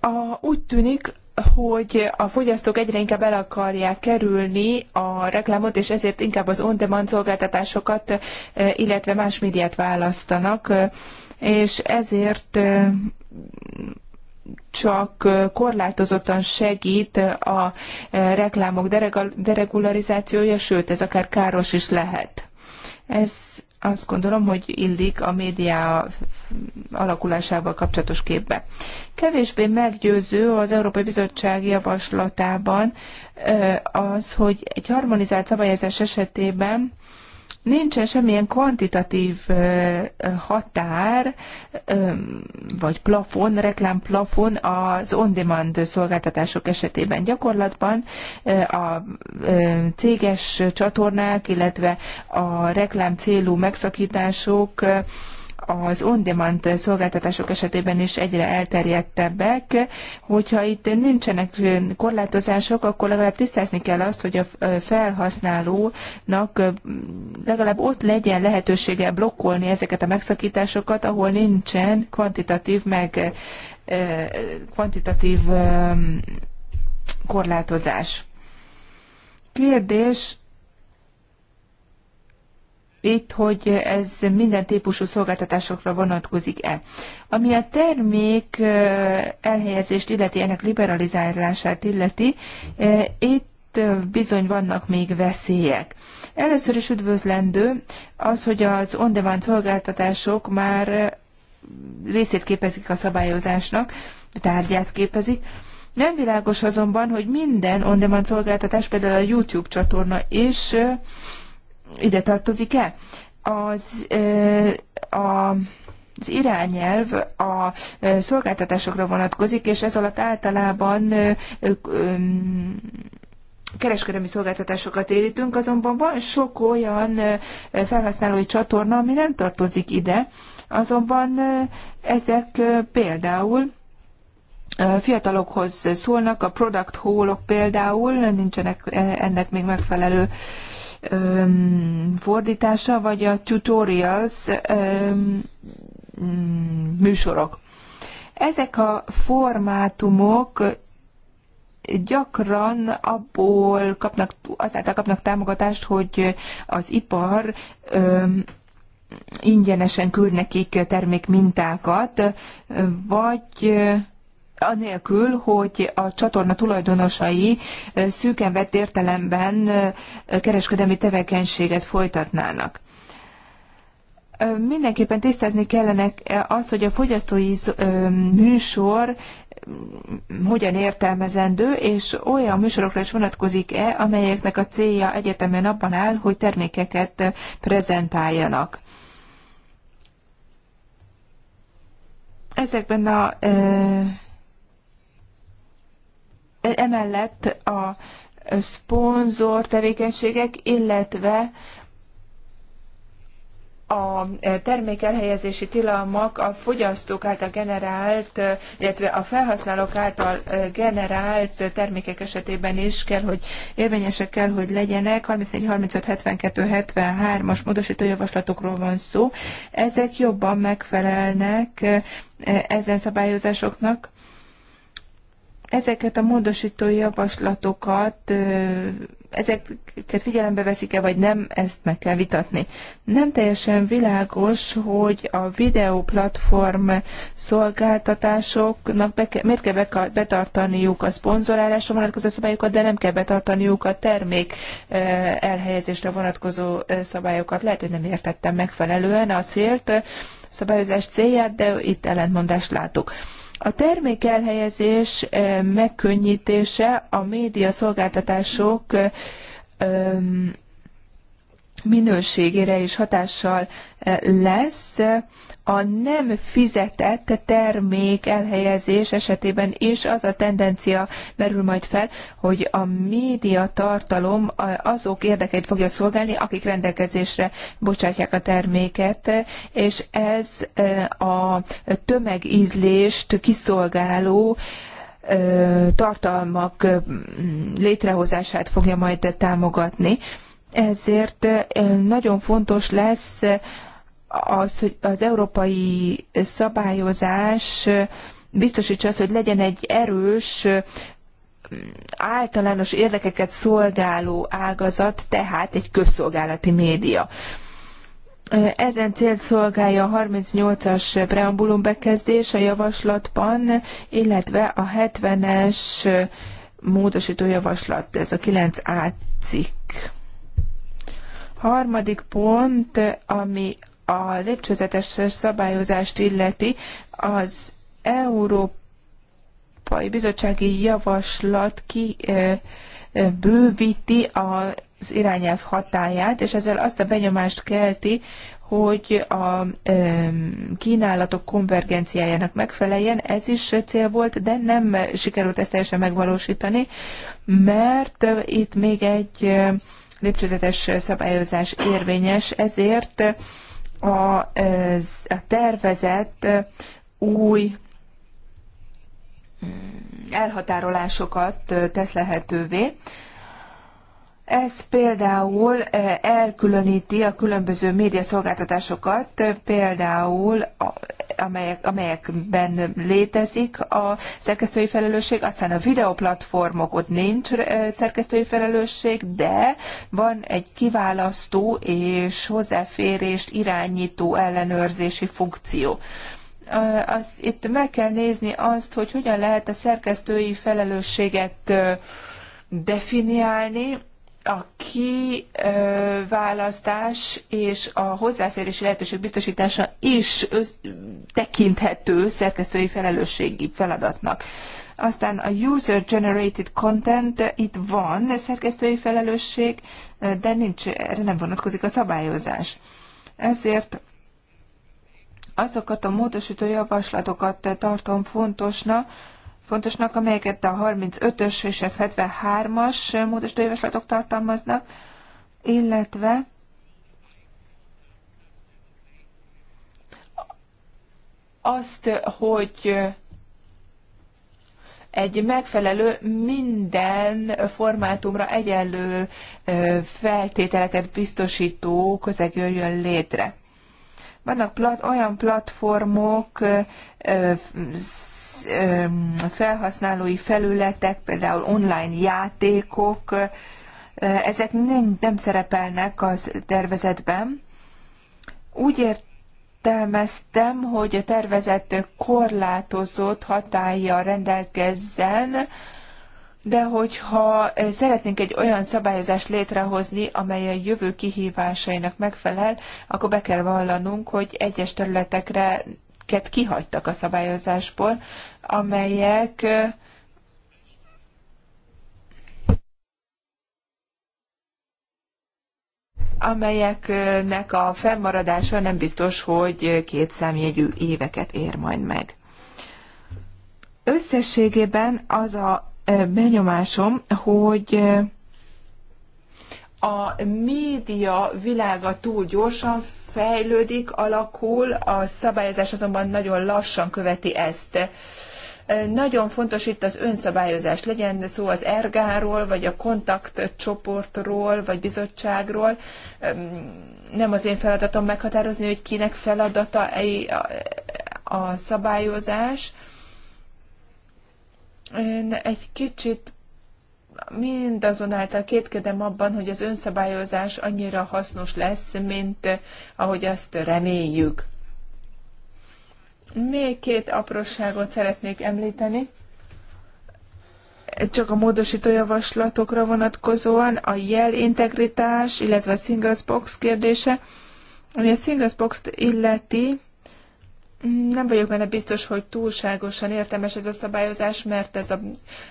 A, úgy tűnik, hogy a fogyasztók egyre inkább el akarják kerülni a reklámot, és ezért inkább az on-demand szolgáltatásokat, illetve más médiát választanak, és ezért csak korlátozottan segít a reklámok deregularizációja, sőt, ez akár káros is lehet. Ez azt gondolom, hogy illik a média alakulásával kapcsolatos képbe. Kevésbé meggyőző az Európai Bizottság javaslatában az, hogy egy harmonizált szabályozás esetében nincsen semmilyen kvantitatív határ vagy plafon, reklámplafon az on-demand szolgáltatások esetében. Gyakorlatban a céges csatornák, illetve a reklám célú megszakítások az on-demand szolgáltatások esetében is egyre elterjedtebbek. Hogyha itt nincsenek korlátozások, akkor legalább tisztázni kell azt, hogy a felhasználónak legalább ott legyen lehetősége blokkolni ezeket a megszakításokat, ahol nincsen kvantitatív meg kvantitatív korlátozás. Kérdés, itt, hogy ez minden típusú szolgáltatásokra vonatkozik-e. Ami a termék elhelyezést illeti, ennek liberalizálását illeti, itt bizony vannak még veszélyek. Először is üdvözlendő az, hogy az on-demand szolgáltatások már részét képezik a szabályozásnak, tárgyát képezik. Nem világos azonban, hogy minden on-demand szolgáltatás, például a YouTube csatorna is ide tartozik-e? Az, a, az irányelv a szolgáltatásokra vonatkozik, és ez alatt általában kereskedelmi szolgáltatásokat érítünk, azonban van sok olyan felhasználói csatorna, ami nem tartozik ide, azonban ezek például fiatalokhoz szólnak, a product -ok például, nincsenek e, ennek még megfelelő fordítása, vagy a tutorials műsorok. Ezek a formátumok gyakran abból kapnak, azáltal kapnak támogatást, hogy az ipar ingyenesen küld nekik termékmintákat, vagy anélkül, hogy a csatorna tulajdonosai szűken vett értelemben kereskedelmi tevékenységet folytatnának. Mindenképpen tisztázni kellene azt, hogy a fogyasztói műsor hogyan értelmezendő, és olyan műsorokra is vonatkozik-e, amelyeknek a célja egyetemen abban áll, hogy termékeket prezentáljanak. Ezekben a emellett a szponzor tevékenységek, illetve a termékelhelyezési tilalmak a fogyasztók által generált, illetve a felhasználók által generált termékek esetében is kell, hogy érvényesek kell, hogy legyenek. 34, 35, 72, 73-as javaslatokról van szó. Ezek jobban megfelelnek ezen szabályozásoknak, ezeket a módosító javaslatokat, ezeket figyelembe veszik-e, vagy nem, ezt meg kell vitatni. Nem teljesen világos, hogy a videóplatform szolgáltatásoknak be, miért kell betartaniuk a szponzorálásra vonatkozó szabályokat, de nem kell betartaniuk a termék elhelyezésre vonatkozó szabályokat. Lehet, hogy nem értettem megfelelően a célt, szabályozás célját, de itt ellentmondást látok. A termékelhelyezés megkönnyítése a média szolgáltatások minőségére is hatással lesz, a nem fizetett termék elhelyezés esetében is az a tendencia merül majd fel, hogy a média tartalom azok érdekeit fogja szolgálni, akik rendelkezésre bocsátják a terméket, és ez e, a tömegízlést kiszolgáló e, tartalmak e, létrehozását fogja majd támogatni. Ezért nagyon fontos lesz az, hogy az európai szabályozás biztosítsa azt, hogy legyen egy erős általános érdekeket szolgáló ágazat, tehát egy közszolgálati média. Ezen célt szolgálja a 38-as preambulum bekezdés a javaslatban, illetve a 70-es módosító javaslat, ez a 9A cikk. Harmadik pont, ami a lépcsőzetes szabályozást illeti, az Európai Bizottsági Javaslat ki bővíti az irányelv hatáját, és ezzel azt a benyomást kelti, hogy a kínálatok konvergenciájának megfeleljen. Ez is cél volt, de nem sikerült ezt teljesen megvalósítani, mert itt még egy lépcsőzetes szabályozás érvényes, ezért a, ez, a tervezett új mm, elhatárolásokat tesz lehetővé ez például elkülöníti a különböző médiaszolgáltatásokat, például amelyek, amelyekben létezik a szerkesztői felelősség, aztán a videoplatformok, ott nincs szerkesztői felelősség, de van egy kiválasztó és hozzáférést irányító ellenőrzési funkció azt, itt meg kell nézni azt, hogy hogyan lehet a szerkesztői felelősséget definiálni, a kiválasztás és a hozzáférési lehetőség biztosítása is tekinthető szerkesztői felelősségi feladatnak. Aztán a user generated content eh, itt van szerkesztői felelősség, eh, de nincs, erre nem vonatkozik a szabályozás. Ezért azokat a módosító javaslatokat tartom fontosnak, fontosnak, amelyeket a 35-ös és a 73-as módosítójavaslatok tartalmaznak, illetve azt, hogy egy megfelelő minden formátumra egyenlő feltételeket biztosító közeg jöjjön létre. Vannak plat, olyan platformok, felhasználói felületek, például online játékok, ezek nem, szerepelnek az tervezetben. Úgy értelmeztem, hogy a tervezet korlátozott hatája rendelkezzen, de hogyha szeretnénk egy olyan szabályozást létrehozni, amely a jövő kihívásainak megfelel, akkor be kell vallanunk, hogy egyes területekre amelyeket kihagytak a szabályozásból, amelyek amelyeknek a fennmaradása nem biztos, hogy két számjegyű éveket ér majd meg. Összességében az a benyomásom, hogy a média világa túl gyorsan fejlődik, alakul, a szabályozás azonban nagyon lassan követi ezt. Nagyon fontos itt az önszabályozás, legyen szó az ergáról, vagy a kontaktcsoportról, vagy bizottságról. Nem az én feladatom meghatározni, hogy kinek feladata a szabályozás. egy kicsit mindazonáltal kétkedem abban, hogy az önszabályozás annyira hasznos lesz, mint ahogy azt reméljük. Még két apróságot szeretnék említeni csak a módosító javaslatokra vonatkozóan a jel integritás, illetve a singles box kérdése, ami a singles box illeti, nem vagyok benne biztos, hogy túlságosan értelmes ez a szabályozás, mert ez a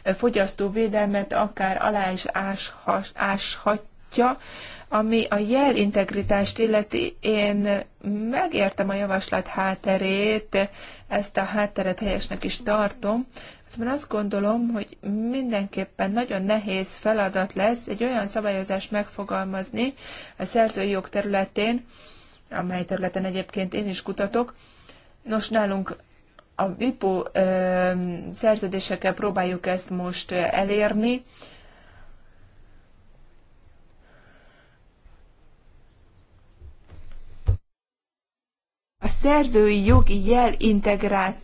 fogyasztóvédelmet akár alá is áshatja. Ami a jel integritást illeti, én megértem a javaslat hátterét, ezt a hátteret helyesnek is tartom, azonban azt gondolom, hogy mindenképpen nagyon nehéz feladat lesz egy olyan szabályozást megfogalmazni a szerzői jog területén, amely területen egyébként én is kutatok, Nos, nálunk a WIPO szerződésekkel próbáljuk ezt most elérni, A szerzői jogi jel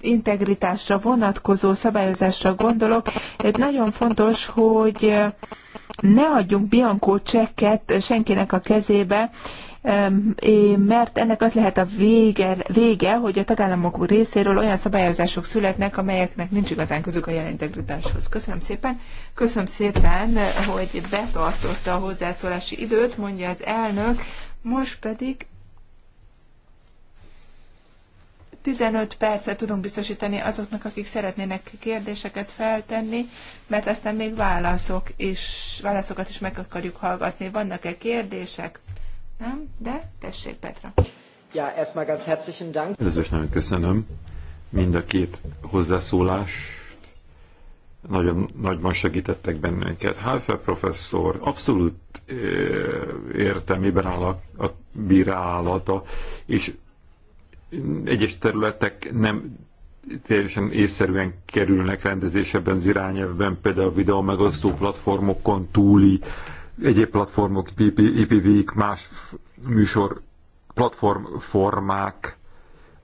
integritásra vonatkozó szabályozásra gondolok. Egy nagyon fontos, hogy ne adjunk biankó csekket senkinek a kezébe, mert ennek az lehet a vége, vége, hogy a tagállamok részéről olyan szabályozások születnek, amelyeknek nincs igazán közük a jelentegritáshoz. Köszönöm szépen. Köszönöm szépen, hogy betartotta a hozzászólási időt, mondja az elnök. Most pedig 15 percet tudunk biztosítani azoknak, akik szeretnének kérdéseket feltenni, mert aztán még válaszok is, válaszokat is meg akarjuk hallgatni. Vannak-e kérdések? Nem? De tessék, Petra. Ja, már ganz herzlichen Dank. Először nagyon köszönöm mind a két hozzászólás. Nagyon nagyban segítettek bennünket. Halfe professzor, abszolút miben áll a, a bírálata, és egyes területek nem teljesen észszerűen kerülnek rendezés ebben az irányelvben, például a videó megosztó platformokon túli, egyéb platformok, IPV-k, más műsor platformformák,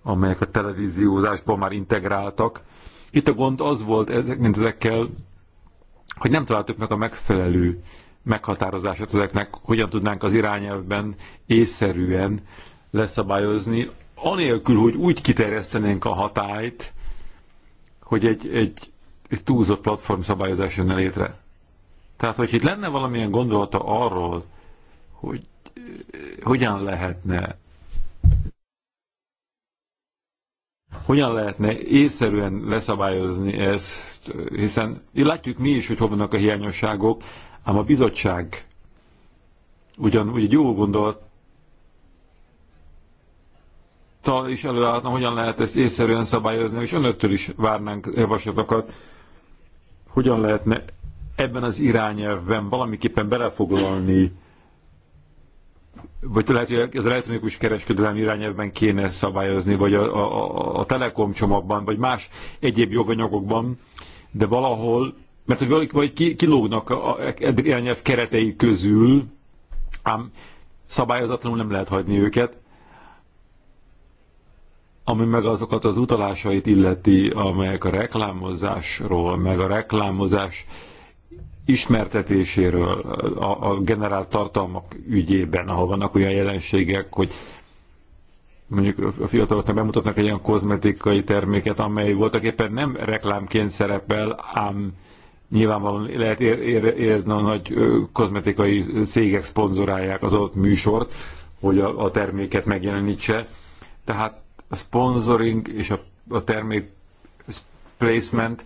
amelyek a televíziózásban már integráltak. Itt a gond az volt, ezek, mint ezekkel, hogy nem találtuk meg a megfelelő meghatározását ezeknek, hogyan tudnánk az irányelvben észszerűen leszabályozni anélkül, hogy úgy kiterjesztenénk a hatályt, hogy egy, egy, egy túlzott platform szabályozás jönne létre. Tehát, hogy itt lenne valamilyen gondolata arról, hogy eh, hogyan lehetne hogyan lehetne észszerűen leszabályozni ezt, hiszen látjuk mi is, hogy hol vannak a hiányosságok, ám a bizottság ugyan úgy jó gondolat tal is előállna, hogyan lehet ezt észszerűen szabályozni, és önöktől is várnánk javaslatokat, hogyan lehetne ebben az irányelvben valamiképpen belefoglalni, vagy lehet, hogy az elektronikus kereskedelem irányelvben kéne szabályozni, vagy a, a, a telekom csomagban, vagy más egyéb joganyagokban, de valahol, mert hogy valaki, vagy ki, a, a, a irányelv keretei közül, ám szabályozatlanul nem lehet hagyni őket, ami meg azokat az utalásait illeti, amelyek a reklámozásról, meg a reklámozás ismertetéséről, a, a generált tartalmak ügyében, ahol vannak olyan jelenségek, hogy mondjuk a fiataloknak bemutatnak egy olyan kozmetikai terméket, amely voltak éppen nem reklámként szerepel, ám nyilvánvalóan lehet érezni, hogy kozmetikai szégek szponzorálják az adott műsort, hogy a, a terméket megjelenítse. Tehát a sponsoring és a, a termék placement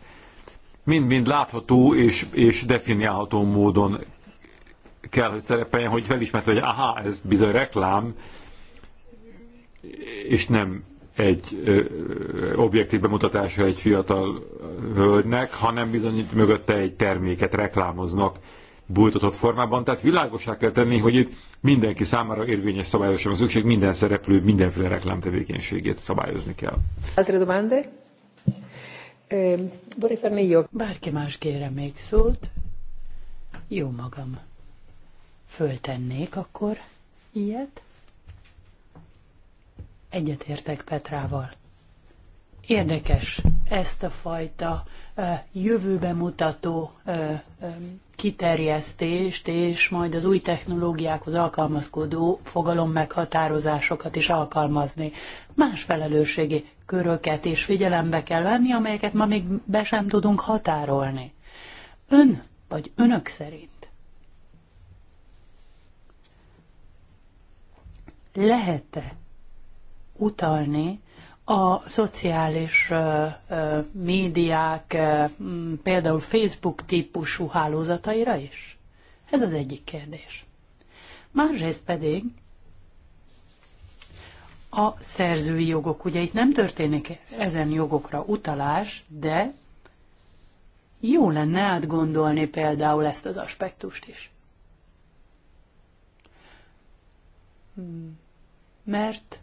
mind-mind látható és, és definiálható módon kell, hogy szerepeljen, hogy felismerhető, hogy aha, ez bizony reklám, és nem egy ö, objektív bemutatása egy fiatal hölgynek, hanem bizony mögötte egy terméket reklámoznak bújtatott formában, tehát világosá kell tenni, hogy itt mindenki számára érvényes szabályozásra van szükség, minden szereplő mindenféle tevékenységét szabályozni kell. Altre domande? Vorrei farne io. Bárki más kérem még szót? Jó magam. Föltennék akkor ilyet? Egyetértek Petrával. Érdekes ezt a fajta jövőbe mutató kiterjesztést, és majd az új technológiákhoz alkalmazkodó fogalom meghatározásokat is alkalmazni. Más felelősségi köröket is figyelembe kell venni, amelyeket ma még be sem tudunk határolni. Ön vagy önök szerint lehet-e utalni a szociális ö, médiák, például Facebook típusú hálózataira is? Ez az egyik kérdés. Másrészt pedig a szerzői jogok. Ugye itt nem történik ezen jogokra utalás, de jó lenne átgondolni például ezt az aspektust is. Hmm. Mert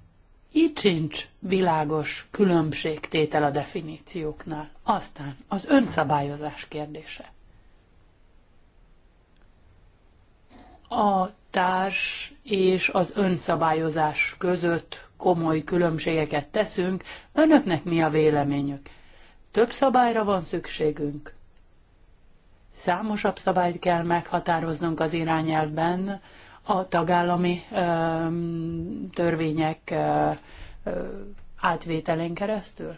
itt sincs világos különbségtétel a definícióknál. Aztán az önszabályozás kérdése. A társ és az önszabályozás között komoly különbségeket teszünk. Önöknek mi a véleményük? Több szabályra van szükségünk? Számosabb szabályt kell meghatároznunk az irányelvben, a tagállami törvények átvételén keresztül?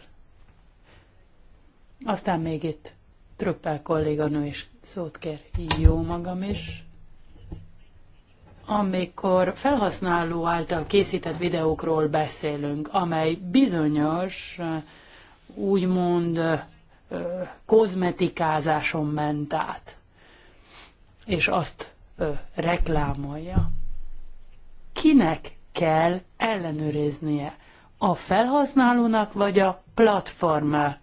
Aztán még itt Trüppel kolléganő is szót kér. Jó magam is. Amikor felhasználó által készített videókról beszélünk, amely bizonyos, úgymond kozmetikázáson ment át, és azt ö, reklámolja. Kinek kell ellenőriznie? A felhasználónak vagy a platformnak?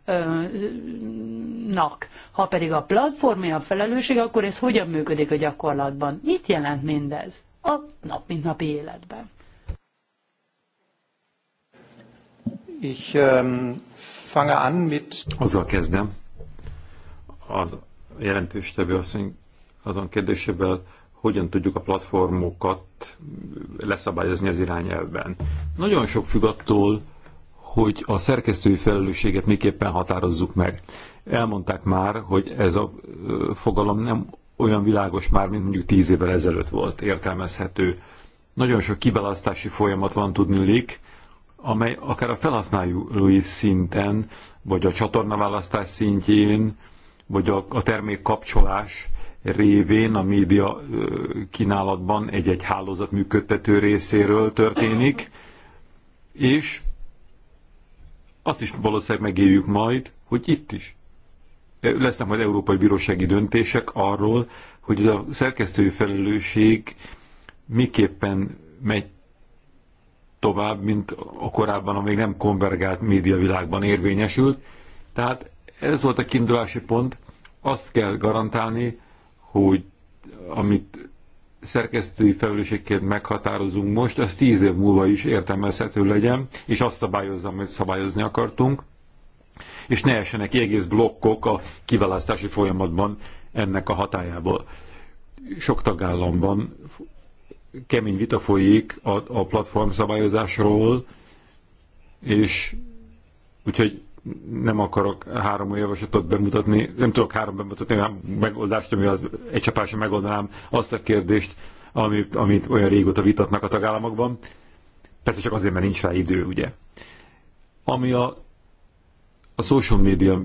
Ha pedig a platformja a felelősség, akkor ez hogyan működik a gyakorlatban? Mit jelent mindez a nap mint napi életben? Ich um, fange an mit... Azzal kezdem. Az jelentős tevő azon kérdésével, hogyan tudjuk a platformokat leszabályozni az irányelvben. Nagyon sok függ attól, hogy a szerkesztői felelősséget miképpen határozzuk meg. Elmondták már, hogy ez a fogalom nem olyan világos már, mint mondjuk tíz évvel ezelőtt volt értelmezhető. Nagyon sok kiválasztási folyamat van tudnilik, amely akár a felhasználói szinten, vagy a csatornaválasztás szintjén, vagy a termék kapcsolás révén a média kínálatban egy-egy hálózat működtető részéről történik, és azt is valószínűleg megéljük majd, hogy itt is lesznek majd európai bírósági döntések arról, hogy ez a szerkesztői felelősség miképpen megy tovább, mint a korábban, amíg nem konvergált médiavilágban érvényesült. Tehát ez volt a kiindulási pont, azt kell garantálni, hogy amit szerkesztői felelősségként meghatározunk most, az tíz év múlva is értelmezhető legyen, és azt szabályozza, amit szabályozni akartunk, és ne essenek egész blokkok a kiválasztási folyamatban ennek a hatájából. Sok tagállamban kemény vita folyik a, a platform szabályozásról, és úgyhogy nem akarok három javaslatot bemutatni, nem tudok három bemutatni olyan megoldást, ami az egy csapásra megoldanám azt a kérdést, amit, amit olyan régóta vitatnak a tagállamokban. Persze csak azért, mert nincs rá idő, ugye. Ami a, a social media,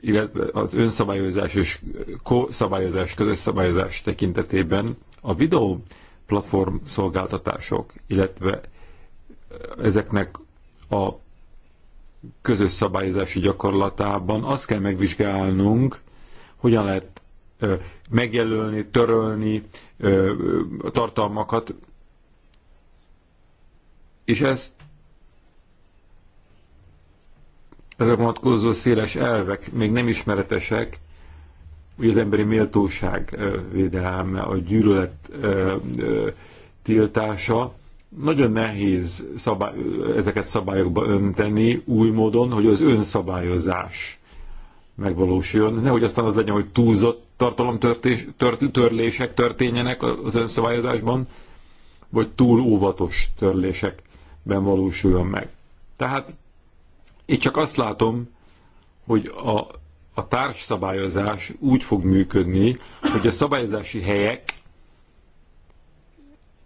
illetve az önszabályozás és szabályozás, közös szabályozás tekintetében a videó platform szolgáltatások, illetve ezeknek a közös szabályozási gyakorlatában azt kell megvizsgálnunk, hogyan lehet megjelölni, törölni a tartalmakat, és ezt ezek vonatkozó széles elvek még nem ismeretesek, ugye az emberi méltóság védelme, a gyűlölet tiltása, nagyon nehéz szabály, ezeket szabályokba önteni új módon, hogy az önszabályozás megvalósuljon. Nehogy aztán az legyen, hogy túlzott tartalomtörlések tört, történjenek az önszabályozásban, vagy túl óvatos törlésekben valósuljon meg. Tehát itt csak azt látom, hogy a, a társszabályozás úgy fog működni, hogy a szabályozási helyek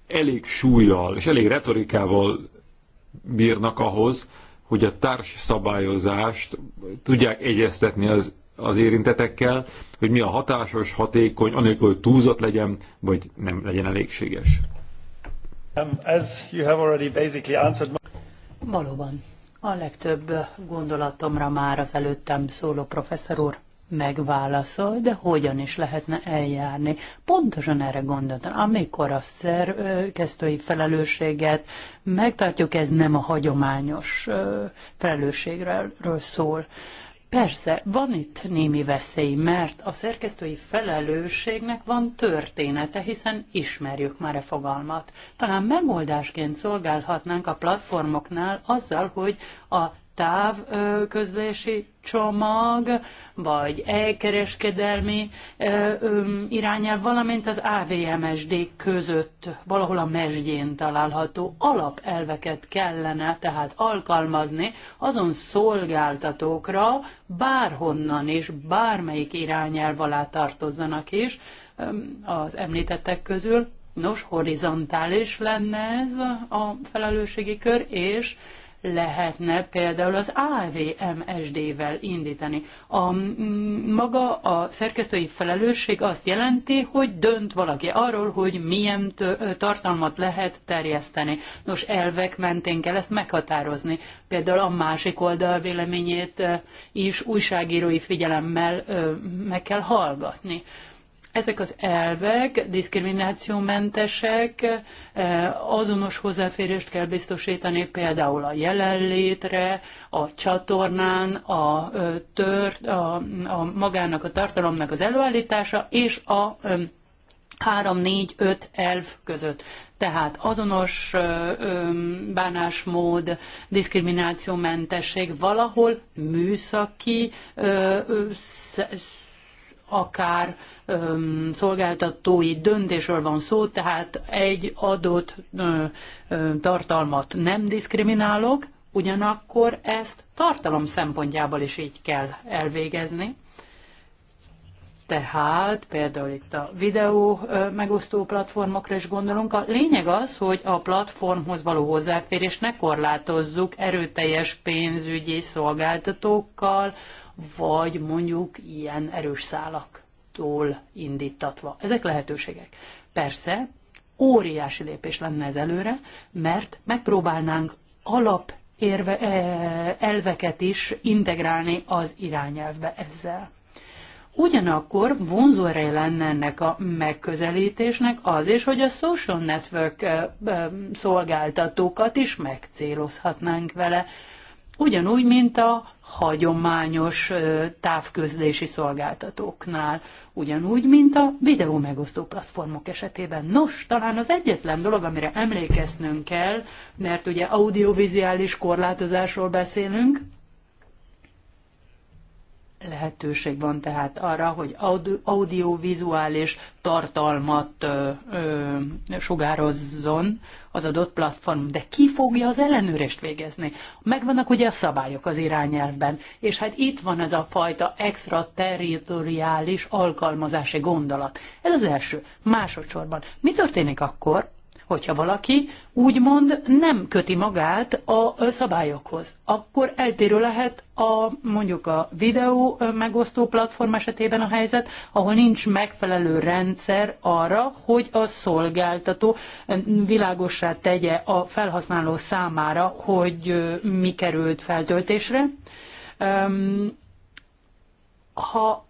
elég súlyjal és elég retorikával bírnak ahhoz, hogy a társ szabályozást tudják egyeztetni az, az érintetekkel, hogy mi a hatásos, hatékony, anélkül, hogy túlzott legyen, vagy nem legyen elégséges. Um, as you have already basically answered... Valóban. A legtöbb gondolatomra már az előttem szóló professzor úr megválaszol, de hogyan is lehetne eljárni. Pontosan erre gondoltam, amikor a szerkesztői felelősséget megtartjuk, ez nem a hagyományos felelősségről szól. Persze, van itt némi veszély, mert a szerkesztői felelősségnek van története, hiszen ismerjük már a fogalmat. Talán megoldásként szolgálhatnánk a platformoknál azzal, hogy a távközlési csomag, vagy elkereskedelmi e, irányelv, valamint az AVMSD között valahol a mesdjén található alapelveket kellene tehát alkalmazni azon szolgáltatókra, bárhonnan és bármelyik irányelv alá tartozzanak is az említettek közül. Nos, horizontális lenne ez a felelősségi kör, és lehetne például az AVMSD-vel indítani. A maga a szerkesztői felelősség azt jelenti, hogy dönt valaki arról, hogy milyen tartalmat lehet terjeszteni. Nos, elvek mentén kell ezt meghatározni. Például a másik oldal véleményét is újságírói figyelemmel meg kell hallgatni. Ezek az elvek diszkriminációmentesek, eh, azonos hozzáférést kell biztosítani például a jelenlétre, a csatornán, a, eh, tört, a, a magának a tartalomnak az előállítása és a 3-4-5 eh, elv között. Tehát azonos bánásmód, diszkriminációmentesség valahol műszaki, akár szolgáltatói döntésről van szó, tehát egy adott tartalmat nem diszkriminálok, ugyanakkor ezt tartalom szempontjából is így kell elvégezni. Tehát például itt a videó megosztó platformokra is gondolunk. A lényeg az, hogy a platformhoz való hozzáférés ne korlátozzuk erőteljes pénzügyi szolgáltatókkal, vagy mondjuk ilyen erős szálak tól indítatva. Ezek lehetőségek. Persze, óriási lépés lenne ez előre, mert megpróbálnánk alap érve, e, elveket is integrálni az irányelvbe ezzel. Ugyanakkor vonzó ereje lenne ennek a megközelítésnek az is, hogy a social network e, e, szolgáltatókat is megcélozhatnánk vele, ugyanúgy, mint a hagyományos távközlési szolgáltatóknál, ugyanúgy, mint a videó megosztó platformok esetében. Nos, talán az egyetlen dolog, amire emlékeznünk kell, mert ugye audiovizuális korlátozásról beszélünk, lehetőség van tehát arra, hogy audiovizuális tartalmat ö, ö, sugározzon az adott platform, de ki fogja az ellenőrést végezni? Megvannak ugye a szabályok az irányelvben, és hát itt van ez a fajta extraterritoriális alkalmazási gondolat. Ez az első. Másodszorban, mi történik akkor, hogyha valaki úgymond nem köti magát a szabályokhoz. Akkor eltérő lehet a mondjuk a videó megosztó platform esetében a helyzet, ahol nincs megfelelő rendszer arra, hogy a szolgáltató világossá tegye a felhasználó számára, hogy mi került feltöltésre. Ha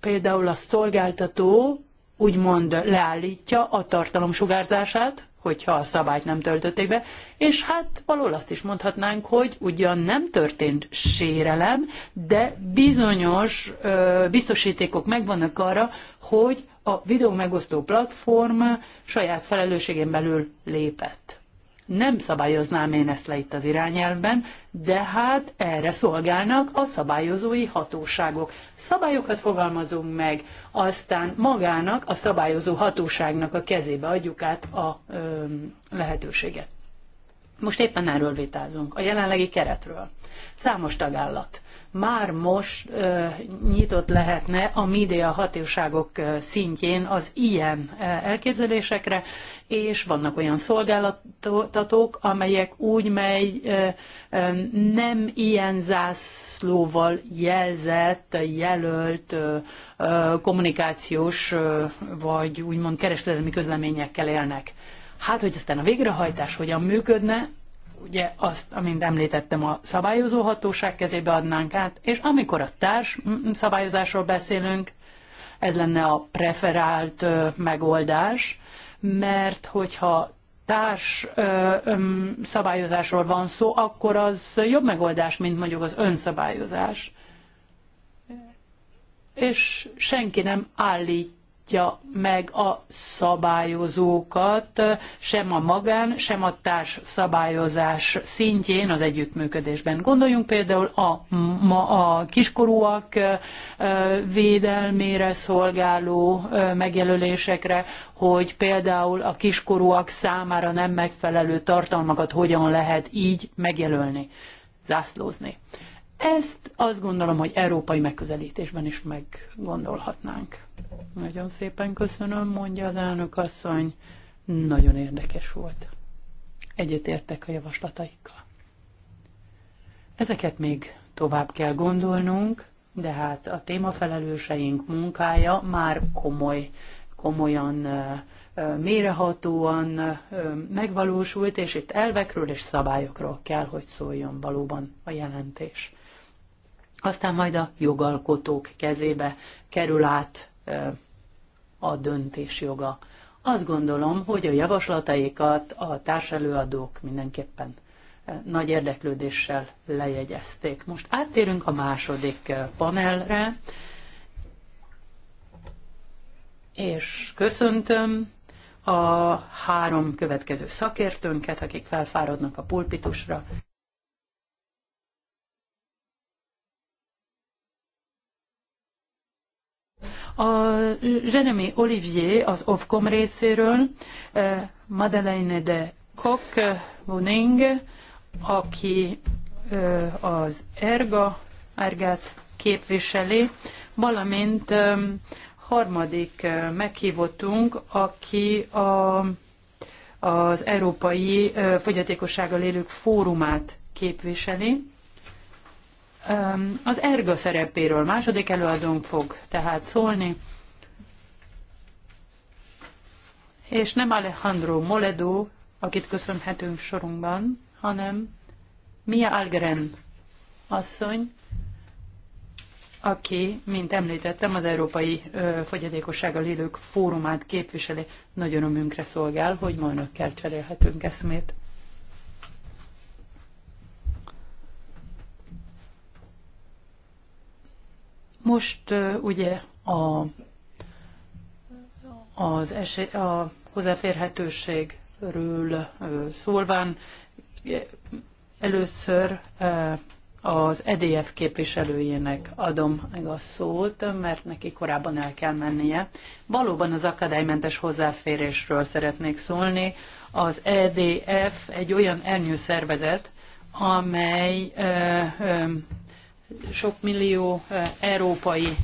például a szolgáltató úgymond leállítja a tartalom sugárzását, hogyha a szabályt nem töltötték be, és hát valóban azt is mondhatnánk, hogy ugyan nem történt sérelem, de bizonyos ö, biztosítékok megvannak arra, hogy a videó megosztó platform saját felelősségén belül lépett. Nem szabályoznám én ezt le itt az irányelvben, de hát erre szolgálnak a szabályozói hatóságok. Szabályokat fogalmazunk meg, aztán magának, a szabályozó hatóságnak a kezébe adjuk át a ö, lehetőséget. Most éppen erről vitázunk, a jelenlegi keretről. Számos tagállat már most ö, nyitott lehetne a média hatóságok szintjén az ilyen elképzelésekre, és vannak olyan szolgáltatók, amelyek úgy, mely ö, ö, nem ilyen zászlóval jelzett, jelölt ö, ö, kommunikációs ö, vagy úgymond kereskedelmi közleményekkel élnek. Hát, hogy aztán a végrehajtás hogyan működne, ugye azt, amint említettem, a szabályozó hatóság kezébe adnánk át, és amikor a társ szabályozásról beszélünk, ez lenne a preferált megoldás, mert hogyha társ ö, ö, szabályozásról van szó, akkor az jobb megoldás, mint mondjuk az önszabályozás. És senki nem állít osztja meg a szabályozókat, sem a magán, sem a társ szabályozás szintjén az együttműködésben. Gondoljunk például a, ma, a kiskorúak védelmére szolgáló megjelölésekre, hogy például a kiskorúak számára nem megfelelő tartalmakat hogyan lehet így megjelölni, zászlózni. Ezt azt gondolom, hogy európai megközelítésben is meggondolhatnánk. Nagyon szépen köszönöm, mondja az elnök asszony. Nagyon érdekes volt. Egyetértek a javaslataikkal. Ezeket még tovább kell gondolnunk, de hát a témafelelőseink munkája már komoly, komolyan mérehatóan megvalósult, és itt elvekről és szabályokról kell, hogy szóljon valóban a jelentés aztán majd a jogalkotók kezébe kerül át a döntés joga. Azt gondolom, hogy a javaslataikat a társelőadók mindenképpen nagy érdeklődéssel lejegyezték. Most áttérünk a második panelre, és köszöntöm a három következő szakértőnket, akik felfáradnak a pulpitusra. A Jeremy Olivier az OFCOM részéről, eh, Madeleine de Kok eh, Boning, aki eh, az ERGA, ERGÁT képviseli, valamint harmadik meghívottunk, aki a, az Európai Fogyatékossággal Élők Fórumát képviseli. Az erga szerepéről második előadónk fog tehát szólni, és nem Alejandro Moledo, akit köszönhetünk sorunkban, hanem Mia Algren asszony, aki, mint említettem, az Európai Fogyatékossággal Élők Fórumát képviseli. Nagyon örömünkre szolgál, hogy ma önökkel cserélhetünk eszmét. Most ugye a, az esély, a hozzáférhetőségről szólván először az EDF képviselőjének adom meg a szót, mert neki korábban el kell mennie. Valóban az akadálymentes hozzáférésről szeretnék szólni. Az EDF egy olyan elnyő szervezet, amely sok millió európai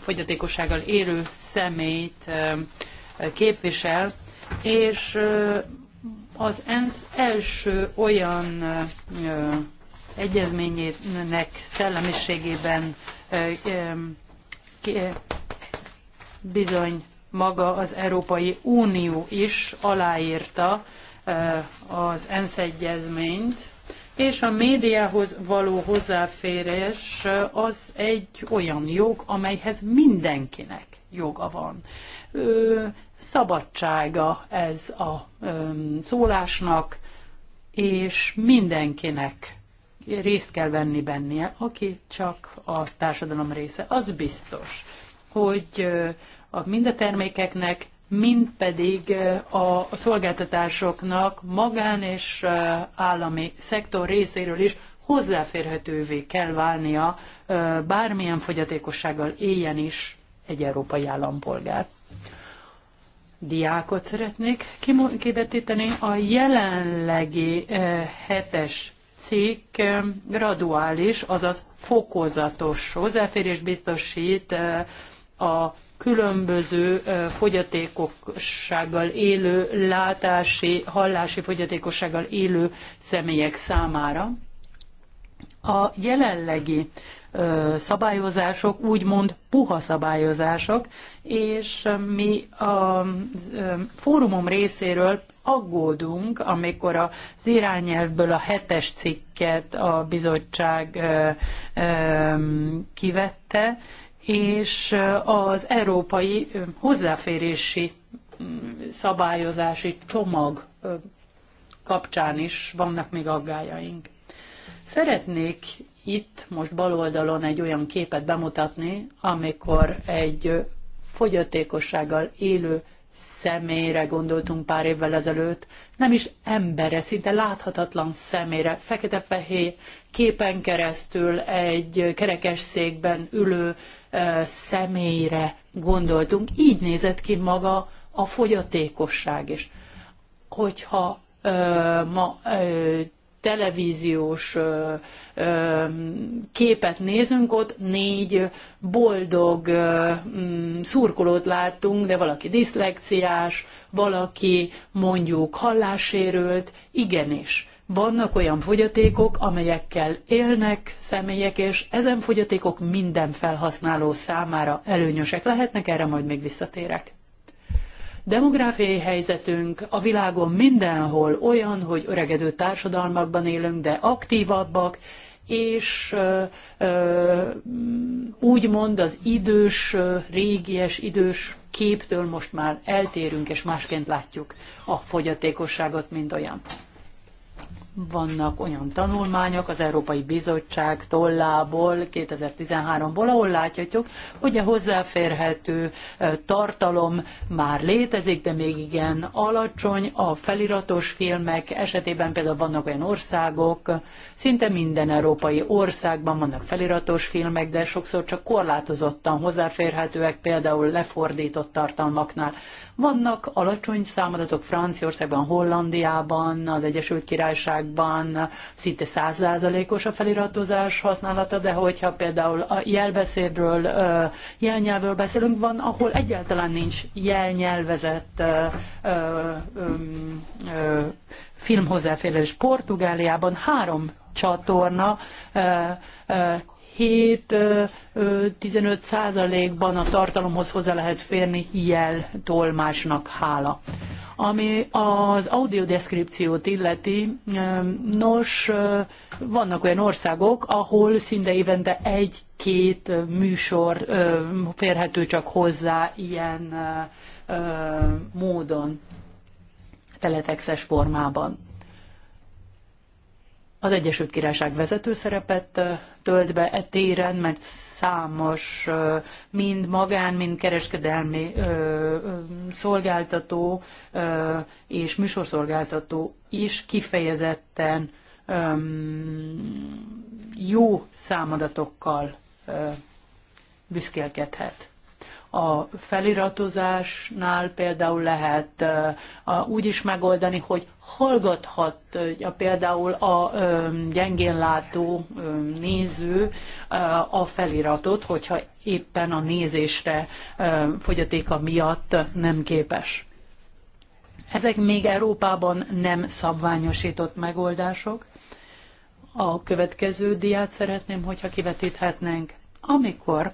fogyatékossággal élő személyt képvisel, és az ENSZ első olyan egyezményének szellemiségében bizony maga az Európai Unió is aláírta az ENSZ egyezményt, és a médiához való hozzáférés az egy olyan jog, amelyhez mindenkinek joga van. Ö, szabadsága ez a ö, szólásnak, és mindenkinek részt kell venni bennie, aki csak a társadalom része. Az biztos, hogy a mind a termékeknek mind pedig eh, a szolgáltatásoknak magán és eh, állami szektor részéről is hozzáférhetővé kell válnia eh, bármilyen fogyatékossággal éljen is egy európai állampolgár. Diákot szeretnék kibetíteni. A jelenlegi hetes cikk graduális, azaz fokozatos hozzáférés biztosít a különböző fogyatékossággal élő, látási, hallási fogyatékossággal élő személyek számára. A jelenlegi szabályozások, úgymond puha szabályozások, és mi a fórumom részéről aggódunk, amikor az irányelvből a hetes cikket a bizottság kivette, és az európai hozzáférési mm, szabályozási csomag kapcsán is vannak még aggájaink. Szeretnék itt most baloldalon egy olyan képet bemutatni, amikor egy fogyatékossággal élő személyre gondoltunk pár évvel ezelőtt, nem is emberre, szinte láthatatlan személyre, fekete-fehér képen keresztül egy székben ülő e, személyre gondoltunk. Így nézett ki maga a fogyatékosság is. Hogyha e, ma e, televíziós képet nézünk, ott négy boldog mm, szurkolót láttunk, de valaki diszlexiás, valaki mondjuk hallássérült, igenis. Vannak olyan fogyatékok, amelyekkel élnek személyek, és ezen fogyatékok minden felhasználó számára előnyösek lehetnek, erre majd még visszatérek. Demográfiai helyzetünk a világon mindenhol olyan, hogy öregedő társadalmakban élünk, de aktívabbak, és ö, ö, úgymond az idős, régies, idős képtől most már eltérünk, és másként látjuk a fogyatékosságot, mint olyan. Vannak olyan tanulmányok az Európai Bizottság tollából 2013-ból, ahol láthatjuk, hogy a hozzáférhető tartalom már létezik, de még igen alacsony. A feliratos filmek esetében például vannak olyan országok, szinte minden európai országban vannak feliratos filmek, de sokszor csak korlátozottan hozzáférhetőek, például lefordított tartalmaknál. Vannak alacsony számadatok Franciaországban, Hollandiában, az Egyesült Királyság országban szinte százalékos a feliratozás használata, de hogyha például a jelbeszédről, jelnyelvről beszélünk, van, ahol egyáltalán nincs jelnyelvezett filmhozzáférés. Portugáliában három csatorna 7-15 százalékban a tartalomhoz hozzá lehet férni jel tolmásnak hála. Ami az audiodeskripciót illeti, nos, vannak olyan országok, ahol szinte évente egy-két műsor férhető csak hozzá ilyen módon, teletexes formában az Egyesült Királyság vezető szerepet tölt be e téren, mert számos mind magán, mind kereskedelmi szolgáltató és műsorszolgáltató is kifejezetten jó számadatokkal büszkélkedhet. A feliratozásnál például lehet úgy is megoldani, hogy hallgathat például a gyengén látó néző a feliratot, hogyha éppen a nézésre fogyatéka miatt nem képes. Ezek még Európában nem szabványosított megoldások. A következő diát szeretném, hogyha kivetíthetnénk. Amikor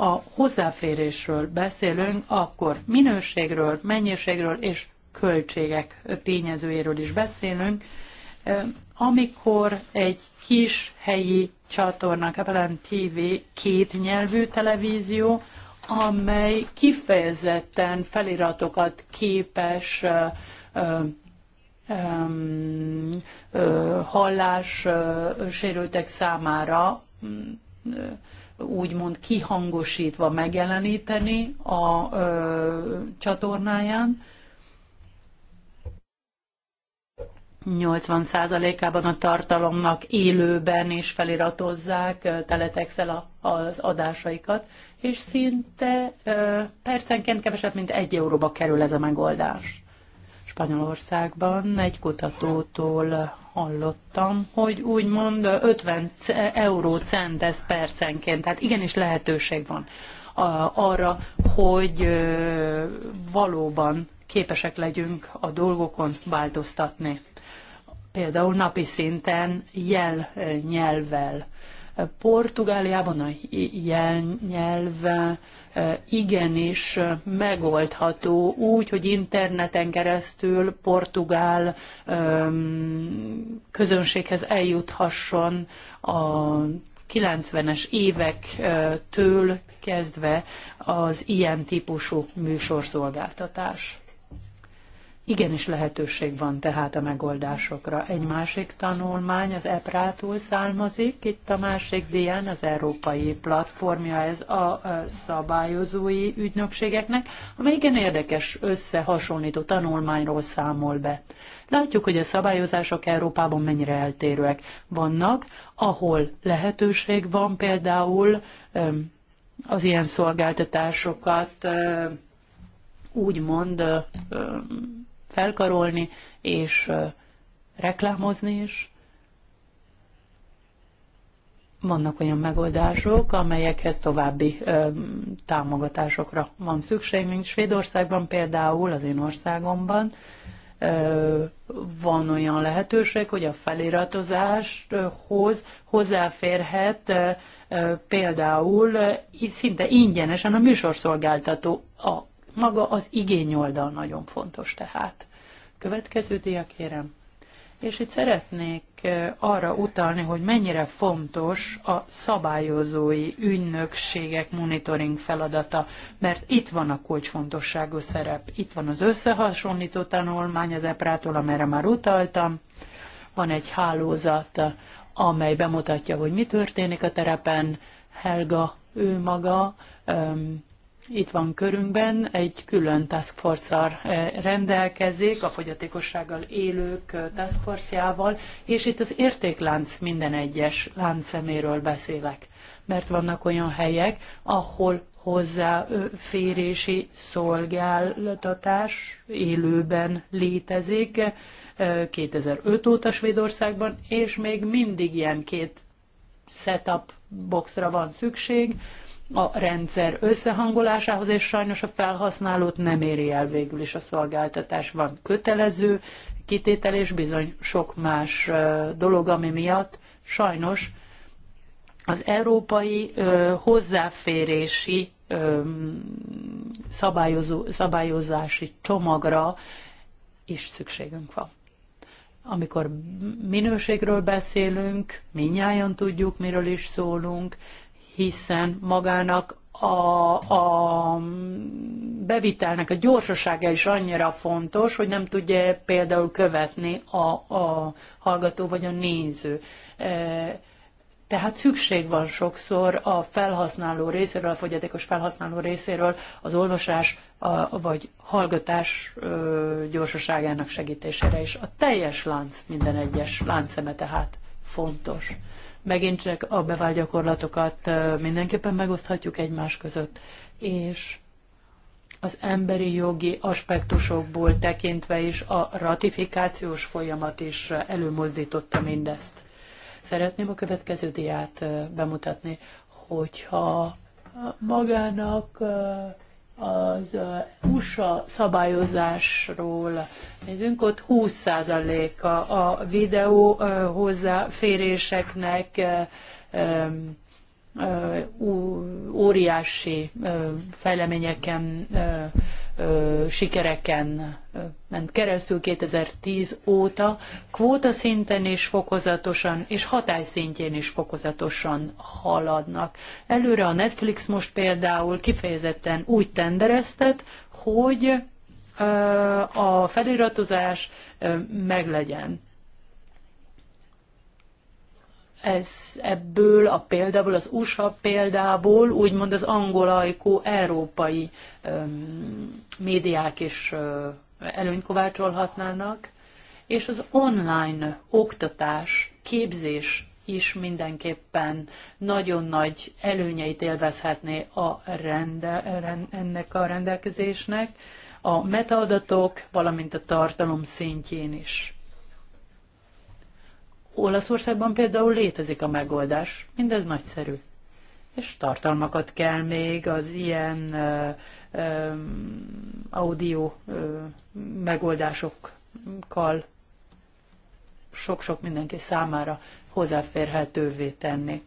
a hozzáférésről beszélünk, akkor minőségről, mennyiségről és költségek tényezőjéről is beszélünk. Amikor egy kis helyi csatorna, Kapelán TV két nyelvű televízió, amely kifejezetten feliratokat képes hallás sérültek számára úgymond kihangosítva megjeleníteni a ö, csatornáján. 80%-ában a tartalomnak élőben is feliratozzák teletekszel az adásaikat, és szinte ö, percenként kevesebb, mint egy euróba kerül ez a megoldás. Spanyolországban egy kutatótól hallottam, hogy úgymond 50 euró cent ez percenként, tehát igenis lehetőség van arra, hogy valóban képesek legyünk a dolgokon változtatni. Például napi szinten jel nyelvvel. Portugáliában a jel nyelv, Eh, igenis eh, megoldható úgy, hogy interneten keresztül portugál ehm, közönséghez eljuthasson a 90-es évektől eh, kezdve az ilyen típusú műsorszolgáltatás. Igenis lehetőség van tehát a megoldásokra. Egy másik tanulmány az EPRÁ-tól származik, itt a másik dián az európai platformja ez a szabályozói ügynökségeknek, amely igen érdekes összehasonlító tanulmányról számol be. Látjuk, hogy a szabályozások Európában mennyire eltérőek. Vannak, ahol lehetőség van például az ilyen szolgáltatásokat úgymond felkarolni és reklámozni is. Vannak olyan megoldások, amelyekhez további ö, támogatásokra van szükség, mint Svédországban például, az én országomban ö, van olyan lehetőség, hogy a feliratozáshoz hozzáférhet ö, például szinte ingyenesen a műsorszolgáltató a maga az igény oldal nagyon fontos tehát. Következő dia kérem. És itt szeretnék eh, arra utalni, hogy mennyire fontos a szabályozói ügynökségek monitoring feladata, mert itt van a kulcsfontosságú szerep. Itt van az összehasonlító tanulmány az EPRÁ-tól, már utaltam. Van egy hálózat, amely bemutatja, hogy mi történik a terepen. Helga, ő maga, itt van körünkben, egy külön task force eh, rendelkezik, a fogyatékossággal élők eh, task force-jával, és itt az értéklánc minden egyes láncszeméről beszélek. Mert vannak olyan helyek, ahol hozzáférési szolgáltatás élőben létezik, 2005 eh, óta Svédországban, és még mindig ilyen két setup boxra van szükség, a rendszer összehangolásához, és sajnos a felhasználót nem éri el végül is a szolgáltatás. Van kötelező kitétel és bizony sok más dolog, ami miatt sajnos az európai hozzáférési szabályozási csomagra is szükségünk van. Amikor minőségről beszélünk, minnyáján tudjuk, miről is szólunk, hiszen magának a, a bevitelnek a gyorsasága is annyira fontos, hogy nem tudja például követni a, a hallgató vagy a néző. E, tehát szükség van sokszor a felhasználó részéről, a fogyatékos felhasználó részéről az olvasás a, vagy hallgatás ö, gyorsaságának segítésére is. A teljes lánc, minden egyes láncszeme tehát fontos megint csak a bevált gyakorlatokat mindenképpen megoszthatjuk egymás között. És az emberi jogi aspektusokból tekintve is a ratifikációs folyamat is előmozdította mindezt. Szeretném a következő diát bemutatni, hogyha magának az USA szabályozásról nézünk, ott 20%-a a videó hozzáféréseknek óriási fejleményeken, sikereken ment keresztül 2010 óta, kvóta szinten is fokozatosan, és hatály szintjén is fokozatosan haladnak. Előre a Netflix most például kifejezetten úgy tendereztet, hogy a feliratozás meglegyen ez ebből a példából, az USA példából, úgymond az angolajkó európai öm, médiák is ö, előnyt kovácsolhatnának, és az online oktatás, képzés is mindenképpen nagyon nagy előnyeit élvezhetné a rende, rend, ennek a rendelkezésnek, a metaadatok, valamint a tartalom szintjén is. Olaszországban például létezik a megoldás, mindez nagyszerű. És tartalmakat kell még az ilyen ö, ö, audio ö, megoldásokkal sok-sok mindenki számára hozzáférhetővé tenni.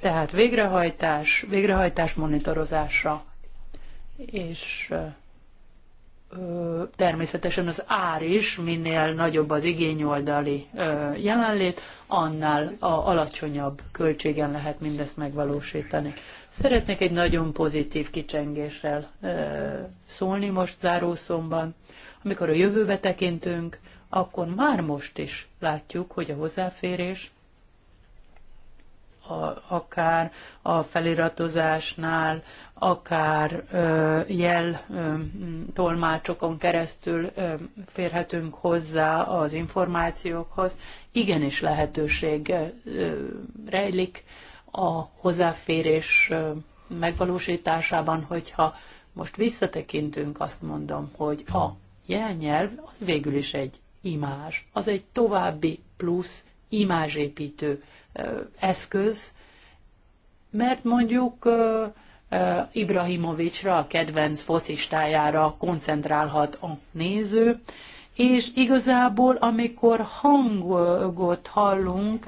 Tehát végrehajtás, végrehajtás monitorozása, és természetesen az ár is, minél nagyobb az igényoldali jelenlét, annál a alacsonyabb költségen lehet mindezt megvalósítani. Szeretnék egy nagyon pozitív kicsengéssel szólni most zárószomban. Amikor a jövőbe tekintünk, akkor már most is látjuk, hogy a hozzáférés a, akár a feliratozásnál, akár ö, jel ö, tolmácsokon keresztül ö, férhetünk hozzá az információkhoz. Igenis lehetőség ö, rejlik a hozzáférés ö, megvalósításában, hogyha most visszatekintünk, azt mondom, hogy a jelnyelv az végül is egy imázs, az egy további plusz imázsépítő eszköz, mert mondjuk Ibrahimovicsra, a kedvenc focistájára koncentrálhat a néző, és igazából, amikor hangot hallunk,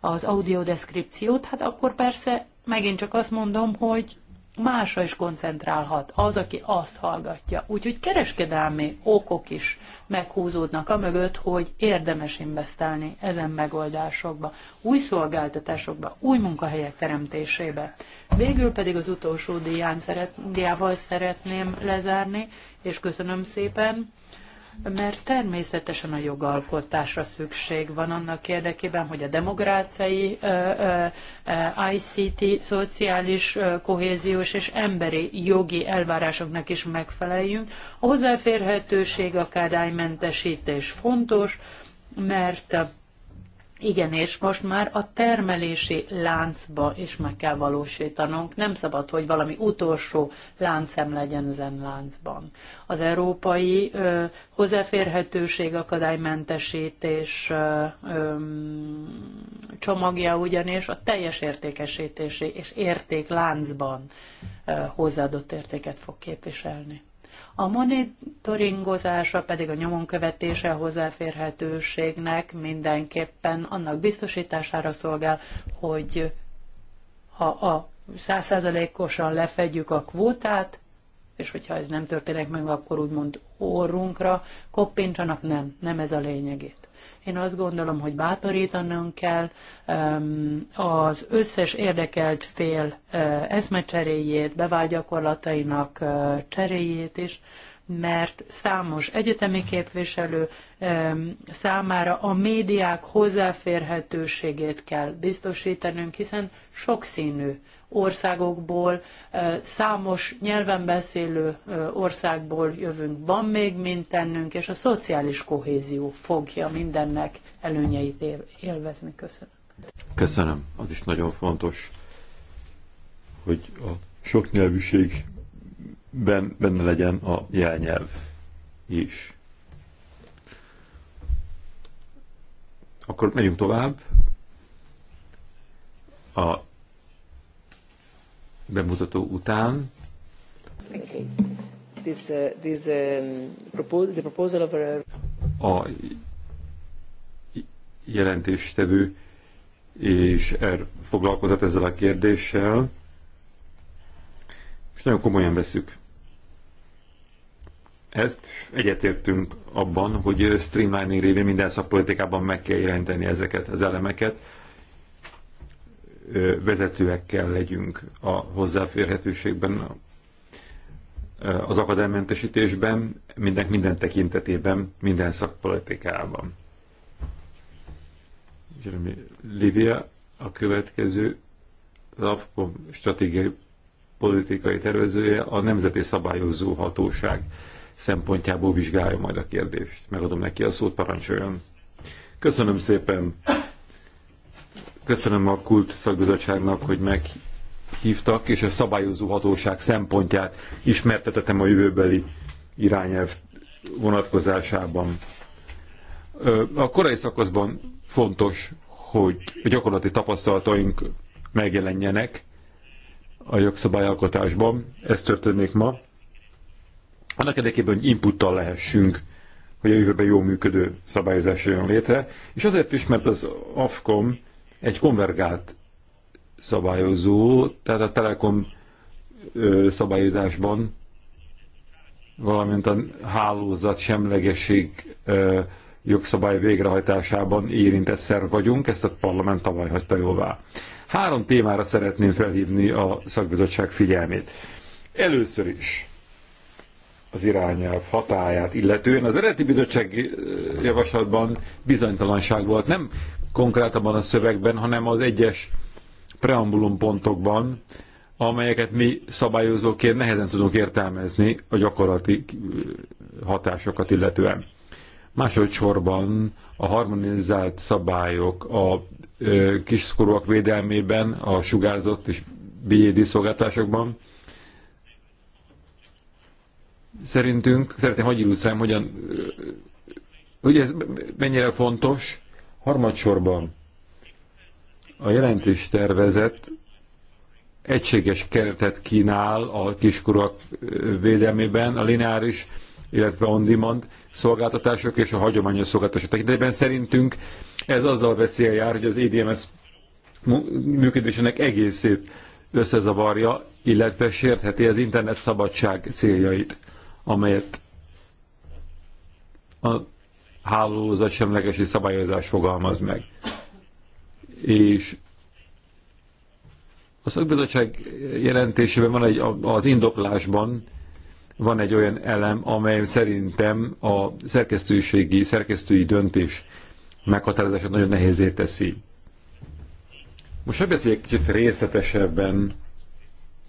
az audiodeskripciót, hát akkor persze megint csak azt mondom, hogy másra is koncentrálhat az, aki azt hallgatja. Úgyhogy kereskedelmi okok is meghúzódnak a mögött, hogy érdemes investálni ezen megoldásokba, új szolgáltatásokba, új munkahelyek teremtésébe. Végül pedig az utolsó dián szeret, diával szeretném lezárni, és köszönöm szépen mert természetesen a jogalkotásra szükség van annak érdekében, hogy a demográciai, ICT, szociális, kohéziós és emberi jogi elvárásoknak is megfeleljünk. A hozzáférhetőség, akadálymentesítés fontos, mert igen, és most már a termelési láncba is meg kell valósítanunk. Nem szabad, hogy valami utolsó láncem legyen ezen láncban. Az európai ö, hozzáférhetőség akadálymentesítés ö, ö, csomagja ugyanis a teljes értékesítési és értékláncban ö, hozzáadott értéket fog képviselni a monitoringozása pedig a nyomon követése a hozzáférhetőségnek mindenképpen annak biztosítására szolgál, hogy ha a százszázalékosan lefedjük a kvótát, és hogyha ez nem történik meg, akkor úgymond orrunkra koppintsanak, nem, nem ez a lényegét. Én azt gondolom, hogy bátorítanunk kell az összes érdekelt fél eh, eszmecseréjét, bevált gyakorlatainak eh, cseréjét is, mert számos egyetemi képviselő számára a médiák hozzáférhetőségét kell biztosítanunk, hiszen sokszínű országokból, számos nyelven beszélő országból jövünk. Van még mint tennünk, és a szociális kohézió fogja mindennek előnyeit élvezni. Köszönöm. Köszönöm. Az is nagyon fontos, hogy a soknyelvűség ben, benne legyen a jelnyelv is. Akkor megyünk tovább. A bemutató után. a... Uh, um, uh, a jelentéstevő és er foglalkozott ezzel a kérdéssel, és nagyon komolyan veszük ezt, egyetértünk abban, hogy streamlining révén minden szakpolitikában meg kell jelenteni ezeket az elemeket, vezetőek kell legyünk a hozzáférhetőségben, az akadálymentesítésben, minden minden tekintetében, minden szakpolitikában. Jeremy Livia a következő LAFCOM stratégiai politikai tervezője, a Nemzeti Szabályozó Hatóság szempontjából vizsgálja majd a kérdést. Megadom neki a szót, parancsoljon. Köszönöm szépen. Köszönöm a Kult Szakbizottságnak, hogy meghívtak, és a szabályozó hatóság szempontját ismertetetem a jövőbeli irányelv vonatkozásában. A korai szakaszban fontos, hogy a gyakorlati tapasztalataink megjelenjenek a jogszabályalkotásban. Ez történik ma annak érdekében, hogy inputtal lehessünk, hogy a jövőben jó működő szabályozás jön létre, és azért is, mert az AFCOM egy konvergált szabályozó, tehát a Telekom szabályozásban, valamint a hálózat semlegesség jogszabály végrehajtásában érintett szerv vagyunk, ezt a parlament tavaly hagyta jóvá. Három témára szeretném felhívni a szakbizottság figyelmét. Először is az irányelv hatáját illetően. Az eredeti bizottság javaslatban bizonytalanság volt, nem konkrétabban a szövegben, hanem az egyes preambulum pontokban, amelyeket mi szabályozóként nehezen tudunk értelmezni a gyakorlati hatásokat illetően. Másodszorban a harmonizált szabályok a kiskorúak védelmében, a sugárzott és bélyédi szolgáltásokban, Szerintünk, szeretném, hogy illusztráljam, hogyan, hogy ez mennyire fontos. Harmadsorban a jelentés tervezet egységes keretet kínál a kiskorúak védelmében, a lineáris, illetve on-demand szolgáltatások és a hagyományos szolgáltatások tekintetében szerintünk ez azzal veszélye jár, hogy az EDMS működésének egészét összezavarja, illetve sértheti az internet szabadság céljait amelyet a hálózatsemlegesi szabályozás fogalmaz meg. És a szakbizottság jelentésében van egy, az indoklásban van egy olyan elem, amely szerintem a szerkesztőségi, szerkesztői döntés meghatározását nagyon nehézé teszi. Most ha beszéljek kicsit részletesebben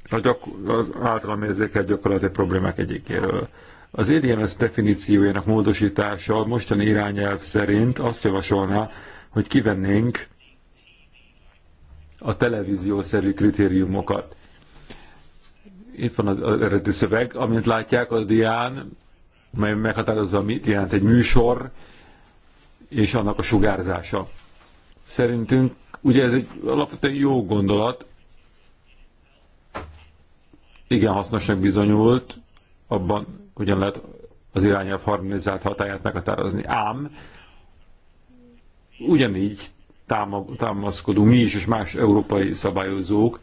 a gyak- az általam érzékelt gyakorlati problémák egyikéről. Az EDMS definíciójának módosítása mostani irányelv szerint azt javasolná, hogy kivennénk a televíziószerű kritériumokat. Itt van az eredeti szöveg, amint látják a dián, mely meghatározza, mit jelent egy műsor, és annak a sugárzása. Szerintünk, ugye ez egy alapvetően jó gondolat, igen hasznosnak bizonyult, abban ugyan lehet az irányelv harmonizált hatáját meghatározni. Ám ugyanígy támaszkodunk mi is és más európai szabályozók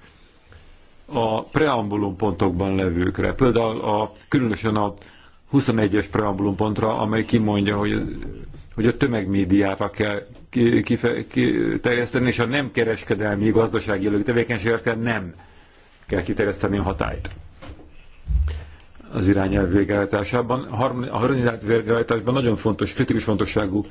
a preambulum pontokban levőkre. Például a, különösen a 21-es preambulum pontra, amely kimondja, hogy, hogy a tömegmédiára kell kifejezteni, és a nem kereskedelmi gazdasági jellegű tevékenységekre nem kell kiterjeszteni a hatályt az irányelv végrehajtásában. A harmonizált végrehajtásban nagyon fontos, kritikus fontosságú,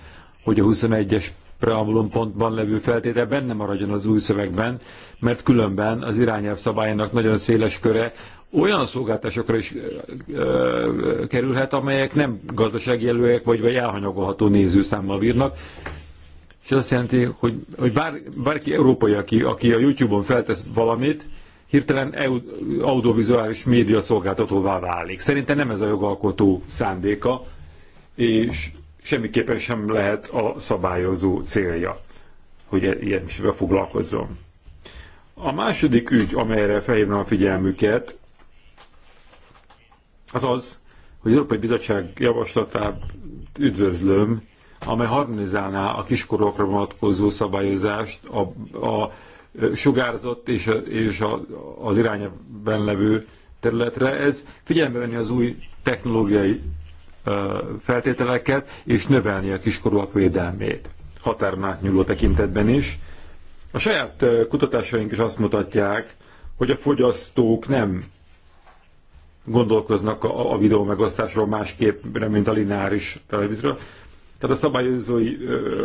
hogy a 21-es preambulum pontban levő feltétel benne maradjon az új szövegben, mert különben az irányelv szabályának nagyon széles köre olyan szolgáltásokra is ö, kerülhet, amelyek nem gazdasági jelölőek, vagy, vagy elhanyagolható nézőszámmal bírnak. És azt jelenti, hogy, hogy bár, bárki európai, aki, aki a YouTube-on feltesz valamit, hirtelen audiovizuális média szolgáltatóvá válik. Szerintem nem ez a jogalkotó szándéka, és semmiképpen sem lehet a szabályozó célja, hogy e- ilyen is foglalkozzon. A második ügy, amelyre felhívnám a figyelmüket, az az, hogy az Európai Bizottság javaslatát üdvözlöm, amely harmonizálná a kiskorokra vonatkozó szabályozást a, a sugárzott és, a, és a, az irányában levő területre. Ez figyelembe venni az új technológiai feltételeket, és növelni a kiskorúak védelmét Határnál nyúló tekintetben is. A saját kutatásaink is azt mutatják, hogy a fogyasztók nem gondolkoznak a, a videó megosztásról másképp, mint a lineáris televízióról. Tehát a szabályozói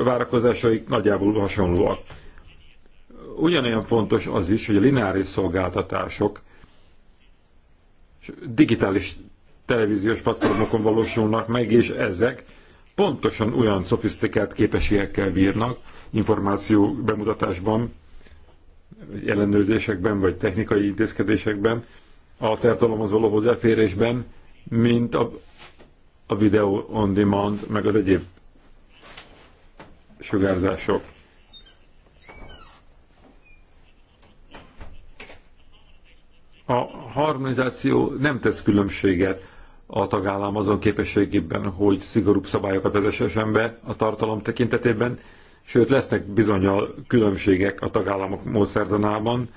várakozásaik nagyjából hasonlóak ugyanolyan fontos az is, hogy a lineáris szolgáltatások digitális televíziós platformokon valósulnak meg, és ezek pontosan olyan szofisztikált képességekkel bírnak információ bemutatásban, ellenőrzésekben, vagy technikai intézkedésekben, a tartalomhoz való hozzáférésben, mint a, a videó on demand, meg az egyéb sugárzások. A harmonizáció nem tesz különbséget a tagállam azon képességében, hogy szigorúbb szabályokat vezessen be a tartalom tekintetében, sőt lesznek bizonyal különbségek a tagállamok módszertanában.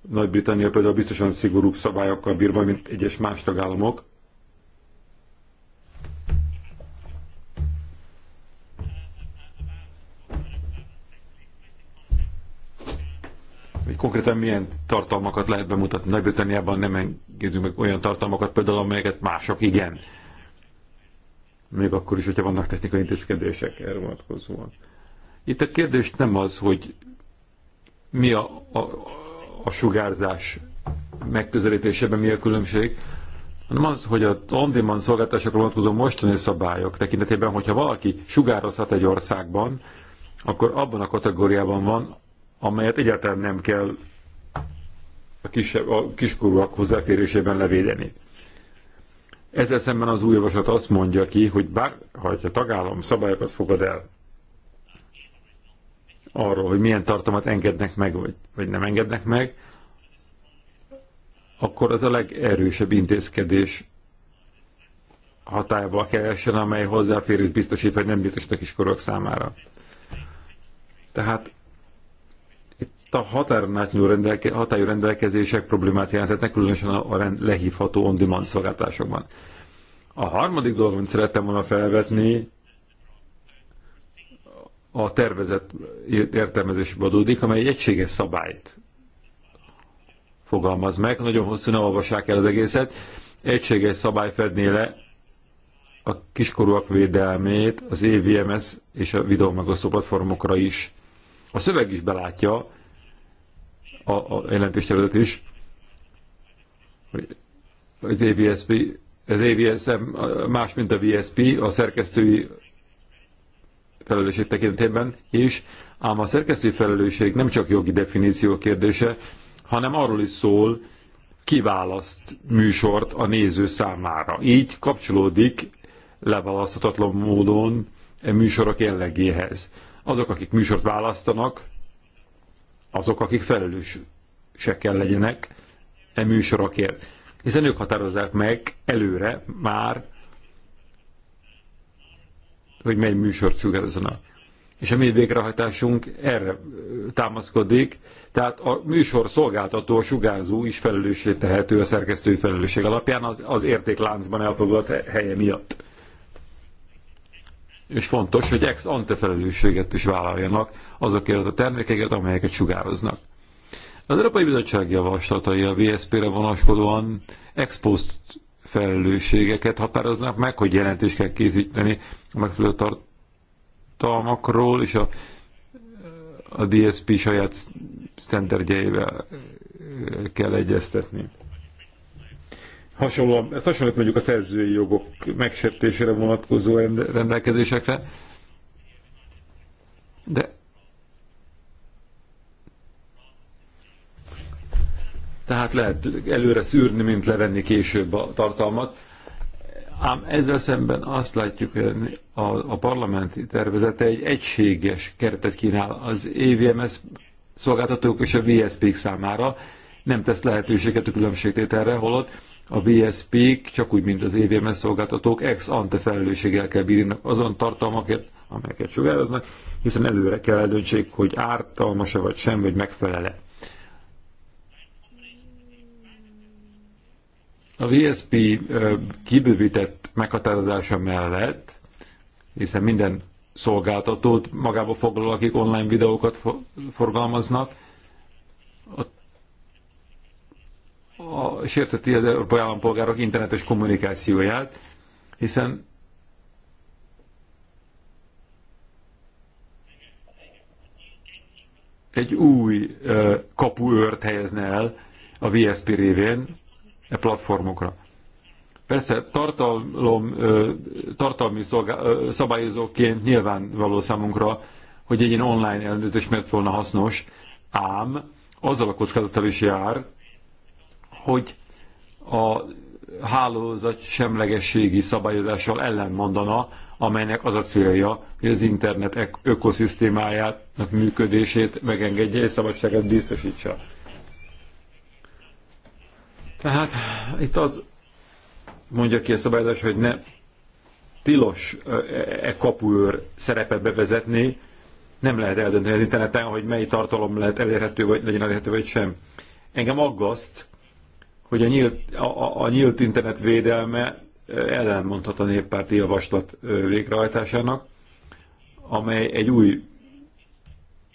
Nagy-Britannia például biztosan szigorúbb szabályokkal bír, mint egyes más tagállamok, hogy konkrétan milyen tartalmakat lehet bemutatni. Nagy-Britanniában nem engedünk meg olyan tartalmakat, például amelyeket mások igen. Még akkor is, hogyha vannak technikai intézkedések erre vonatkozóan. Itt a kérdés nem az, hogy mi a, a, a sugárzás megközelítésében mi a különbség, hanem az, hogy a on-demand szolgáltatásokra vonatkozó mostani szabályok tekintetében, hogyha valaki sugározhat egy országban, akkor abban a kategóriában van, amelyet egyáltalán nem kell a, kisebb, a kiskorúak hozzáférésében levédeni. Ezzel szemben az új javaslat azt mondja ki, hogy bár, ha a tagállam szabályokat fogad el arról, hogy milyen tartalmat engednek meg, vagy, vagy nem engednek meg, akkor az a legerősebb intézkedés hatályba kell essen, amely hozzáférés biztosít, vagy nem biztosít a kiskorok számára. Tehát a határon átnyúló rendelke, hatályú rendelkezések problémát jelentetnek, különösen a, a rend, lehívható on-demand szolgáltásokban. A harmadik dolog, amit szerettem volna felvetni, a tervezett értelmezésbe adódik, amely egy egységes szabályt fogalmaz meg. Nagyon hosszú, nem olvassák el az egészet. Egységes szabály fedné le a kiskorúak védelmét az EVMS és a videómegosztó platformokra is. A szöveg is belátja, a, a jelentéstevőt is, hogy az AVSP, az AVSM más, mint a VSP, a szerkesztői felelősség tekintetében is, ám a szerkesztői felelősség nem csak jogi definíció kérdése, hanem arról is szól, kiválaszt műsort a néző számára. Így kapcsolódik leválaszthatatlan módon e műsorok jellegéhez. Azok, akik műsort választanak, azok, akik felelősek kell legyenek e műsorokért. Hiszen ők határozzák meg előre már, hogy mely műsor sugározzanak. És a mi végrehajtásunk erre támaszkodik, tehát a műsor szolgáltató, a sugárzó is felelőssé tehető a szerkesztői felelősség alapján az, az értékláncban elfoglalt helye miatt és fontos, hogy ex ante felelősséget is vállaljanak azokért a termékeket, amelyeket sugároznak. Az Európai Bizottság javaslatai a VSP-re vonatkozóan ex post felelősségeket határoznak meg, hogy jelentést kell készíteni a megfelelő tartalmakról, és a, a DSP saját standardjeivel kell egyeztetni hasonlóan, ez hasonlít mondjuk a szerzői jogok megsértésére vonatkozó rendelkezésekre, de tehát lehet előre szűrni, mint levenni később a tartalmat. Ám ezzel szemben azt látjuk, hogy a, a parlamenti tervezete egy egységes keretet kínál az EVMS szolgáltatók és a vsp számára, nem tesz lehetőséget a különbségtételre, holott a VSP-k, csak úgy, mint az EVMS szolgáltatók, ex ante felelősséggel kell bírni azon tartalmakért, amelyeket sugároznak, hiszen előre kell eldöntsék, hogy ártalmas-e vagy sem, vagy megfelele. A VSP kibővített meghatározása mellett, hiszen minden szolgáltatót magába foglal, akik online videókat forgalmaznak, a a, sérteti az európai állampolgárok internetes kommunikációját, hiszen egy új ö, kapuőrt helyezne el a VSP révén e platformokra. Persze tartalom, tartalmi szolgá, nyilván szabályozóként nyilvánvaló számunkra, hogy egy ilyen online ellenőrzés miért volna hasznos, ám azzal a kockázattal is jár, hogy a hálózat semlegességi szabályozással ellenmondana, amelynek az a célja, hogy az internet ökoszisztémájának működését megengedje és szabadságát biztosítsa. Tehát itt az mondja ki a szabályozás, hogy ne tilos e-, e kapuőr szerepet bevezetni, nem lehet eldönteni az interneten, hogy mely tartalom lehet elérhető, vagy legyen elérhető, vagy sem. Engem aggaszt, hogy a nyílt, a, a nyílt internet védelme ellenmondhat a néppárti javaslat végrehajtásának, amely egy új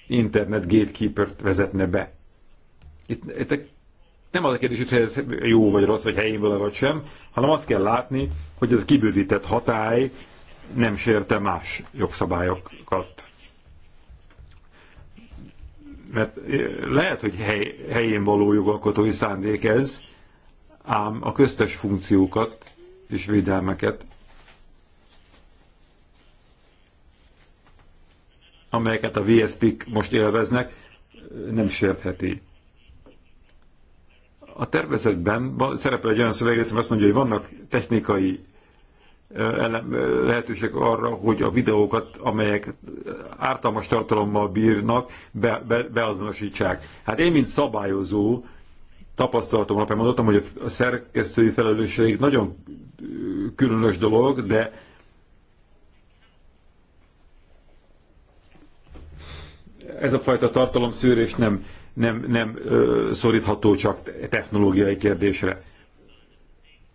internet gatekeeper-t vezetne be. Itt, itt nem az a kérdés, hogy ez jó vagy rossz, vagy helyén való vagy sem, hanem azt kell látni, hogy ez a kibővített hatály nem sérte más jogszabályokat. Mert lehet, hogy hely, helyén való jogalkotói szándék ez, ám a köztes funkciókat és védelmeket, amelyeket a VSP-k most élveznek, nem sértheti. A tervezetben szerepel egy olyan szövegrész, azt mondja, hogy vannak technikai lehetőség arra, hogy a videókat, amelyek ártalmas tartalommal bírnak, be, be, beazonosítsák. Hát én, mint szabályozó, tapasztalatom alapján mondottam, hogy a szerkesztői felelősség nagyon különös dolog, de ez a fajta tartalomszűrés nem, nem, nem ö, szorítható csak technológiai kérdésre.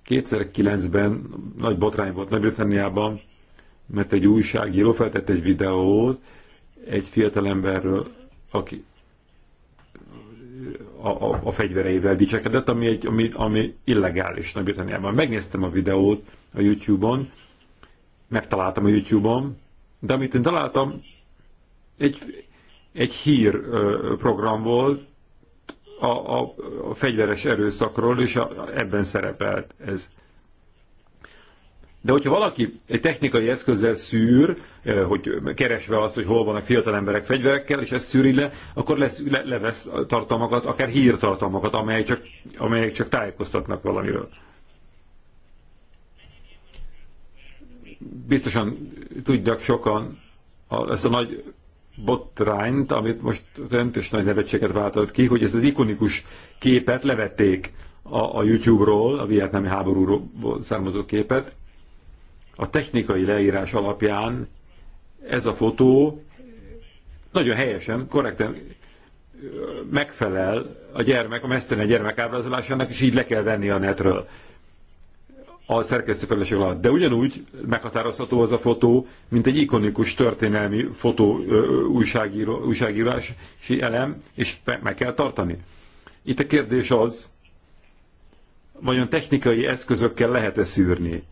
2009-ben nagy botrány volt Nagy-Britanniában, mert egy újságíró feltett egy videót egy fiatalemberről, aki a, a, a fegyvereivel dicsekedett, ami, egy, ami, ami illegális Nagy-Britanniában. Megnéztem a videót a YouTube-on, megtaláltam a YouTube-on, de amit én találtam, egy, egy hír program volt a, a, a fegyveres erőszakról, és a, a, ebben szerepelt ez. De hogyha valaki egy technikai eszközzel szűr, eh, hogy keresve azt, hogy hol vannak fiatal emberek fegyverekkel, és ezt szűri le, akkor lesz, le, levesz tartalmakat, akár hírtartalmakat, amelyek csak, amelyek csak tájékoztatnak valamiről. Biztosan tudják sokan ezt a nagy botrányt, amit most rendes nagy nevetséget váltott ki, hogy ezt az ikonikus képet levették a, a YouTube-ról, a vietnámi háborúról származó képet, a technikai leírás alapján ez a fotó nagyon helyesen, korrekten megfelel a gyermek, a mesztene gyermek ábrázolásának, és így le kell venni a netről a szerkesztő felelősség alatt. De ugyanúgy meghatározható az a fotó, mint egy ikonikus történelmi fotó újságíró, újságírási elem, és meg kell tartani. Itt a kérdés az, vajon technikai eszközökkel lehet-e szűrni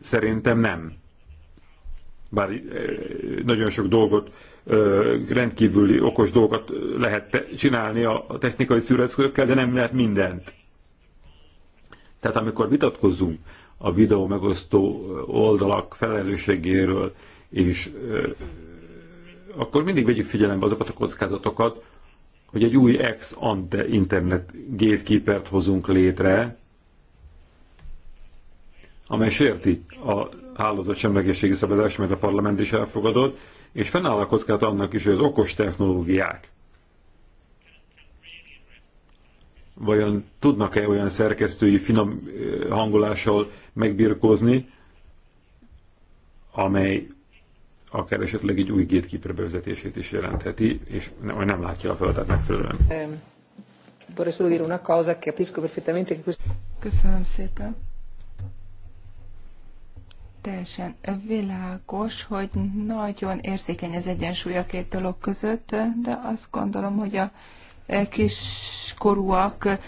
Szerintem nem. Bár nagyon sok dolgot, rendkívüli okos dolgot lehet csinálni a technikai szűrőeszközökkel, de nem lehet mindent. Tehát amikor vitatkozunk a videó megosztó oldalak felelősségéről, és akkor mindig vegyük figyelembe azokat a kockázatokat, hogy egy új ex-ante internet gatekeepert hozunk létre, amely sérti a hálózat semlegességi szabadást, mert a parlament is elfogadott, és fennáll a kockát annak is, hogy az okos technológiák vajon tudnak-e olyan szerkesztői finom eh, hangolással megbirkózni, amely akár esetleg egy új gatekeeper bevezetését is jelentheti, és nem, nem látja a feladat megfelelően. Ehm, Köszönöm szépen teljesen világos, hogy nagyon érzékeny az egyensúly a két dolog között, de azt gondolom, hogy a kiskorúak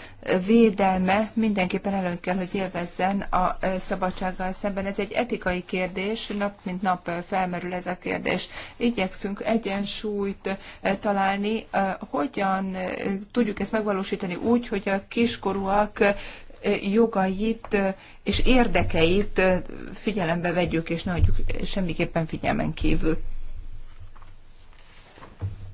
védelme mindenképpen elő kell, hogy élvezzen a szabadsággal szemben. Ez egy etikai kérdés, nap mint nap felmerül ez a kérdés. Igyekszünk egyensúlyt találni, hogyan tudjuk ezt megvalósítani úgy, hogy a kiskorúak jogait és érdekeit figyelembe vegyük, és ne hagyjuk semmiképpen figyelmen kívül.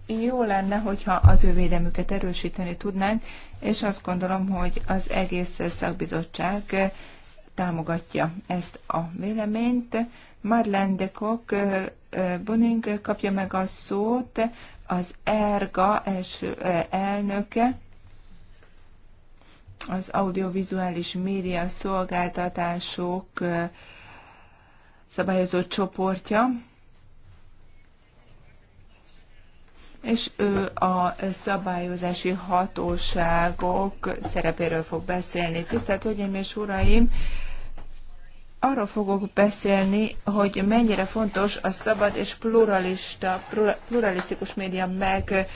Jó lenne, hogyha az ő védelmüket erősíteni tudnánk, és azt gondolom, hogy az egész szakbizottság támogatja ezt a véleményt. Madeleine de Kock Boning kapja meg a szót, az ERGA első elnöke az audiovizuális média szolgáltatások szabályozó csoportja, és ő a szabályozási hatóságok szerepéről fog beszélni. Tisztelt Hölgyeim és Uraim, arról fogok beszélni, hogy mennyire fontos a szabad és pluralista, pluralisztikus média meg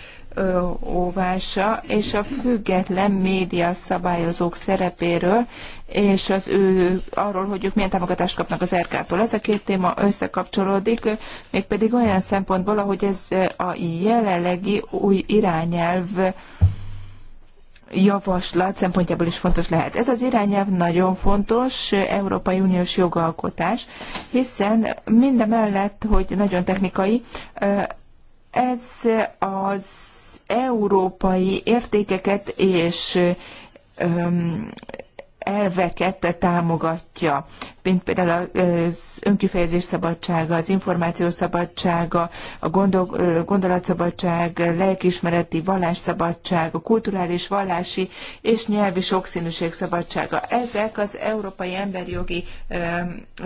óvása és a független média szabályozók szerepéről, és az ő arról, hogy ők milyen támogatást kapnak az RK-tól. Ez a két téma összekapcsolódik, mégpedig olyan szempontból, ahogy ez a jelenlegi új irányelv javaslat szempontjából is fontos lehet. Ez az irányelv nagyon fontos Európai Uniós jogalkotás, hiszen mindemellett, hogy nagyon technikai, ez az európai értékeket és elveket támogatja, mint például az önkifejezés szabadsága, az információ szabadsága, a gondol, gondolatszabadság, lelkismereti vallásszabadság, a kulturális, vallási és nyelvi sokszínűség szabadsága. Ezek az Európai emberi jogi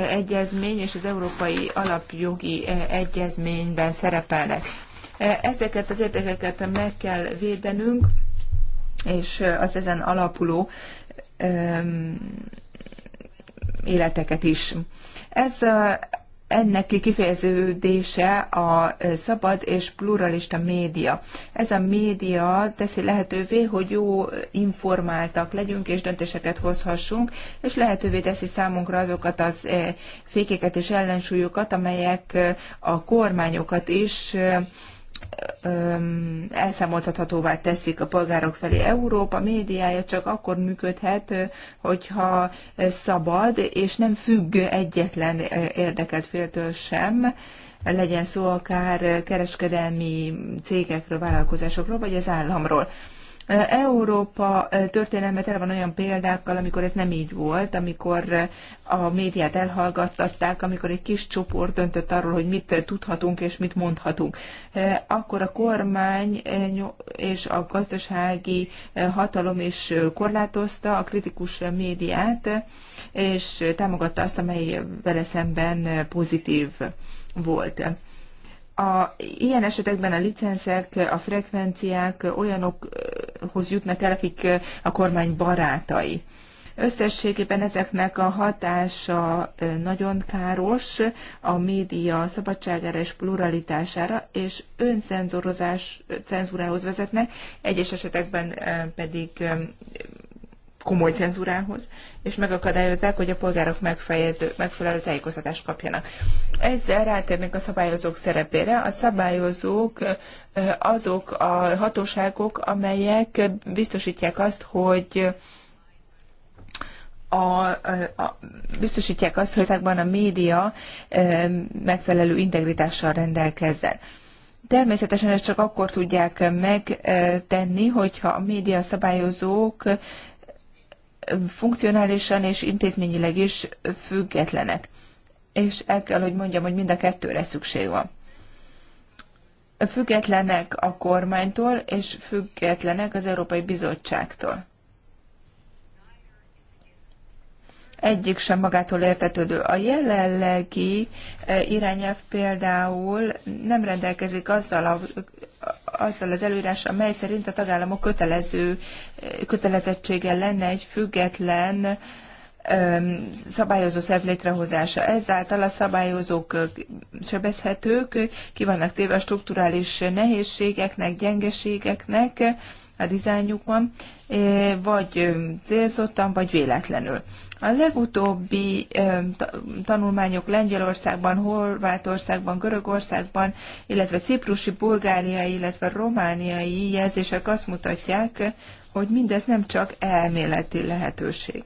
Egyezmény és az Európai Alapjogi Egyezményben szerepelnek. E, ezeket az érdekeket meg kell védenünk, és e, az ezen alapuló e, életeket is. Ez a, ennek kifejeződése a szabad és pluralista média. Ez a média teszi lehetővé, hogy jó informáltak legyünk és döntéseket hozhassunk, és lehetővé teszi számunkra azokat az fékeket és ellensúlyokat, amelyek a kormányokat is elszámoltathatóvá teszik a polgárok felé. Európa médiája csak akkor működhet, hogyha szabad, és nem függ egyetlen érdekelt féltől sem, legyen szó akár kereskedelmi cégekről, vállalkozásokról, vagy az államról. Európa történelme tele van olyan példákkal, amikor ez nem így volt, amikor a médiát elhallgattatták, amikor egy kis csoport döntött arról, hogy mit tudhatunk és mit mondhatunk. Akkor a kormány és a gazdasági hatalom is korlátozta a kritikus médiát, és támogatta azt, amely vele szemben pozitív volt a, ilyen esetekben a licenszek, a frekvenciák olyanokhoz jutnak el, akik a kormány barátai. Összességében ezeknek a hatása nagyon káros a média szabadságára és pluralitására, és önszenzúrához vezetnek, egyes esetekben pedig komoly cenzúrához, és megakadályozzák, hogy a polgárok megfejező, megfelelő tájékoztatást kapjanak. Ezzel rátérnek a szabályozók szerepére. A szabályozók azok a hatóságok, amelyek biztosítják azt, hogy a, a, biztosítják azt, hogy ezekben a média megfelelő integritással rendelkezzen. Természetesen ezt csak akkor tudják megtenni, hogyha a média szabályozók funkcionálisan és intézményileg is függetlenek. És el kell, hogy mondjam, hogy mind a kettőre szükség van. Függetlenek a kormánytól, és függetlenek az Európai Bizottságtól. egyik sem magától értetődő. A jelenlegi eh, irányelv például nem rendelkezik azzal a azzal az előírással, mely szerint a tagállamok kötelező, eh, kötelezettsége lenne egy független szabályozó szerv létrehozása. Ezáltal a szabályozók eh, sebezhetők, ki vannak téve a strukturális nehézségeknek, gyengeségeknek, a dizájnjukban, vagy célzottan, vagy véletlenül. A legutóbbi tanulmányok Lengyelországban, Horvátországban, Görögországban, illetve ciprusi, bulgáriai, illetve romániai jelzések azt mutatják, hogy mindez nem csak elméleti lehetőség.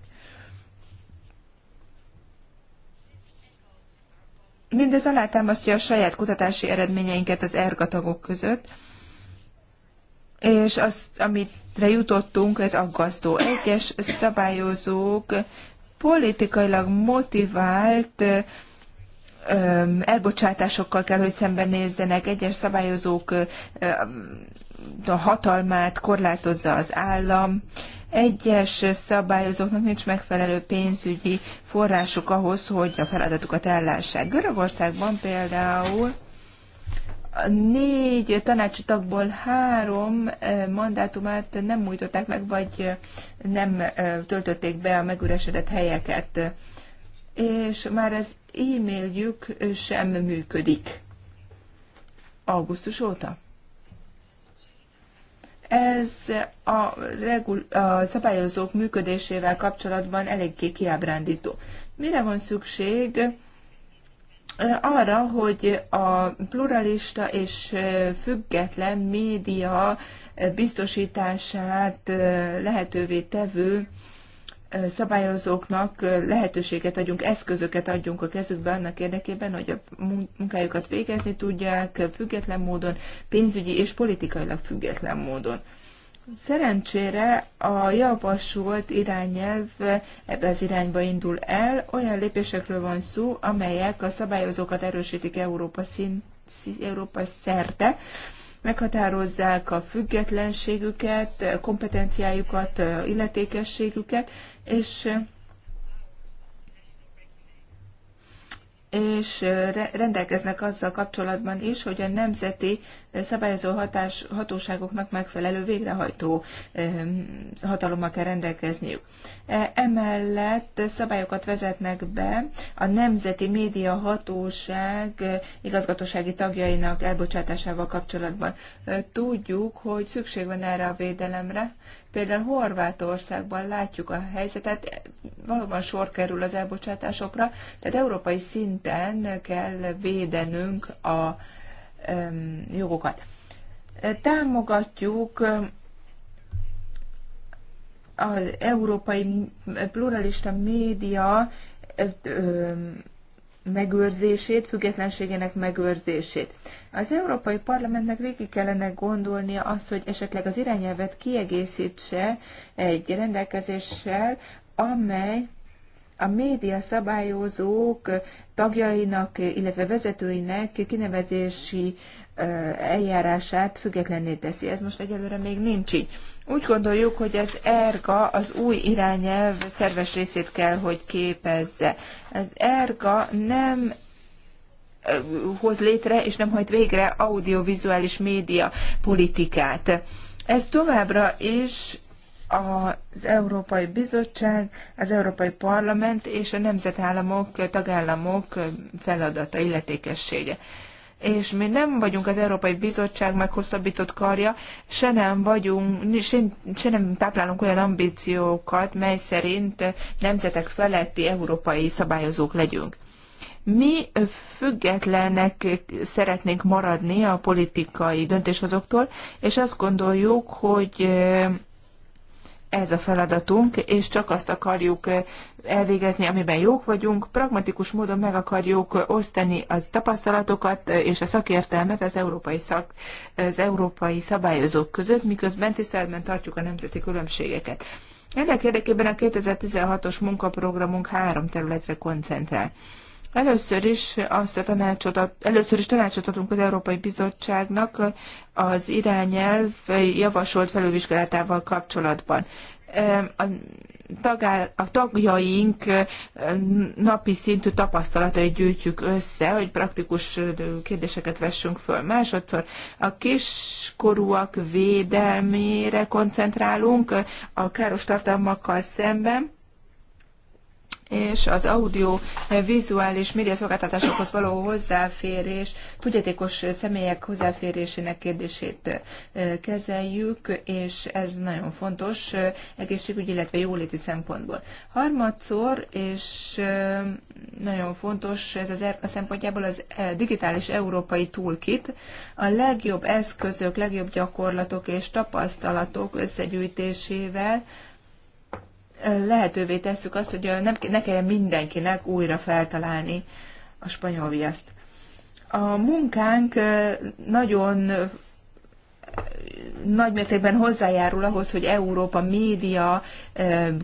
Mindez alátámasztja a saját kutatási eredményeinket az ergatagok között, és azt, amitre jutottunk, ez aggasztó. Egyes szabályozók politikailag motivált elbocsátásokkal kell, hogy szembenézzenek, egyes szabályozók a hatalmát korlátozza az állam, egyes szabályozóknak nincs megfelelő pénzügyi forrásuk ahhoz, hogy a feladatukat ellássák. Görögországban például a négy tanácsi tagból három eh, mandátumát nem újtották meg, vagy eh, nem eh, töltötték be a megüresedett helyeket, és már az e-mailjük sem működik augusztus óta. Ez a, regul- a szabályozók működésével kapcsolatban eléggé kiábrándító. Mire van szükség? arra, hogy a pluralista és független média biztosítását lehetővé tevő szabályozóknak lehetőséget adjunk, eszközöket adjunk a kezükbe annak érdekében, hogy a munkájukat végezni tudják független módon, pénzügyi és politikailag független módon. Szerencsére a javasolt irányelv ebbe az irányba indul el. Olyan lépésekről van szó, amelyek a szabályozókat erősítik Európa, szín, Európa szerte, meghatározzák a függetlenségüket, kompetenciájukat, illetékességüket, és és rendelkeznek azzal kapcsolatban is, hogy a nemzeti szabályozó hatás, hatóságoknak megfelelő végrehajtó hatalommal kell rendelkezniük. E, emellett szabályokat vezetnek be a Nemzeti Média Hatóság igazgatósági tagjainak elbocsátásával kapcsolatban. Tudjuk, hogy szükség van erre a védelemre, Például Horvátországban látjuk a helyzetet, valóban sor kerül az elbocsátásokra, tehát európai szinten kell védenünk a jogokat. Támogatjuk az európai pluralista média megőrzését, függetlenségének megőrzését. Az Európai Parlamentnek végig kellene gondolnia azt, hogy esetleg az irányelvet kiegészítse egy rendelkezéssel, amely a média szabályozók tagjainak, illetve vezetőinek kinevezési eljárását függetlenné teszi. Ez most egyelőre még nincs így. Úgy gondoljuk, hogy az ERGA az új irányelv szerves részét kell, hogy képezze. Az ERGA nem hoz létre és nem hajt végre audiovizuális média politikát. Ez továbbra is az Európai Bizottság, az Európai Parlament és a nemzetállamok, tagállamok feladata, illetékessége és mi nem vagyunk az Európai Bizottság meghosszabbított karja, se nem vagyunk, se, se nem táplálunk olyan ambíciókat, mely szerint nemzetek feletti európai szabályozók legyünk. Mi függetlenek szeretnénk maradni a politikai döntéshozóktól, és azt gondoljuk, hogy ez a feladatunk, és csak azt akarjuk eh, elvégezni, amiben jók vagyunk. Pragmatikus módon meg akarjuk eh, osztani az tapasztalatokat eh, és a szakértelmet az európai, szak, az európai szabályozók között, miközben tiszteletben tartjuk a nemzeti különbségeket. Ennek érdekében a 2016-os munkaprogramunk három területre koncentrál. Először is azt a tanácsot, először is tanácsot adunk az Európai Bizottságnak az irányelv javasolt felülvizsgálatával kapcsolatban. A Tagál, a tagjaink napi szintű tapasztalatait gyűjtjük össze, hogy praktikus kérdéseket vessünk föl. Másodszor a kiskorúak védelmére koncentrálunk a káros tartalmakkal szemben és az audio-vizuális eh, médiaszolgáltatásokhoz való hozzáférés, fogyatékos személyek hozzáférésének kérdését eh, kezeljük, és ez nagyon fontos eh, egészségügyi, illetve jóléti szempontból. Harmadszor, és nagyon fontos ez az e, a szempontjából az digitális európai toolkit, a legjobb eszközök, legjobb gyakorlatok és tapasztalatok összegyűjtésével, lehetővé tesszük azt, hogy nem, ne kelljen mindenkinek újra feltalálni a spanyol viaszt. A munkánk nagyon nagy mértékben hozzájárul ahhoz, hogy Európa média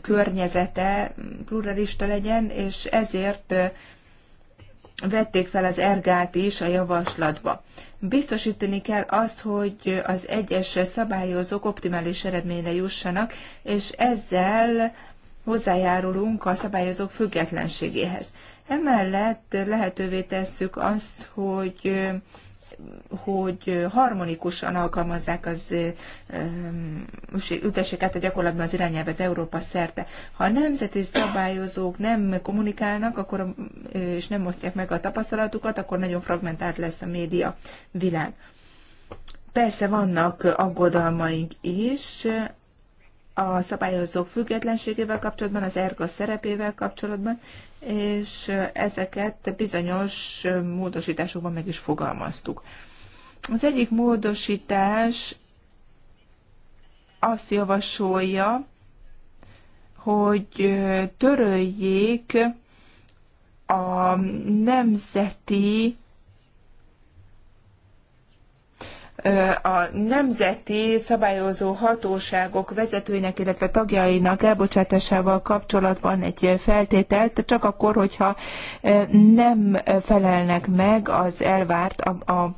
környezete pluralista legyen, és ezért vették fel az ergát is a javaslatba. Biztosítani kell azt, hogy az egyes szabályozók optimális eredményre jussanak, és ezzel hozzájárulunk a szabályozók függetlenségéhez. Emellett lehetővé tesszük azt, hogy hogy harmonikusan alkalmazzák az üteseket a gyakorlatban az irányelvet Európa szerte. Ha a nemzeti szabályozók nem kommunikálnak, akkor, és nem osztják meg a tapasztalatukat, akkor nagyon fragmentált lesz a média világ. Persze vannak aggodalmaink is, a szabályozók függetlenségével kapcsolatban, az erga szerepével kapcsolatban, és ezeket bizonyos módosításokban meg is fogalmaztuk. Az egyik módosítás azt javasolja, hogy töröljék a nemzeti a nemzeti szabályozó hatóságok vezetőinek, illetve tagjainak elbocsátásával kapcsolatban egy feltételt, csak akkor, hogyha nem felelnek meg az elvárt a, a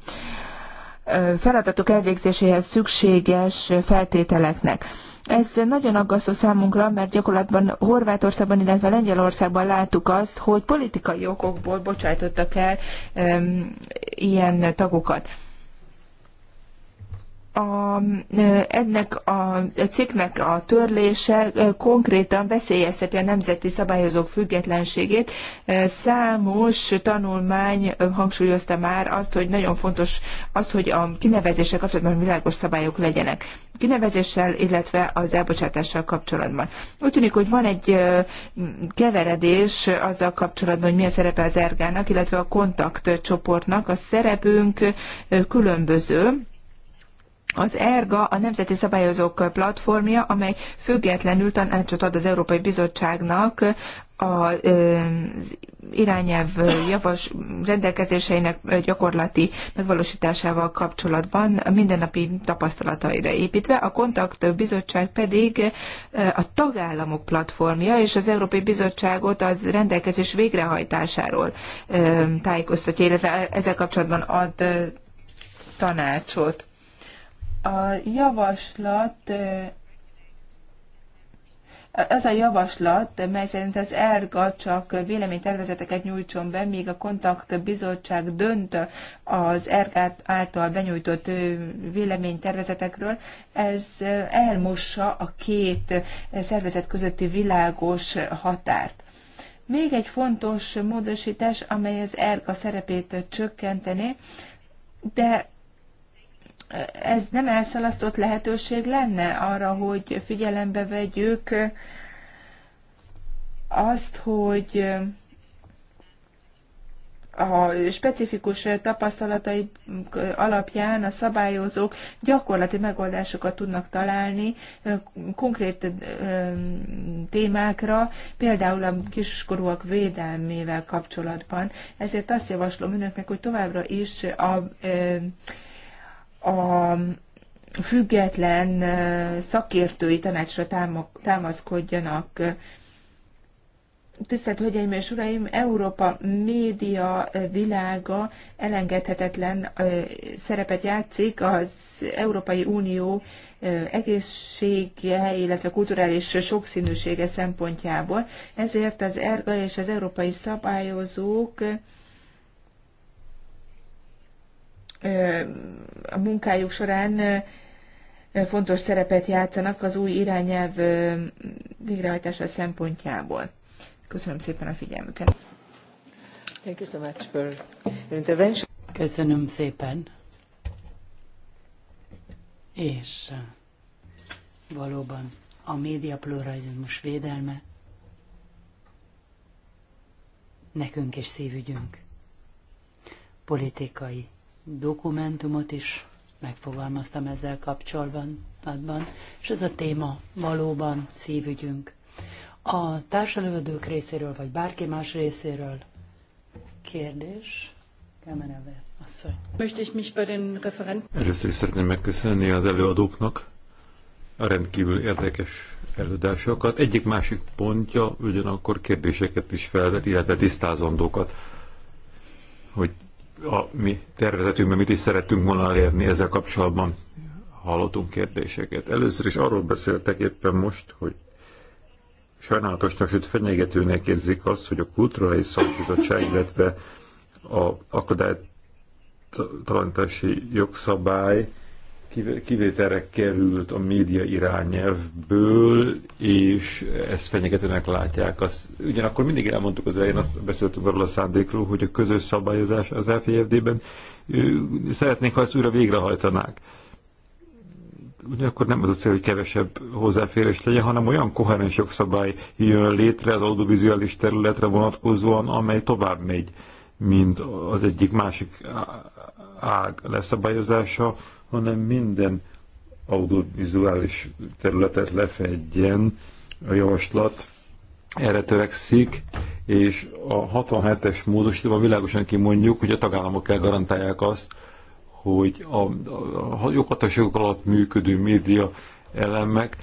feladatok elvégzéséhez szükséges feltételeknek. Ez nagyon aggasztó számunkra, mert gyakorlatban Horvátországban, illetve Lengyelországban láttuk azt, hogy politikai okokból bocsájtottak el um, ilyen tagokat a, ennek a cikknek a törlése konkrétan veszélyezteti a nemzeti szabályozók függetlenségét. Számos tanulmány hangsúlyozta már azt, hogy nagyon fontos az, hogy a kinevezéssel kapcsolatban világos szabályok legyenek. Kinevezéssel, illetve az elbocsátással kapcsolatban. Úgy tűnik, hogy van egy keveredés azzal kapcsolatban, hogy milyen szerepe az ergának, illetve a kontaktcsoportnak. A szerepünk különböző az ERGA a Nemzeti Szabályozók Platformja, amely függetlenül tanácsot ad az Európai Bizottságnak az irányelv javas rendelkezéseinek gyakorlati megvalósításával kapcsolatban mindennapi tapasztalataira építve. A Kontakt Bizottság pedig a tagállamok platformja, és az Európai Bizottságot az rendelkezés végrehajtásáról tájékoztatja, illetve ezzel kapcsolatban ad tanácsot. A javaslat az a javaslat, mely szerint az ERGA csak véleménytervezeteket nyújtson be, míg a kontaktbizottság dönt az ERGA által benyújtott véleménytervezetekről, ez elmossa a két szervezet közötti világos határt. Még egy fontos módosítás, amely az ERGA szerepét csökkenteni, de ez nem elszalasztott lehetőség lenne arra, hogy figyelembe vegyük azt, hogy a specifikus tapasztalatai alapján a szabályozók gyakorlati megoldásokat tudnak találni konkrét témákra, például a kiskorúak védelmével kapcsolatban. Ezért azt javaslom önöknek, hogy továbbra is a a független szakértői tanácsra támaszkodjanak. Tisztelt Hölgyeim és Uraim, Európa média világa elengedhetetlen szerepet játszik az Európai Unió egészsége, illetve kulturális sokszínűsége szempontjából. Ezért az ERGA és az európai szabályozók a munkájuk során fontos szerepet játszanak az új irányelv végrehajtása szempontjából. Köszönöm szépen a figyelmüket. Thank you so much for your intervention. Köszönöm szépen. És valóban a média pluralizmus védelme nekünk is szívügyünk. Politikai dokumentumot is megfogalmaztam ezzel kapcsolatban, és ez a téma valóban szívügyünk. A társadalmadók részéről, vagy bárki más részéről kérdés? Kemeneve asszony. Először is szeretném megköszönni az előadóknak a rendkívül érdekes előadásokat. Egyik másik pontja ugyanakkor kérdéseket is felvet, illetve tisztázandókat, hogy a mi tervezetünkben mit is szerettünk volna elérni ezzel kapcsolatban hallottunk kérdéseket. Először is arról beszéltek éppen most, hogy sajnálatosnak, sőt fenyegetőnek érzik azt, hogy a kulturális szakbizottság, illetve a akadálytalanítási jogszabály kivételre került a média irányelvből, és ezt fenyegetőnek látják. Azt, ugyanakkor mindig elmondtuk az elején, azt beszéltünk arról a szándékról, hogy a közös szabályozás az LPFD-ben e szeretnénk, ha ezt újra végrehajtanák. Ugyanakkor nem az a cél, hogy kevesebb hozzáférés legyen, hanem olyan koherens jogszabály jön létre az audiovizuális területre vonatkozóan, amely tovább megy, mint az egyik másik ág leszabályozása hanem minden audiovizuális területet lefedjen a javaslat. Erre törekszik, és a 67-es módosítóban világosan kimondjuk, hogy a tagállamok kell garantálják azt, hogy a, a, a joghatóságok alatt működő média elemek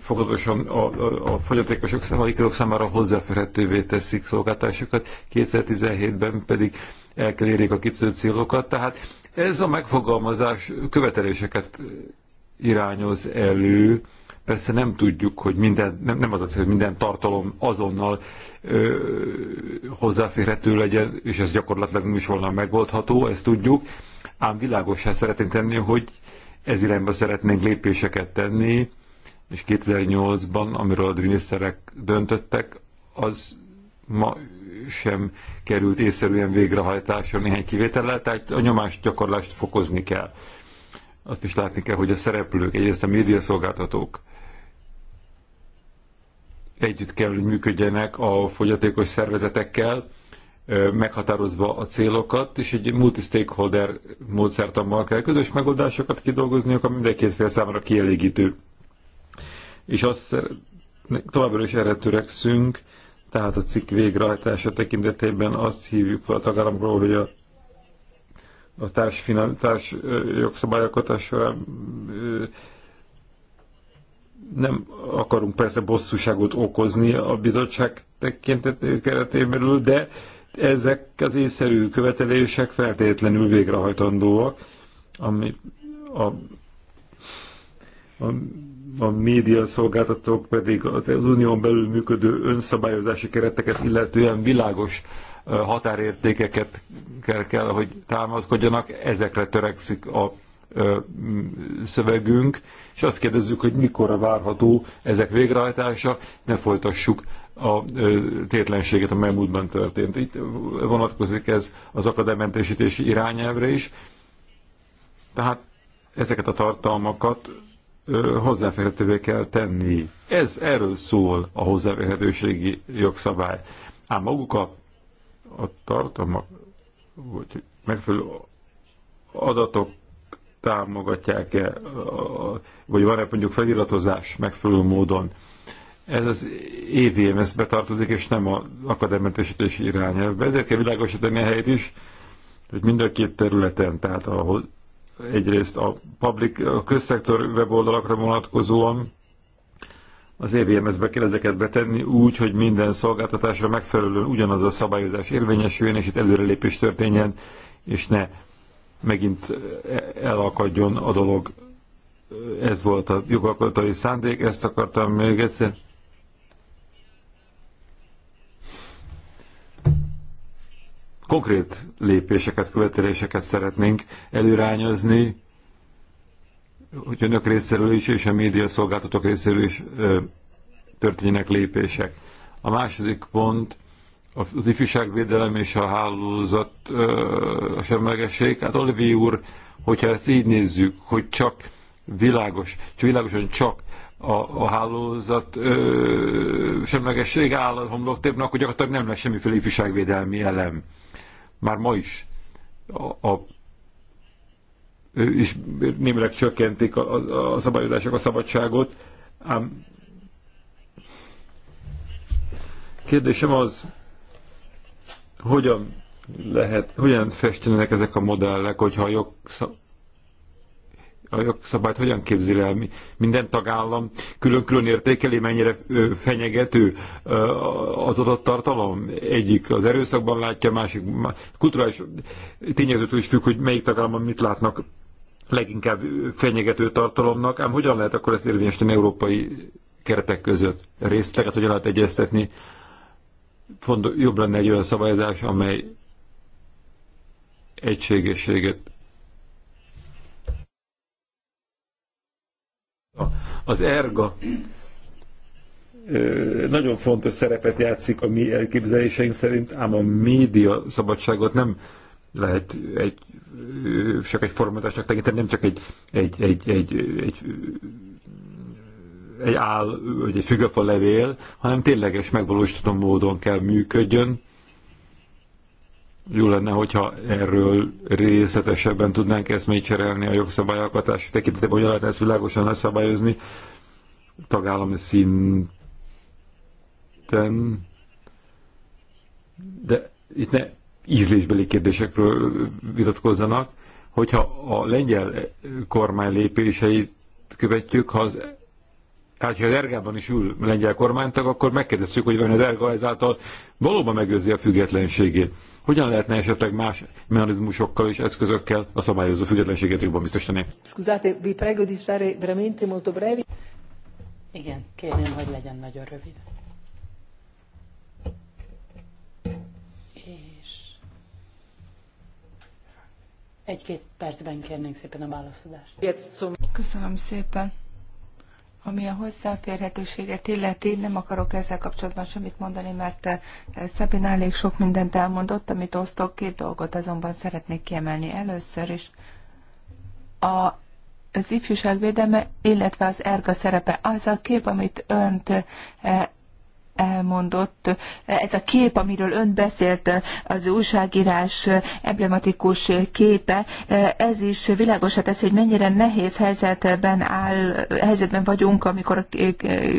fokozatosan a, a, a fogyatékosok számára, számára hozzáférhetővé teszik szolgáltásokat, 2017-ben pedig el kell érjék a kitűzött célokat, tehát ez a megfogalmazás követeléseket irányoz elő, persze nem tudjuk, hogy minden, nem, nem az a cél, hogy minden tartalom azonnal ö, hozzáférhető legyen, és ez gyakorlatilag nem is volna megoldható, ezt tudjuk, ám világosá szeretném tenni, hogy ez irányba szeretnénk lépéseket tenni, és 2008-ban, amiről a miniszterek döntöttek, az ma sem került észszerűen végrehajtásra néhány kivétellel, tehát a nyomást gyakorlást fokozni kell. Azt is látni kell, hogy a szereplők, egyrészt a médiaszolgáltatók együtt kell, hogy működjenek a fogyatékos szervezetekkel, meghatározva a célokat, és egy multi-stakeholder módszertammal kell közös megoldásokat kidolgozniuk, ami mindkét fél számára kielégítő. És azt továbbra is erre törekszünk, tehát a cikk végrehajtása tekintetében azt hívjuk fel a tagállamról, hogy a, a finan, társ jogszabályalkotás során nem akarunk persze bosszúságot okozni a bizottság tekintetében keretében belül, de ezek az észszerű követelések feltétlenül végrehajtandóak, ami a, a a média szolgáltatók pedig az unión belül működő önszabályozási kereteket illetően világos határértékeket kell, kell hogy támaszkodjanak, ezekre törekszik a szövegünk, és azt kérdezzük, hogy mikorra várható ezek végrehajtása, ne folytassuk a tétlenséget, amely múltban történt. Itt vonatkozik ez az akadálymentesítési irányelvre is. Tehát ezeket a tartalmakat hozzáférhetővé kell tenni. Ez erről szól a hozzáférhetőségi jogszabály. Ám maguk a, a tartalmak, vagy megfelelő adatok támogatják-e, vagy van-e mondjuk feliratozás megfelelő módon. Ez az EVMS-be betartozik és nem az akadálymentesítési irányelvbe. Ezért kell világosítani a helyet is, hogy mind a két területen, tehát a egyrészt a, public, a közszektor weboldalakra vonatkozóan az EVMS-be kell ezeket betenni úgy, hogy minden szolgáltatásra megfelelően ugyanaz a szabályozás érvényesüljön, és itt előrelépés történjen, és ne megint elakadjon a dolog. Ez volt a jogalkotói szándék, ezt akartam még egyszer konkrét lépéseket, követeléseket szeretnénk előrányozni, hogy önök részéről is és a média szolgáltatók részéről is ö, történjenek lépések. A második pont az ifjúságvédelem és a hálózat ö, a semlegesség. Hát Olivi úr, hogyha ezt így nézzük, hogy csak világos, csak világosan csak a, a hálózat ö, semlegesség áll a homloktépnek, akkor gyakorlatilag nem lesz semmiféle ifjúságvédelmi elem már ma is a, a és némileg csökkentik a, a, a szabályozások a szabadságot, ám kérdésem az, hogyan lehet, hogyan festenek ezek a modellek, hogyha a jogszab a jogszabályt hogyan képzi el? Minden tagállam külön-külön értékeli, mennyire fenyegető az adott tartalom? Egyik az erőszakban látja, másik kulturális tényezőtől is függ, hogy melyik tagállamban mit látnak leginkább fenyegető tartalomnak, ám hogyan lehet akkor ezt érvényesíteni európai keretek között? Részleteket hogyan lehet egyeztetni? Fontos, jobb lenne egy olyan szabályozás, amely egységességet Az erga nagyon fontos szerepet játszik a mi elképzeléseink szerint, ám a média szabadságot nem lehet egy, csak egy formatásnak tekinteni, nem csak egy, egy, egy, egy, egy, egy áll, vagy egy fügefa levél, hanem tényleges megvalósítható módon kell működjön, jó lenne, hogyha erről részletesebben tudnánk ezt még cserélni a jogszabályalkotás tekintetében, hogy lehetne ezt világosan leszabályozni tagállami szinten. De itt ne ízlésbeli kérdésekről vitatkozzanak, hogyha a lengyel kormány lépéseit követjük, ha az tehát, ha az Ergában is ül lengyel kormánytag, akkor megkérdezzük, hogy van az Erga ezáltal valóban megőrzi a függetlenségét. Hogyan lehetne esetleg más mechanizmusokkal és eszközökkel a szabályozó függetlenséget jobban biztosítani? Scusate, vi prego di stare veramente molto brevi. Igen, kérném, hogy legyen nagyon rövid. És egy-két percben kérnénk szépen a válaszolást. Köszönöm szépen. Ami a hozzáférhetőséget illeti, nem akarok ezzel kapcsolatban semmit mondani, mert eh, Szabin elég sok mindent elmondott, amit osztok. Két dolgot azonban szeretnék kiemelni először is. A, az ifjúság védelme, illetve az erga szerepe, az a kép, amit önt eh, elmondott, ez a kép, amiről ön beszélt, az újságírás emblematikus képe, ez is világosat tesz, hogy mennyire nehéz helyzetben, áll, helyzetben vagyunk, amikor a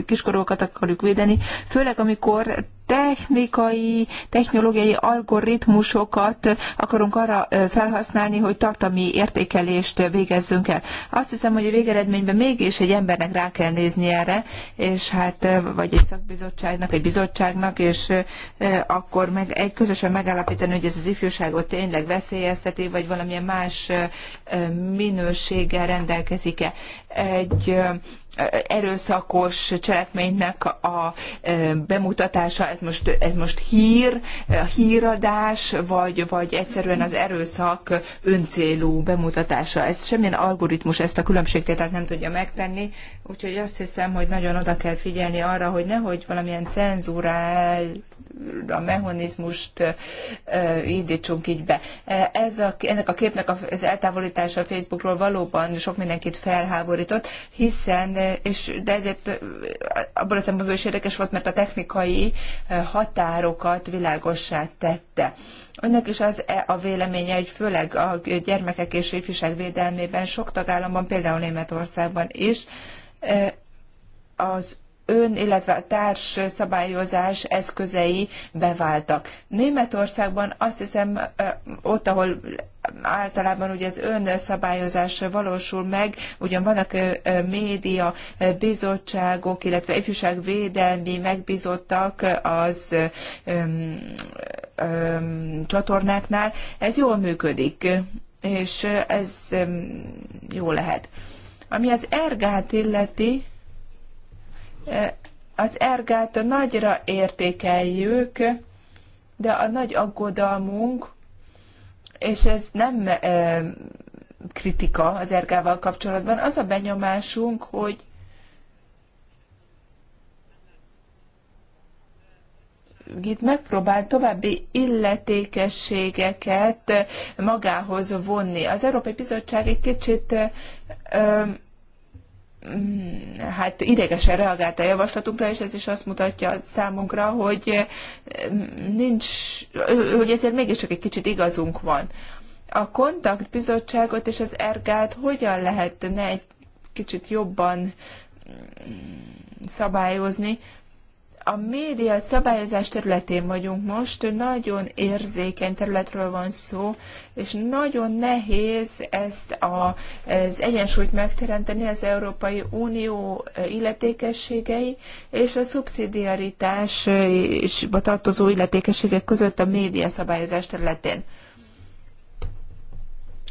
kiskorúakat akarjuk védeni, főleg amikor technikai, technológiai algoritmusokat akarunk arra felhasználni, hogy tartalmi értékelést végezzünk el. Azt hiszem, hogy a végeredményben mégis egy embernek rá kell nézni erre, és hát vagy egy szakbizottságnak, egy bizottságnak, és akkor meg egy közösen megállapítani, hogy ez az ifjúságot tényleg veszélyezteti, vagy valamilyen más minőséggel rendelkezik-e. Egy erőszakos cselekménynek a e, bemutatása, ez most, ez most hír, e, híradás, vagy, vagy egyszerűen az erőszak öncélú bemutatása. Ez semmilyen algoritmus ezt a különbségtételt nem tudja megtenni, úgyhogy azt hiszem, hogy nagyon oda kell figyelni arra, hogy nehogy valamilyen cenzúrál a mechanizmust e, indítsunk így be. Ez a, ennek a képnek az eltávolítása a Facebookról valóban sok mindenkit felháborított, hiszen és de ezért abban a szempontból is érdekes volt, mert a technikai határokat világossá tette. Önnek is az e a véleménye, hogy főleg a gyermekek és ifjúság védelmében sok tagállamban, például Németországban is, az ön, illetve a társ szabályozás eszközei beváltak. Németországban azt hiszem, ott, ahol általában ugye az szabályozás valósul meg, ugyan vannak média bizottságok, illetve ifjúságvédelmi megbizottak az öm, öm, csatornáknál. Ez jól működik, és ez öm, jó lehet. Ami az ergát illeti, az ergát nagyra értékeljük, de a nagy aggodalmunk, és ez nem e, kritika az ergával kapcsolatban, az a benyomásunk, hogy itt megpróbál további illetékességeket magához vonni. Az Európai Bizottság egy kicsit hát idegesen reagált a javaslatunkra, és ez is azt mutatja számunkra, hogy eh, nincs, hogy ezért mégiscsak egy kicsit igazunk van. A kontaktbizottságot és az ergát hogyan lehetne egy kicsit jobban mm, szabályozni, a média szabályozás területén vagyunk most, nagyon érzékeny területről van szó, és nagyon nehéz ezt a, az egyensúlyt megteremteni az Európai Unió illetékességei és a a tartozó illetékességek között a média szabályozás területén.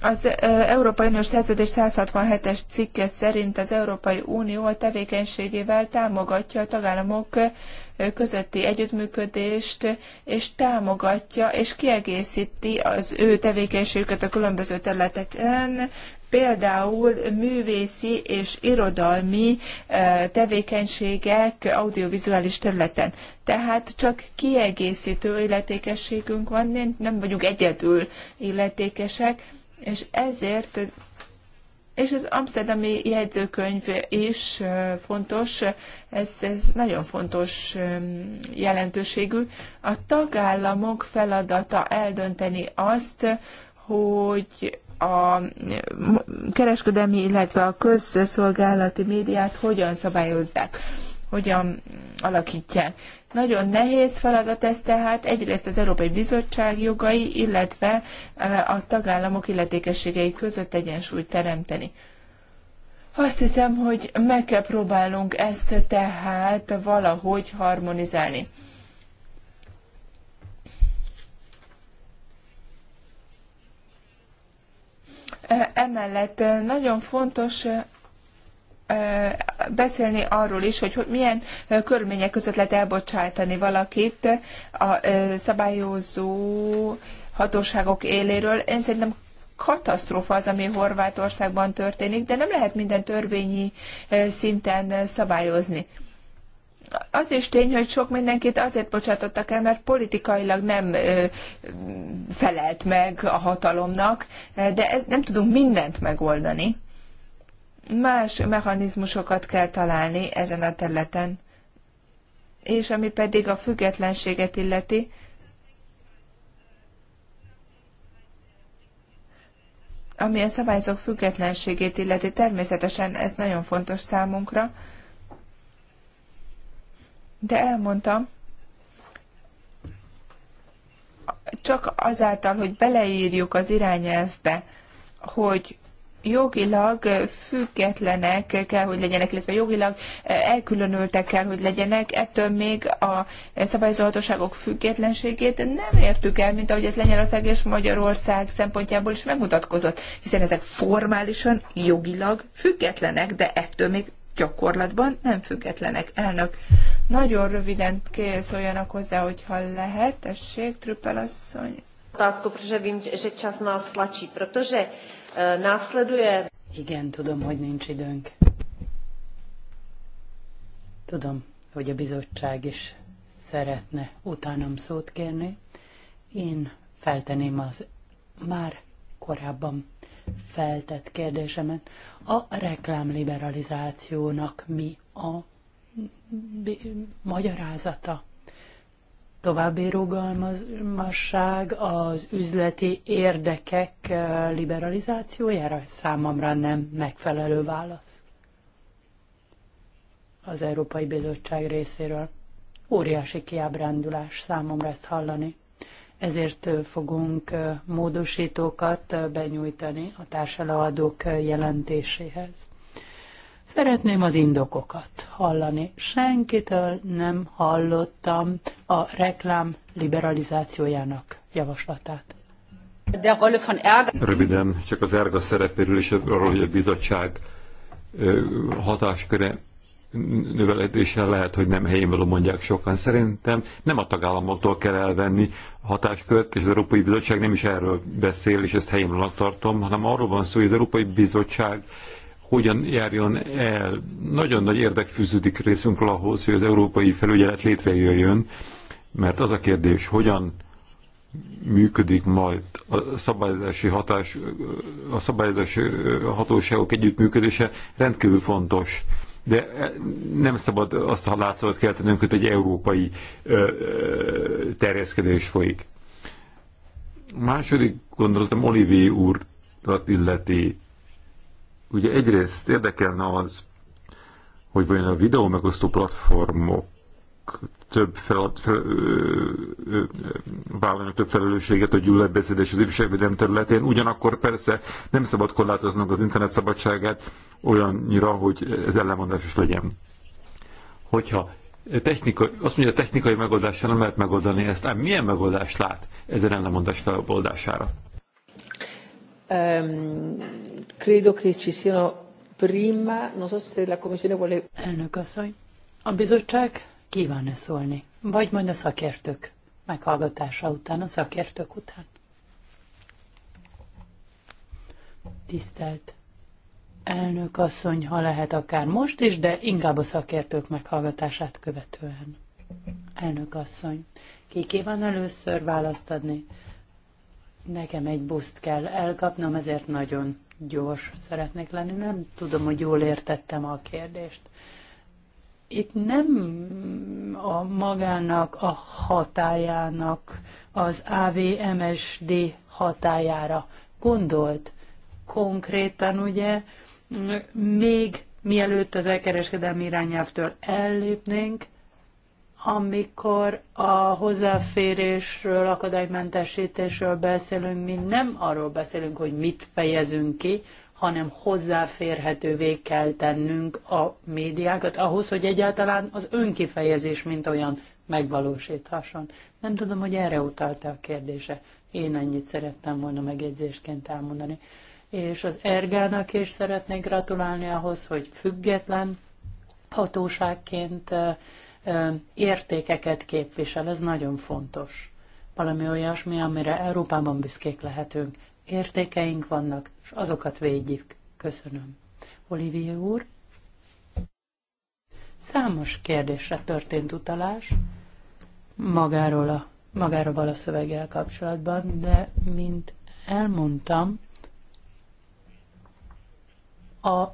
Az Európai Uniós Szerződés 167-es cikke szerint az Európai Unió a tevékenységével támogatja a tagállamok közötti együttműködést, és támogatja és kiegészíti az ő tevékenységüket a különböző területeken, például művészi és irodalmi tevékenységek audiovizuális területen. Tehát csak kiegészítő illetékességünk van, nem vagyunk egyedül illetékesek, és ezért és az amsterdami jegyzőkönyv is fontos, ez, ez nagyon fontos jelentőségű. A tagállamok feladata eldönteni azt, hogy a kereskedelmi, illetve a közszolgálati médiát hogyan szabályozzák, hogyan alakítják. Nagyon nehéz feladat ez tehát, egyrészt az Európai Bizottság jogai, illetve e, a tagállamok illetékességei között egyensúlyt teremteni. Azt hiszem, hogy meg kell próbálnunk ezt tehát valahogy harmonizálni. E, emellett e, nagyon fontos beszélni arról is, hogy milyen körülmények között lehet elbocsátani valakit a szabályozó hatóságok éléről. Én szerintem katasztrófa az, ami Horvátországban történik, de nem lehet minden törvényi szinten szabályozni. Az is tény, hogy sok mindenkit azért bocsátottak el, mert politikailag nem felelt meg a hatalomnak, de nem tudunk mindent megoldani más mechanizmusokat kell találni ezen a területen. És ami pedig a függetlenséget illeti, ami a szabályzók függetlenségét illeti, természetesen ez nagyon fontos számunkra, de elmondtam, csak azáltal, hogy beleírjuk az irányelvbe, hogy jogilag függetlenek kell, hogy legyenek, illetve jogilag elkülönültek kell, hogy legyenek. Ettől még a szabályozó függetlenségét nem értük el, mint ahogy ez Lengyelország és Magyarország szempontjából is megmutatkozott, hiszen ezek formálisan jogilag függetlenek, de ettől még gyakorlatban nem függetlenek. Elnök, nagyon röviden szóljanak hozzá, hogyha lehet. Tessék, Trüppel asszony. Otázku, protože vím, že čas nás tlačí, protože E, následuje. Igen, tudom, hogy nincs időnk. Tudom, hogy a bizottság is szeretne utánam szót kérni. Én felteném az már korábban feltett kérdésemet. A reklámliberalizációnak mi a magyarázata? további rugalmasság az üzleti érdekek eh, liberalizációjára számomra nem megfelelő válasz az Európai Bizottság részéről. Óriási kiábrándulás számomra ezt hallani. Ezért eh, fogunk eh, módosítókat benyújtani a társadalmadók jelentéséhez. Szeretném az indokokat hallani. Senkitől nem hallottam a reklám liberalizációjának javaslatát. Röviden, csak az erga szerepéről és arról, hogy a bizottság hatásköre növeledéssel lehet, hogy nem helyén való mondják sokan. Szerintem nem a tagállamoktól kell elvenni a hatáskört, és az Európai Bizottság nem is erről beszél, és ezt helyén tartom, hanem arról van szó, hogy az Európai Bizottság hogyan járjon el. Nagyon nagy érdek fűződik részünkről ahhoz, hogy az európai felügyelet létrejöjjön, mert az a kérdés, hogyan működik majd a szabályozási hatás, a szabályozási hatóságok együttműködése rendkívül fontos. De e, nem szabad azt a látszatot keltenünk, hogy egy európai ö, ö, terjeszkedés folyik. A második gondolatom Olivier úr illeti Ugye egyrészt érdekelne az, hogy vajon a videó megosztó platformok több felad, fel, vállalnak több felelősséget a gyűlöletbeszédes az ifjúságvédelem területén. Ugyanakkor persze nem szabad korlátoznunk az internet szabadságát olyannyira, hogy ez ellenmondás is legyen. Hogyha technikai, azt mondja, a technikai megoldással nem lehet megoldani ezt, ám milyen megoldást lát ezen ellenmondás feloldására? Um, credo che ci siano prima, non so se la Commissione vuole... Elnök asszony, a bizottság kíván-e szólni? Vagy majd a szakértők meghallgatása után, a szakértők után? Tisztelt elnök asszony, ha lehet akár most is, de inkább a szakértők meghallgatását követően. Elnök asszony, ki kíván először választ adni? Nekem egy buszt kell elkapnom, ezért nagyon gyors szeretnék lenni. Nem tudom, hogy jól értettem a kérdést. Itt nem a magának, a hatájának, az AVMSD hatájára gondolt konkrétan, ugye, még mielőtt az elkereskedelmi irányelvtől ellépnénk, amikor a hozzáférésről, akadálymentesítésről beszélünk, mi nem arról beszélünk, hogy mit fejezünk ki, hanem hozzáférhetővé kell tennünk a médiákat ahhoz, hogy egyáltalán az önkifejezés mint olyan megvalósíthasson. Nem tudom, hogy erre utalta a kérdése. Én ennyit szerettem volna megjegyzésként elmondani. És az Ergának is szeretnék gratulálni ahhoz, hogy független hatóságként értékeket képvisel, ez nagyon fontos. Valami olyasmi, amire Európában büszkék lehetünk. Értékeink vannak, és azokat védjük. Köszönöm. Olivier úr? Számos kérdésre történt utalás magáról a, magáról a szöveggel kapcsolatban, de mint elmondtam, a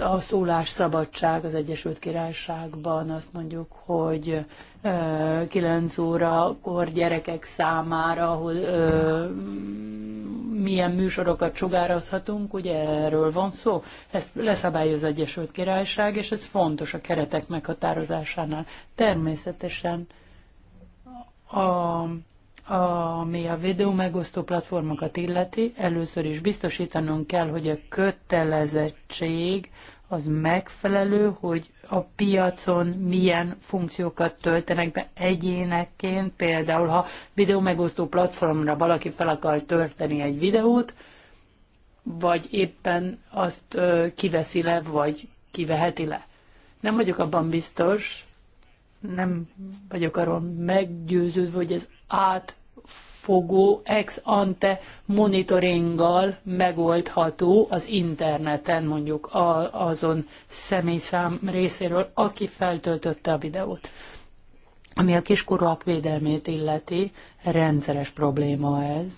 a szólásszabadság az Egyesült Királyságban azt mondjuk, hogy 9 órakor gyerekek számára, ahol milyen műsorokat sugározhatunk, ugye erről van szó. Ezt leszabályoz az Egyesült Királyság, és ez fontos a keretek meghatározásánál. Természetesen a ami a videó megosztó platformokat illeti, először is biztosítanunk kell, hogy a kötelezettség az megfelelő, hogy a piacon milyen funkciókat töltenek be egyénekként, például ha videó megosztó platformra valaki fel akar tölteni egy videót, vagy éppen azt kiveszi le, vagy kiveheti le. Nem vagyok abban biztos, nem vagyok arról meggyőződve, hogy ez átfogó ex ante monitoringgal megoldható az interneten, mondjuk a, azon személyszám részéről, aki feltöltötte a videót. Ami a kiskorúak védelmét illeti, rendszeres probléma ez.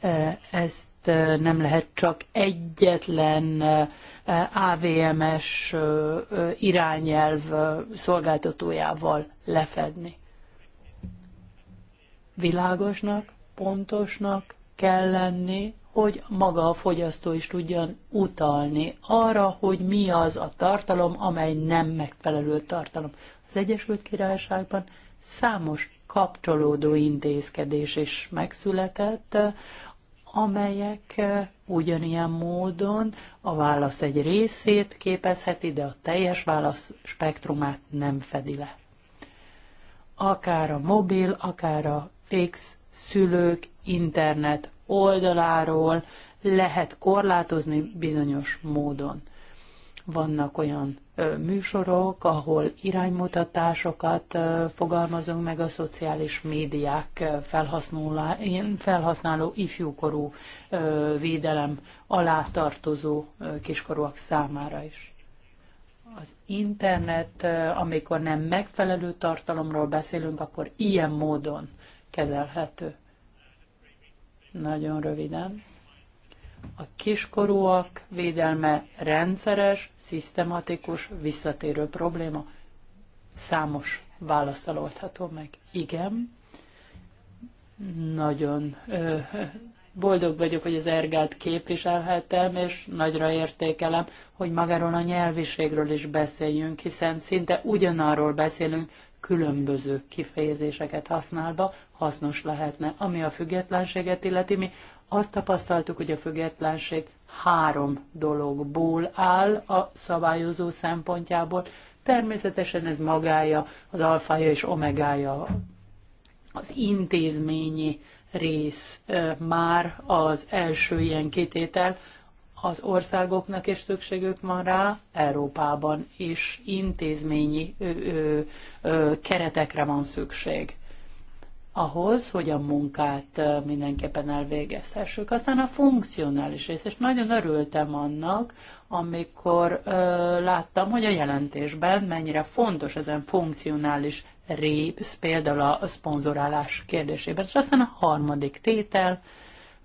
E, ezt e, nem lehet csak egyetlen e, AVMS irányelv szolgáltatójával lefedni világosnak, pontosnak kell lenni, hogy maga a fogyasztó is tudjon utalni arra, hogy mi az a tartalom, amely nem megfelelő tartalom. Az Egyesült Királyságban számos kapcsolódó intézkedés is megszületett, amelyek eh, ugyanilyen módon a válasz egy részét képezheti, de a teljes válasz spektrumát nem fedi le. Akár a mobil, akár a fix szülők internet oldaláról lehet korlátozni bizonyos módon. Vannak olyan ö, műsorok, ahol iránymutatásokat ö, fogalmazunk meg a szociális médiák felhasználó ifjúkorú ö, védelem alá tartozó ö, kiskorúak számára is az internet, amikor nem megfelelő tartalomról beszélünk, akkor ilyen módon kezelhető. Nagyon röviden. A kiskorúak védelme rendszeres, szisztematikus, visszatérő probléma. Számos válaszsal oldható meg. Igen, nagyon boldog vagyok, hogy az ergát képviselhetem, és nagyra értékelem, hogy magáról a nyelviségről is beszéljünk, hiszen szinte ugyanarról beszélünk, különböző kifejezéseket használva hasznos lehetne. Ami a függetlenséget illeti, mi azt tapasztaltuk, hogy a függetlenség három dologból áll a szabályozó szempontjából. Természetesen ez magája, az alfája és omegája az intézményi rész már az első ilyen kitétel, az országoknak is szükségük van rá, Európában is intézményi ö, ö, ö, keretekre van szükség ahhoz, hogy a munkát mindenképpen elvégezhessük. Aztán a funkcionális rész, és nagyon örültem annak, amikor ö, láttam, hogy a jelentésben mennyire fontos ezen funkcionális rész, például a szponzorálás kérdésében. És aztán a harmadik tétel,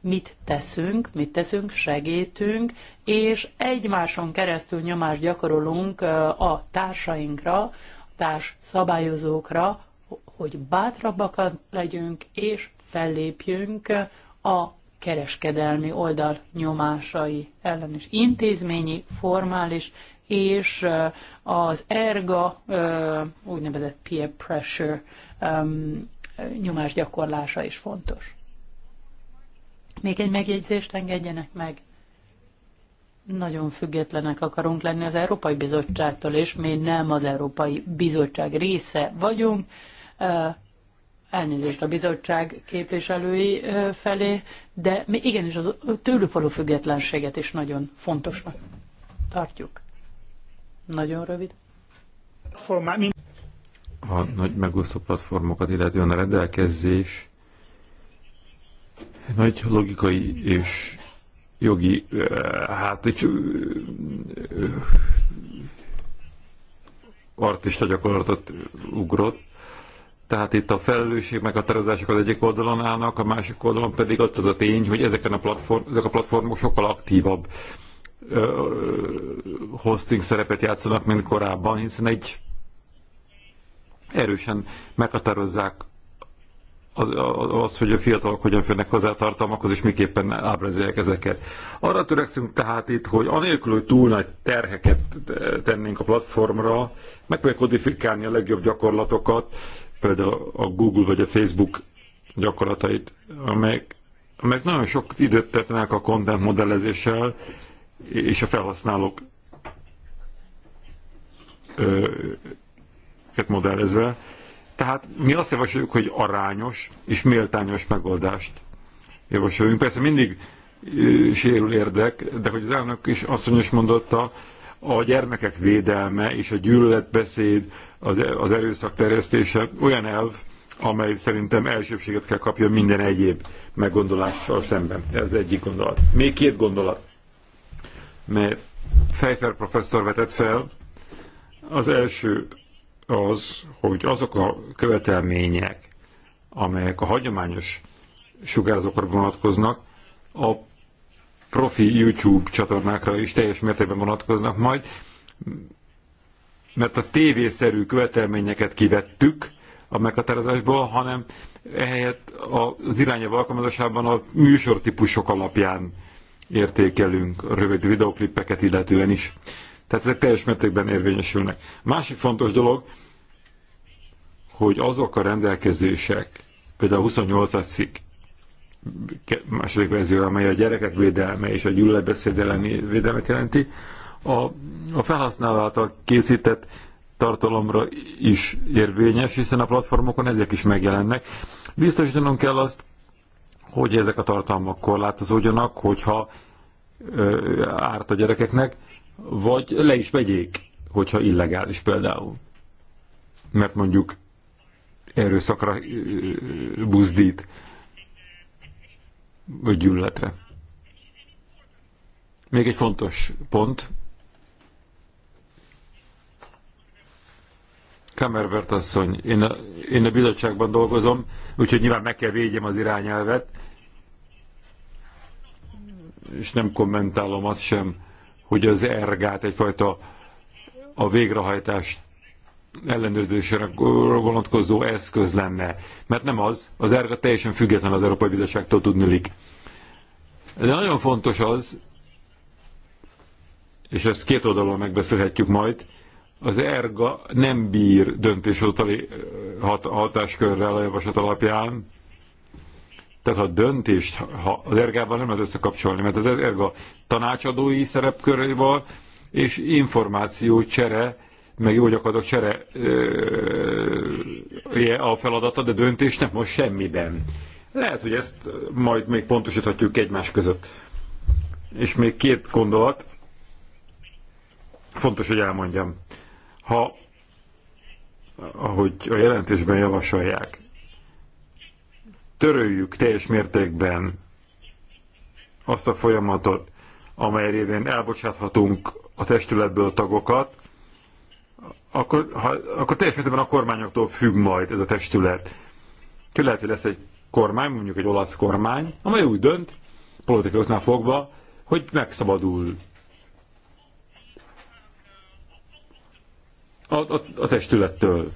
mit teszünk, mit teszünk, segítünk, és egymáson keresztül nyomást gyakorolunk a társainkra, társ szabályozókra, hogy bátrabbak legyünk és fellépjünk a kereskedelmi oldal nyomásai ellen is. Intézményi, formális és az erga úgynevezett peer pressure nyomásgyakorlása is fontos. Még egy megjegyzést engedjenek meg. Nagyon függetlenek akarunk lenni az Európai Bizottságtól, és mi nem az Európai Bizottság része vagyunk. Elnézést a bizottság képviselői felé, de mi igenis az tőlük való függetlenséget is nagyon fontosnak tartjuk. Nagyon rövid. A nagy megosztó platformokat, illetően a rendelkezés nagy logikai és jogi, hát egy artista gyakorlatot ugrott. Tehát itt a felelősség meg a tervezések az egyik oldalon állnak, a másik oldalon pedig ott az a tény, hogy ezeken a platform, ezek a platformok sokkal aktívabb hosting szerepet játszanak, mint korábban, hiszen egy erősen meghatározzák az, hogy a fiatalok hogyan férnek hozzátartalmakhoz, és miképpen ábrázolják ezeket. Arra törekszünk tehát itt, hogy anélkül, hogy túl nagy terheket tennénk a platformra, kell kodifikálni a legjobb gyakorlatokat, például a Google vagy a Facebook gyakorlatait, amelyek, amelyek nagyon sok időt tettenek a content modellezéssel, és a felhasználók ö, modellezve tehát mi azt javasoljuk, hogy arányos és méltányos megoldást javasoljunk. Persze mindig sérül érdek, de hogy az elnök is asszonyos mondotta, a gyermekek védelme és a gyűlöletbeszéd, az, az erőszak terjesztése olyan elv, amely szerintem elsőbséget kell kapja minden egyéb meggondolással szemben. Ez egyik gondolat. Még két gondolat, mert Pfeiffer professzor vetett fel. Az első az, hogy azok a követelmények, amelyek a hagyományos sugárzókra vonatkoznak, a profi YouTube csatornákra is teljes mértékben vonatkoznak majd, mert a tévészerű követelményeket kivettük a meghatározásból, hanem ehelyett az irányelv alkalmazásában a műsortípusok alapján értékelünk a rövid videoklippeket illetően is. Tehát ezek teljes mértékben érvényesülnek. Másik fontos dolog, hogy azok a rendelkezések, például a 28 cikk második verzió, amely a gyerekek védelme és a gyűlöletbeszéd elleni védelmet jelenti, a, a felhasználata készített tartalomra is érvényes, hiszen a platformokon ezek is megjelennek. Biztosítanunk kell azt, hogy ezek a tartalmak korlátozódjanak, hogyha ö, árt a gyerekeknek, vagy le is vegyék, hogyha illegális például. Mert mondjuk erőszakra buzdít, vagy gyűlöletre. Még egy fontos pont. Kamervert asszony, én a, én a bizottságban dolgozom, úgyhogy nyilván meg kell védjem az irányelvet, és nem kommentálom azt sem, hogy az ergát egyfajta a végrehajtást ellenőrzésre vonatkozó eszköz lenne. Mert nem az, az erga teljesen független az Európai Bizottságtól tudnilik. De nagyon fontos az, és ezt két oldalon megbeszélhetjük majd, az erga nem bír döntéshozatali hat hatáskörrel a javaslat alapján, tehát a döntést ha az ergával nem lehet összekapcsolni, mert az erga tanácsadói szerepkörével és információ csere meg jó gyakorlatilag csere ö, a feladata, de döntés nem most semmiben. Lehet, hogy ezt majd még pontosíthatjuk egymás között. És még két gondolat. Fontos, hogy elmondjam. Ha, ahogy a jelentésben javasolják, töröljük teljes mértékben azt a folyamatot, amely révén elbocsáthatunk a testületből tagokat, akkor, ha, akkor teljes mértékben a kormányoktól függ majd ez a testület. Úgyhogy lehet, hogy lesz egy kormány, mondjuk egy olasz kormány, amely úgy dönt, politikai fogva, hogy megszabadul a, a, a testülettől.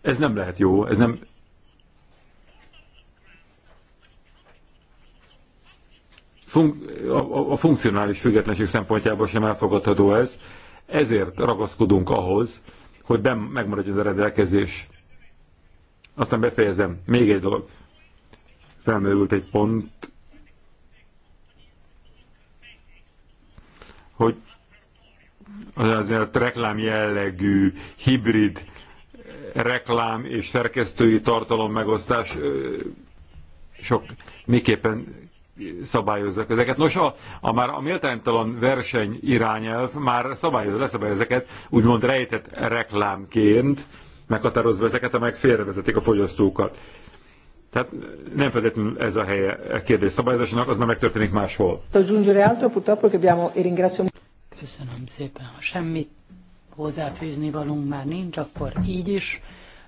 Ez nem lehet jó, ez nem... Fun, a, a, a funkcionális függetlenség szempontjából sem elfogadható ez, ezért ragaszkodunk ahhoz, hogy nem megmaradjon a rendelkezés. Aztán befejezem. Még egy dolog. Felmerült egy pont, hogy a reklám jellegű hibrid reklám és szerkesztői tartalom megosztás sok miképpen szabályozzak ezeket. Nos, a, a már a méltánytalan verseny irányelv már szabályozza, leszabály ezeket, úgymond rejtett reklámként meghatározva ezeket, amelyek félrevezetik a fogyasztókat. Tehát nem feltétlenül ez a helye a kérdés szabályozásnak, az már megtörténik máshol. Köszönöm szépen. Ha semmi hozzáfűzni valunk már nincs, akkor így is.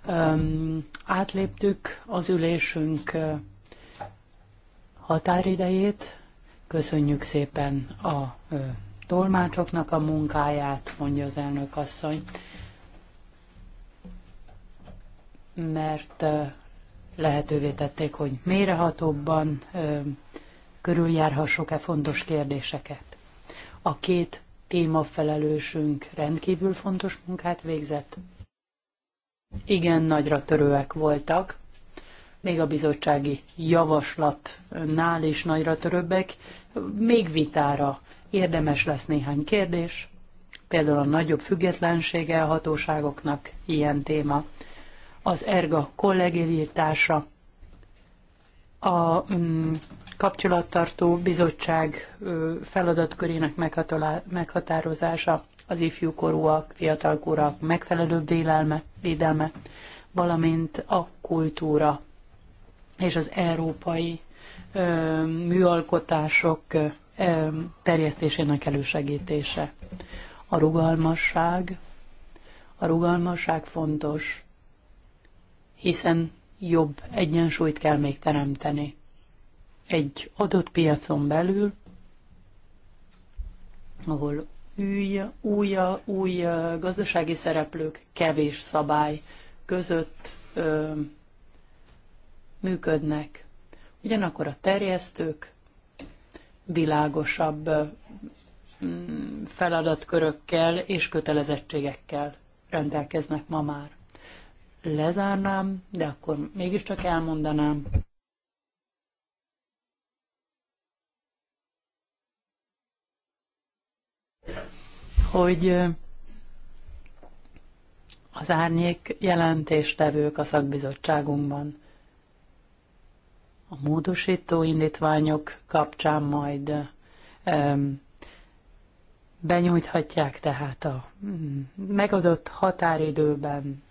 Um, átléptük az ülésünk uh, határidejét. Köszönjük szépen a ö, tolmácsoknak a munkáját, mondja az elnök asszony, mert ö, lehetővé tették, hogy mérehatóbban ö, körüljárhassuk-e fontos kérdéseket. A két témafelelősünk rendkívül fontos munkát végzett. Igen, nagyra törőek voltak még a bizottsági javaslatnál is nagyra töröbbek, még vitára érdemes lesz néhány kérdés, például a nagyobb függetlensége a hatóságoknak ilyen téma, az erga kollegilítása, a mm, kapcsolattartó bizottság ö, feladatkörének meghatározása, az ifjúkorúak, fiatalkorúak megfelelő védelme, védelme, valamint a kultúra és az európai ö, műalkotások ö, terjesztésének elősegítése. A rugalmasság, a rugalmasság fontos, hiszen jobb egyensúlyt kell még teremteni egy adott piacon belül, ahol új, új, új gazdasági szereplők kevés szabály között ö, működnek. Ugyanakkor a terjesztők világosabb mm, feladatkörökkel és kötelezettségekkel rendelkeznek ma már. Lezárnám, de akkor mégiscsak elmondanám. hogy az árnyék jelentéstevők a szakbizottságunkban a módosító indítványok kapcsán majd um, benyújthatják tehát a mm, megadott határidőben.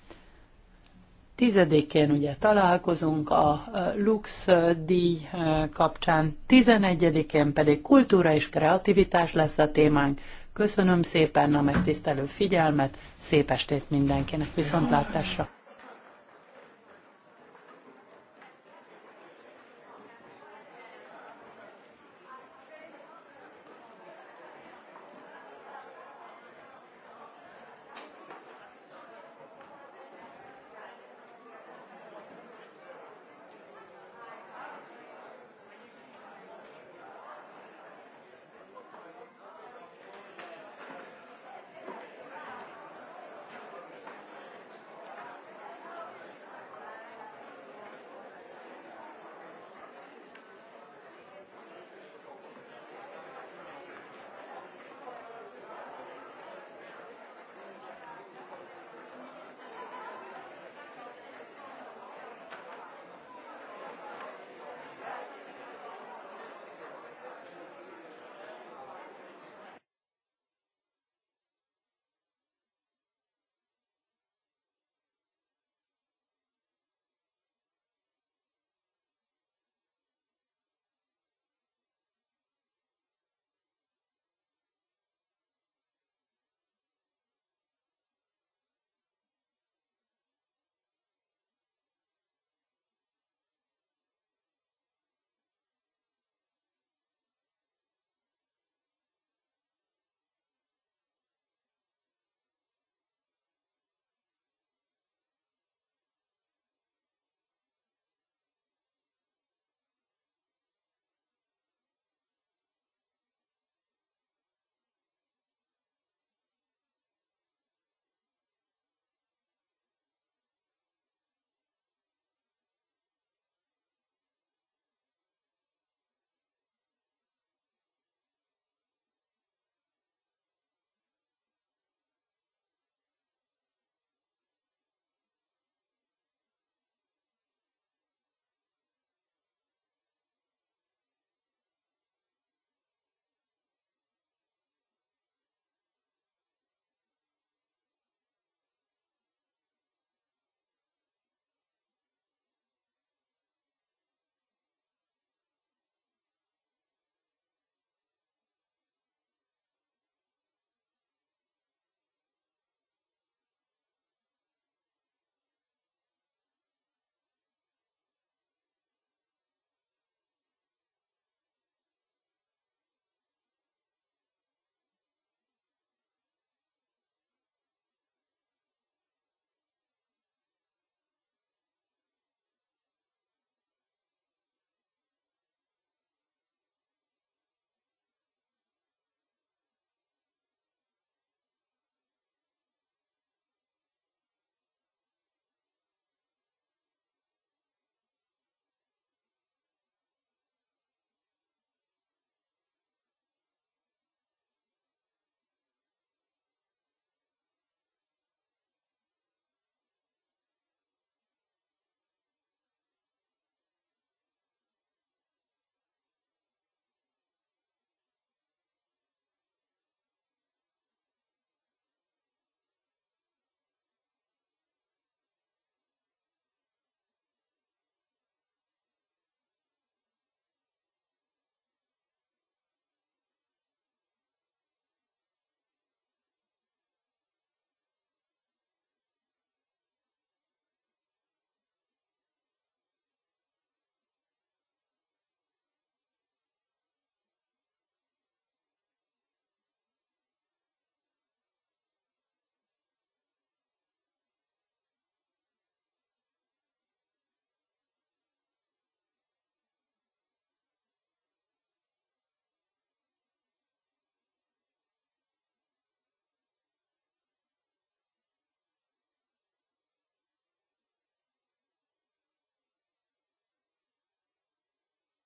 Tizedikén ugye találkozunk a e, Lux e, díj e, kapcsán, Tizenegyedikén pedig kultúra és kreativitás lesz a témánk. Köszönöm szépen a megtisztelő figyelmet, szép estét mindenkinek, viszontlátásra!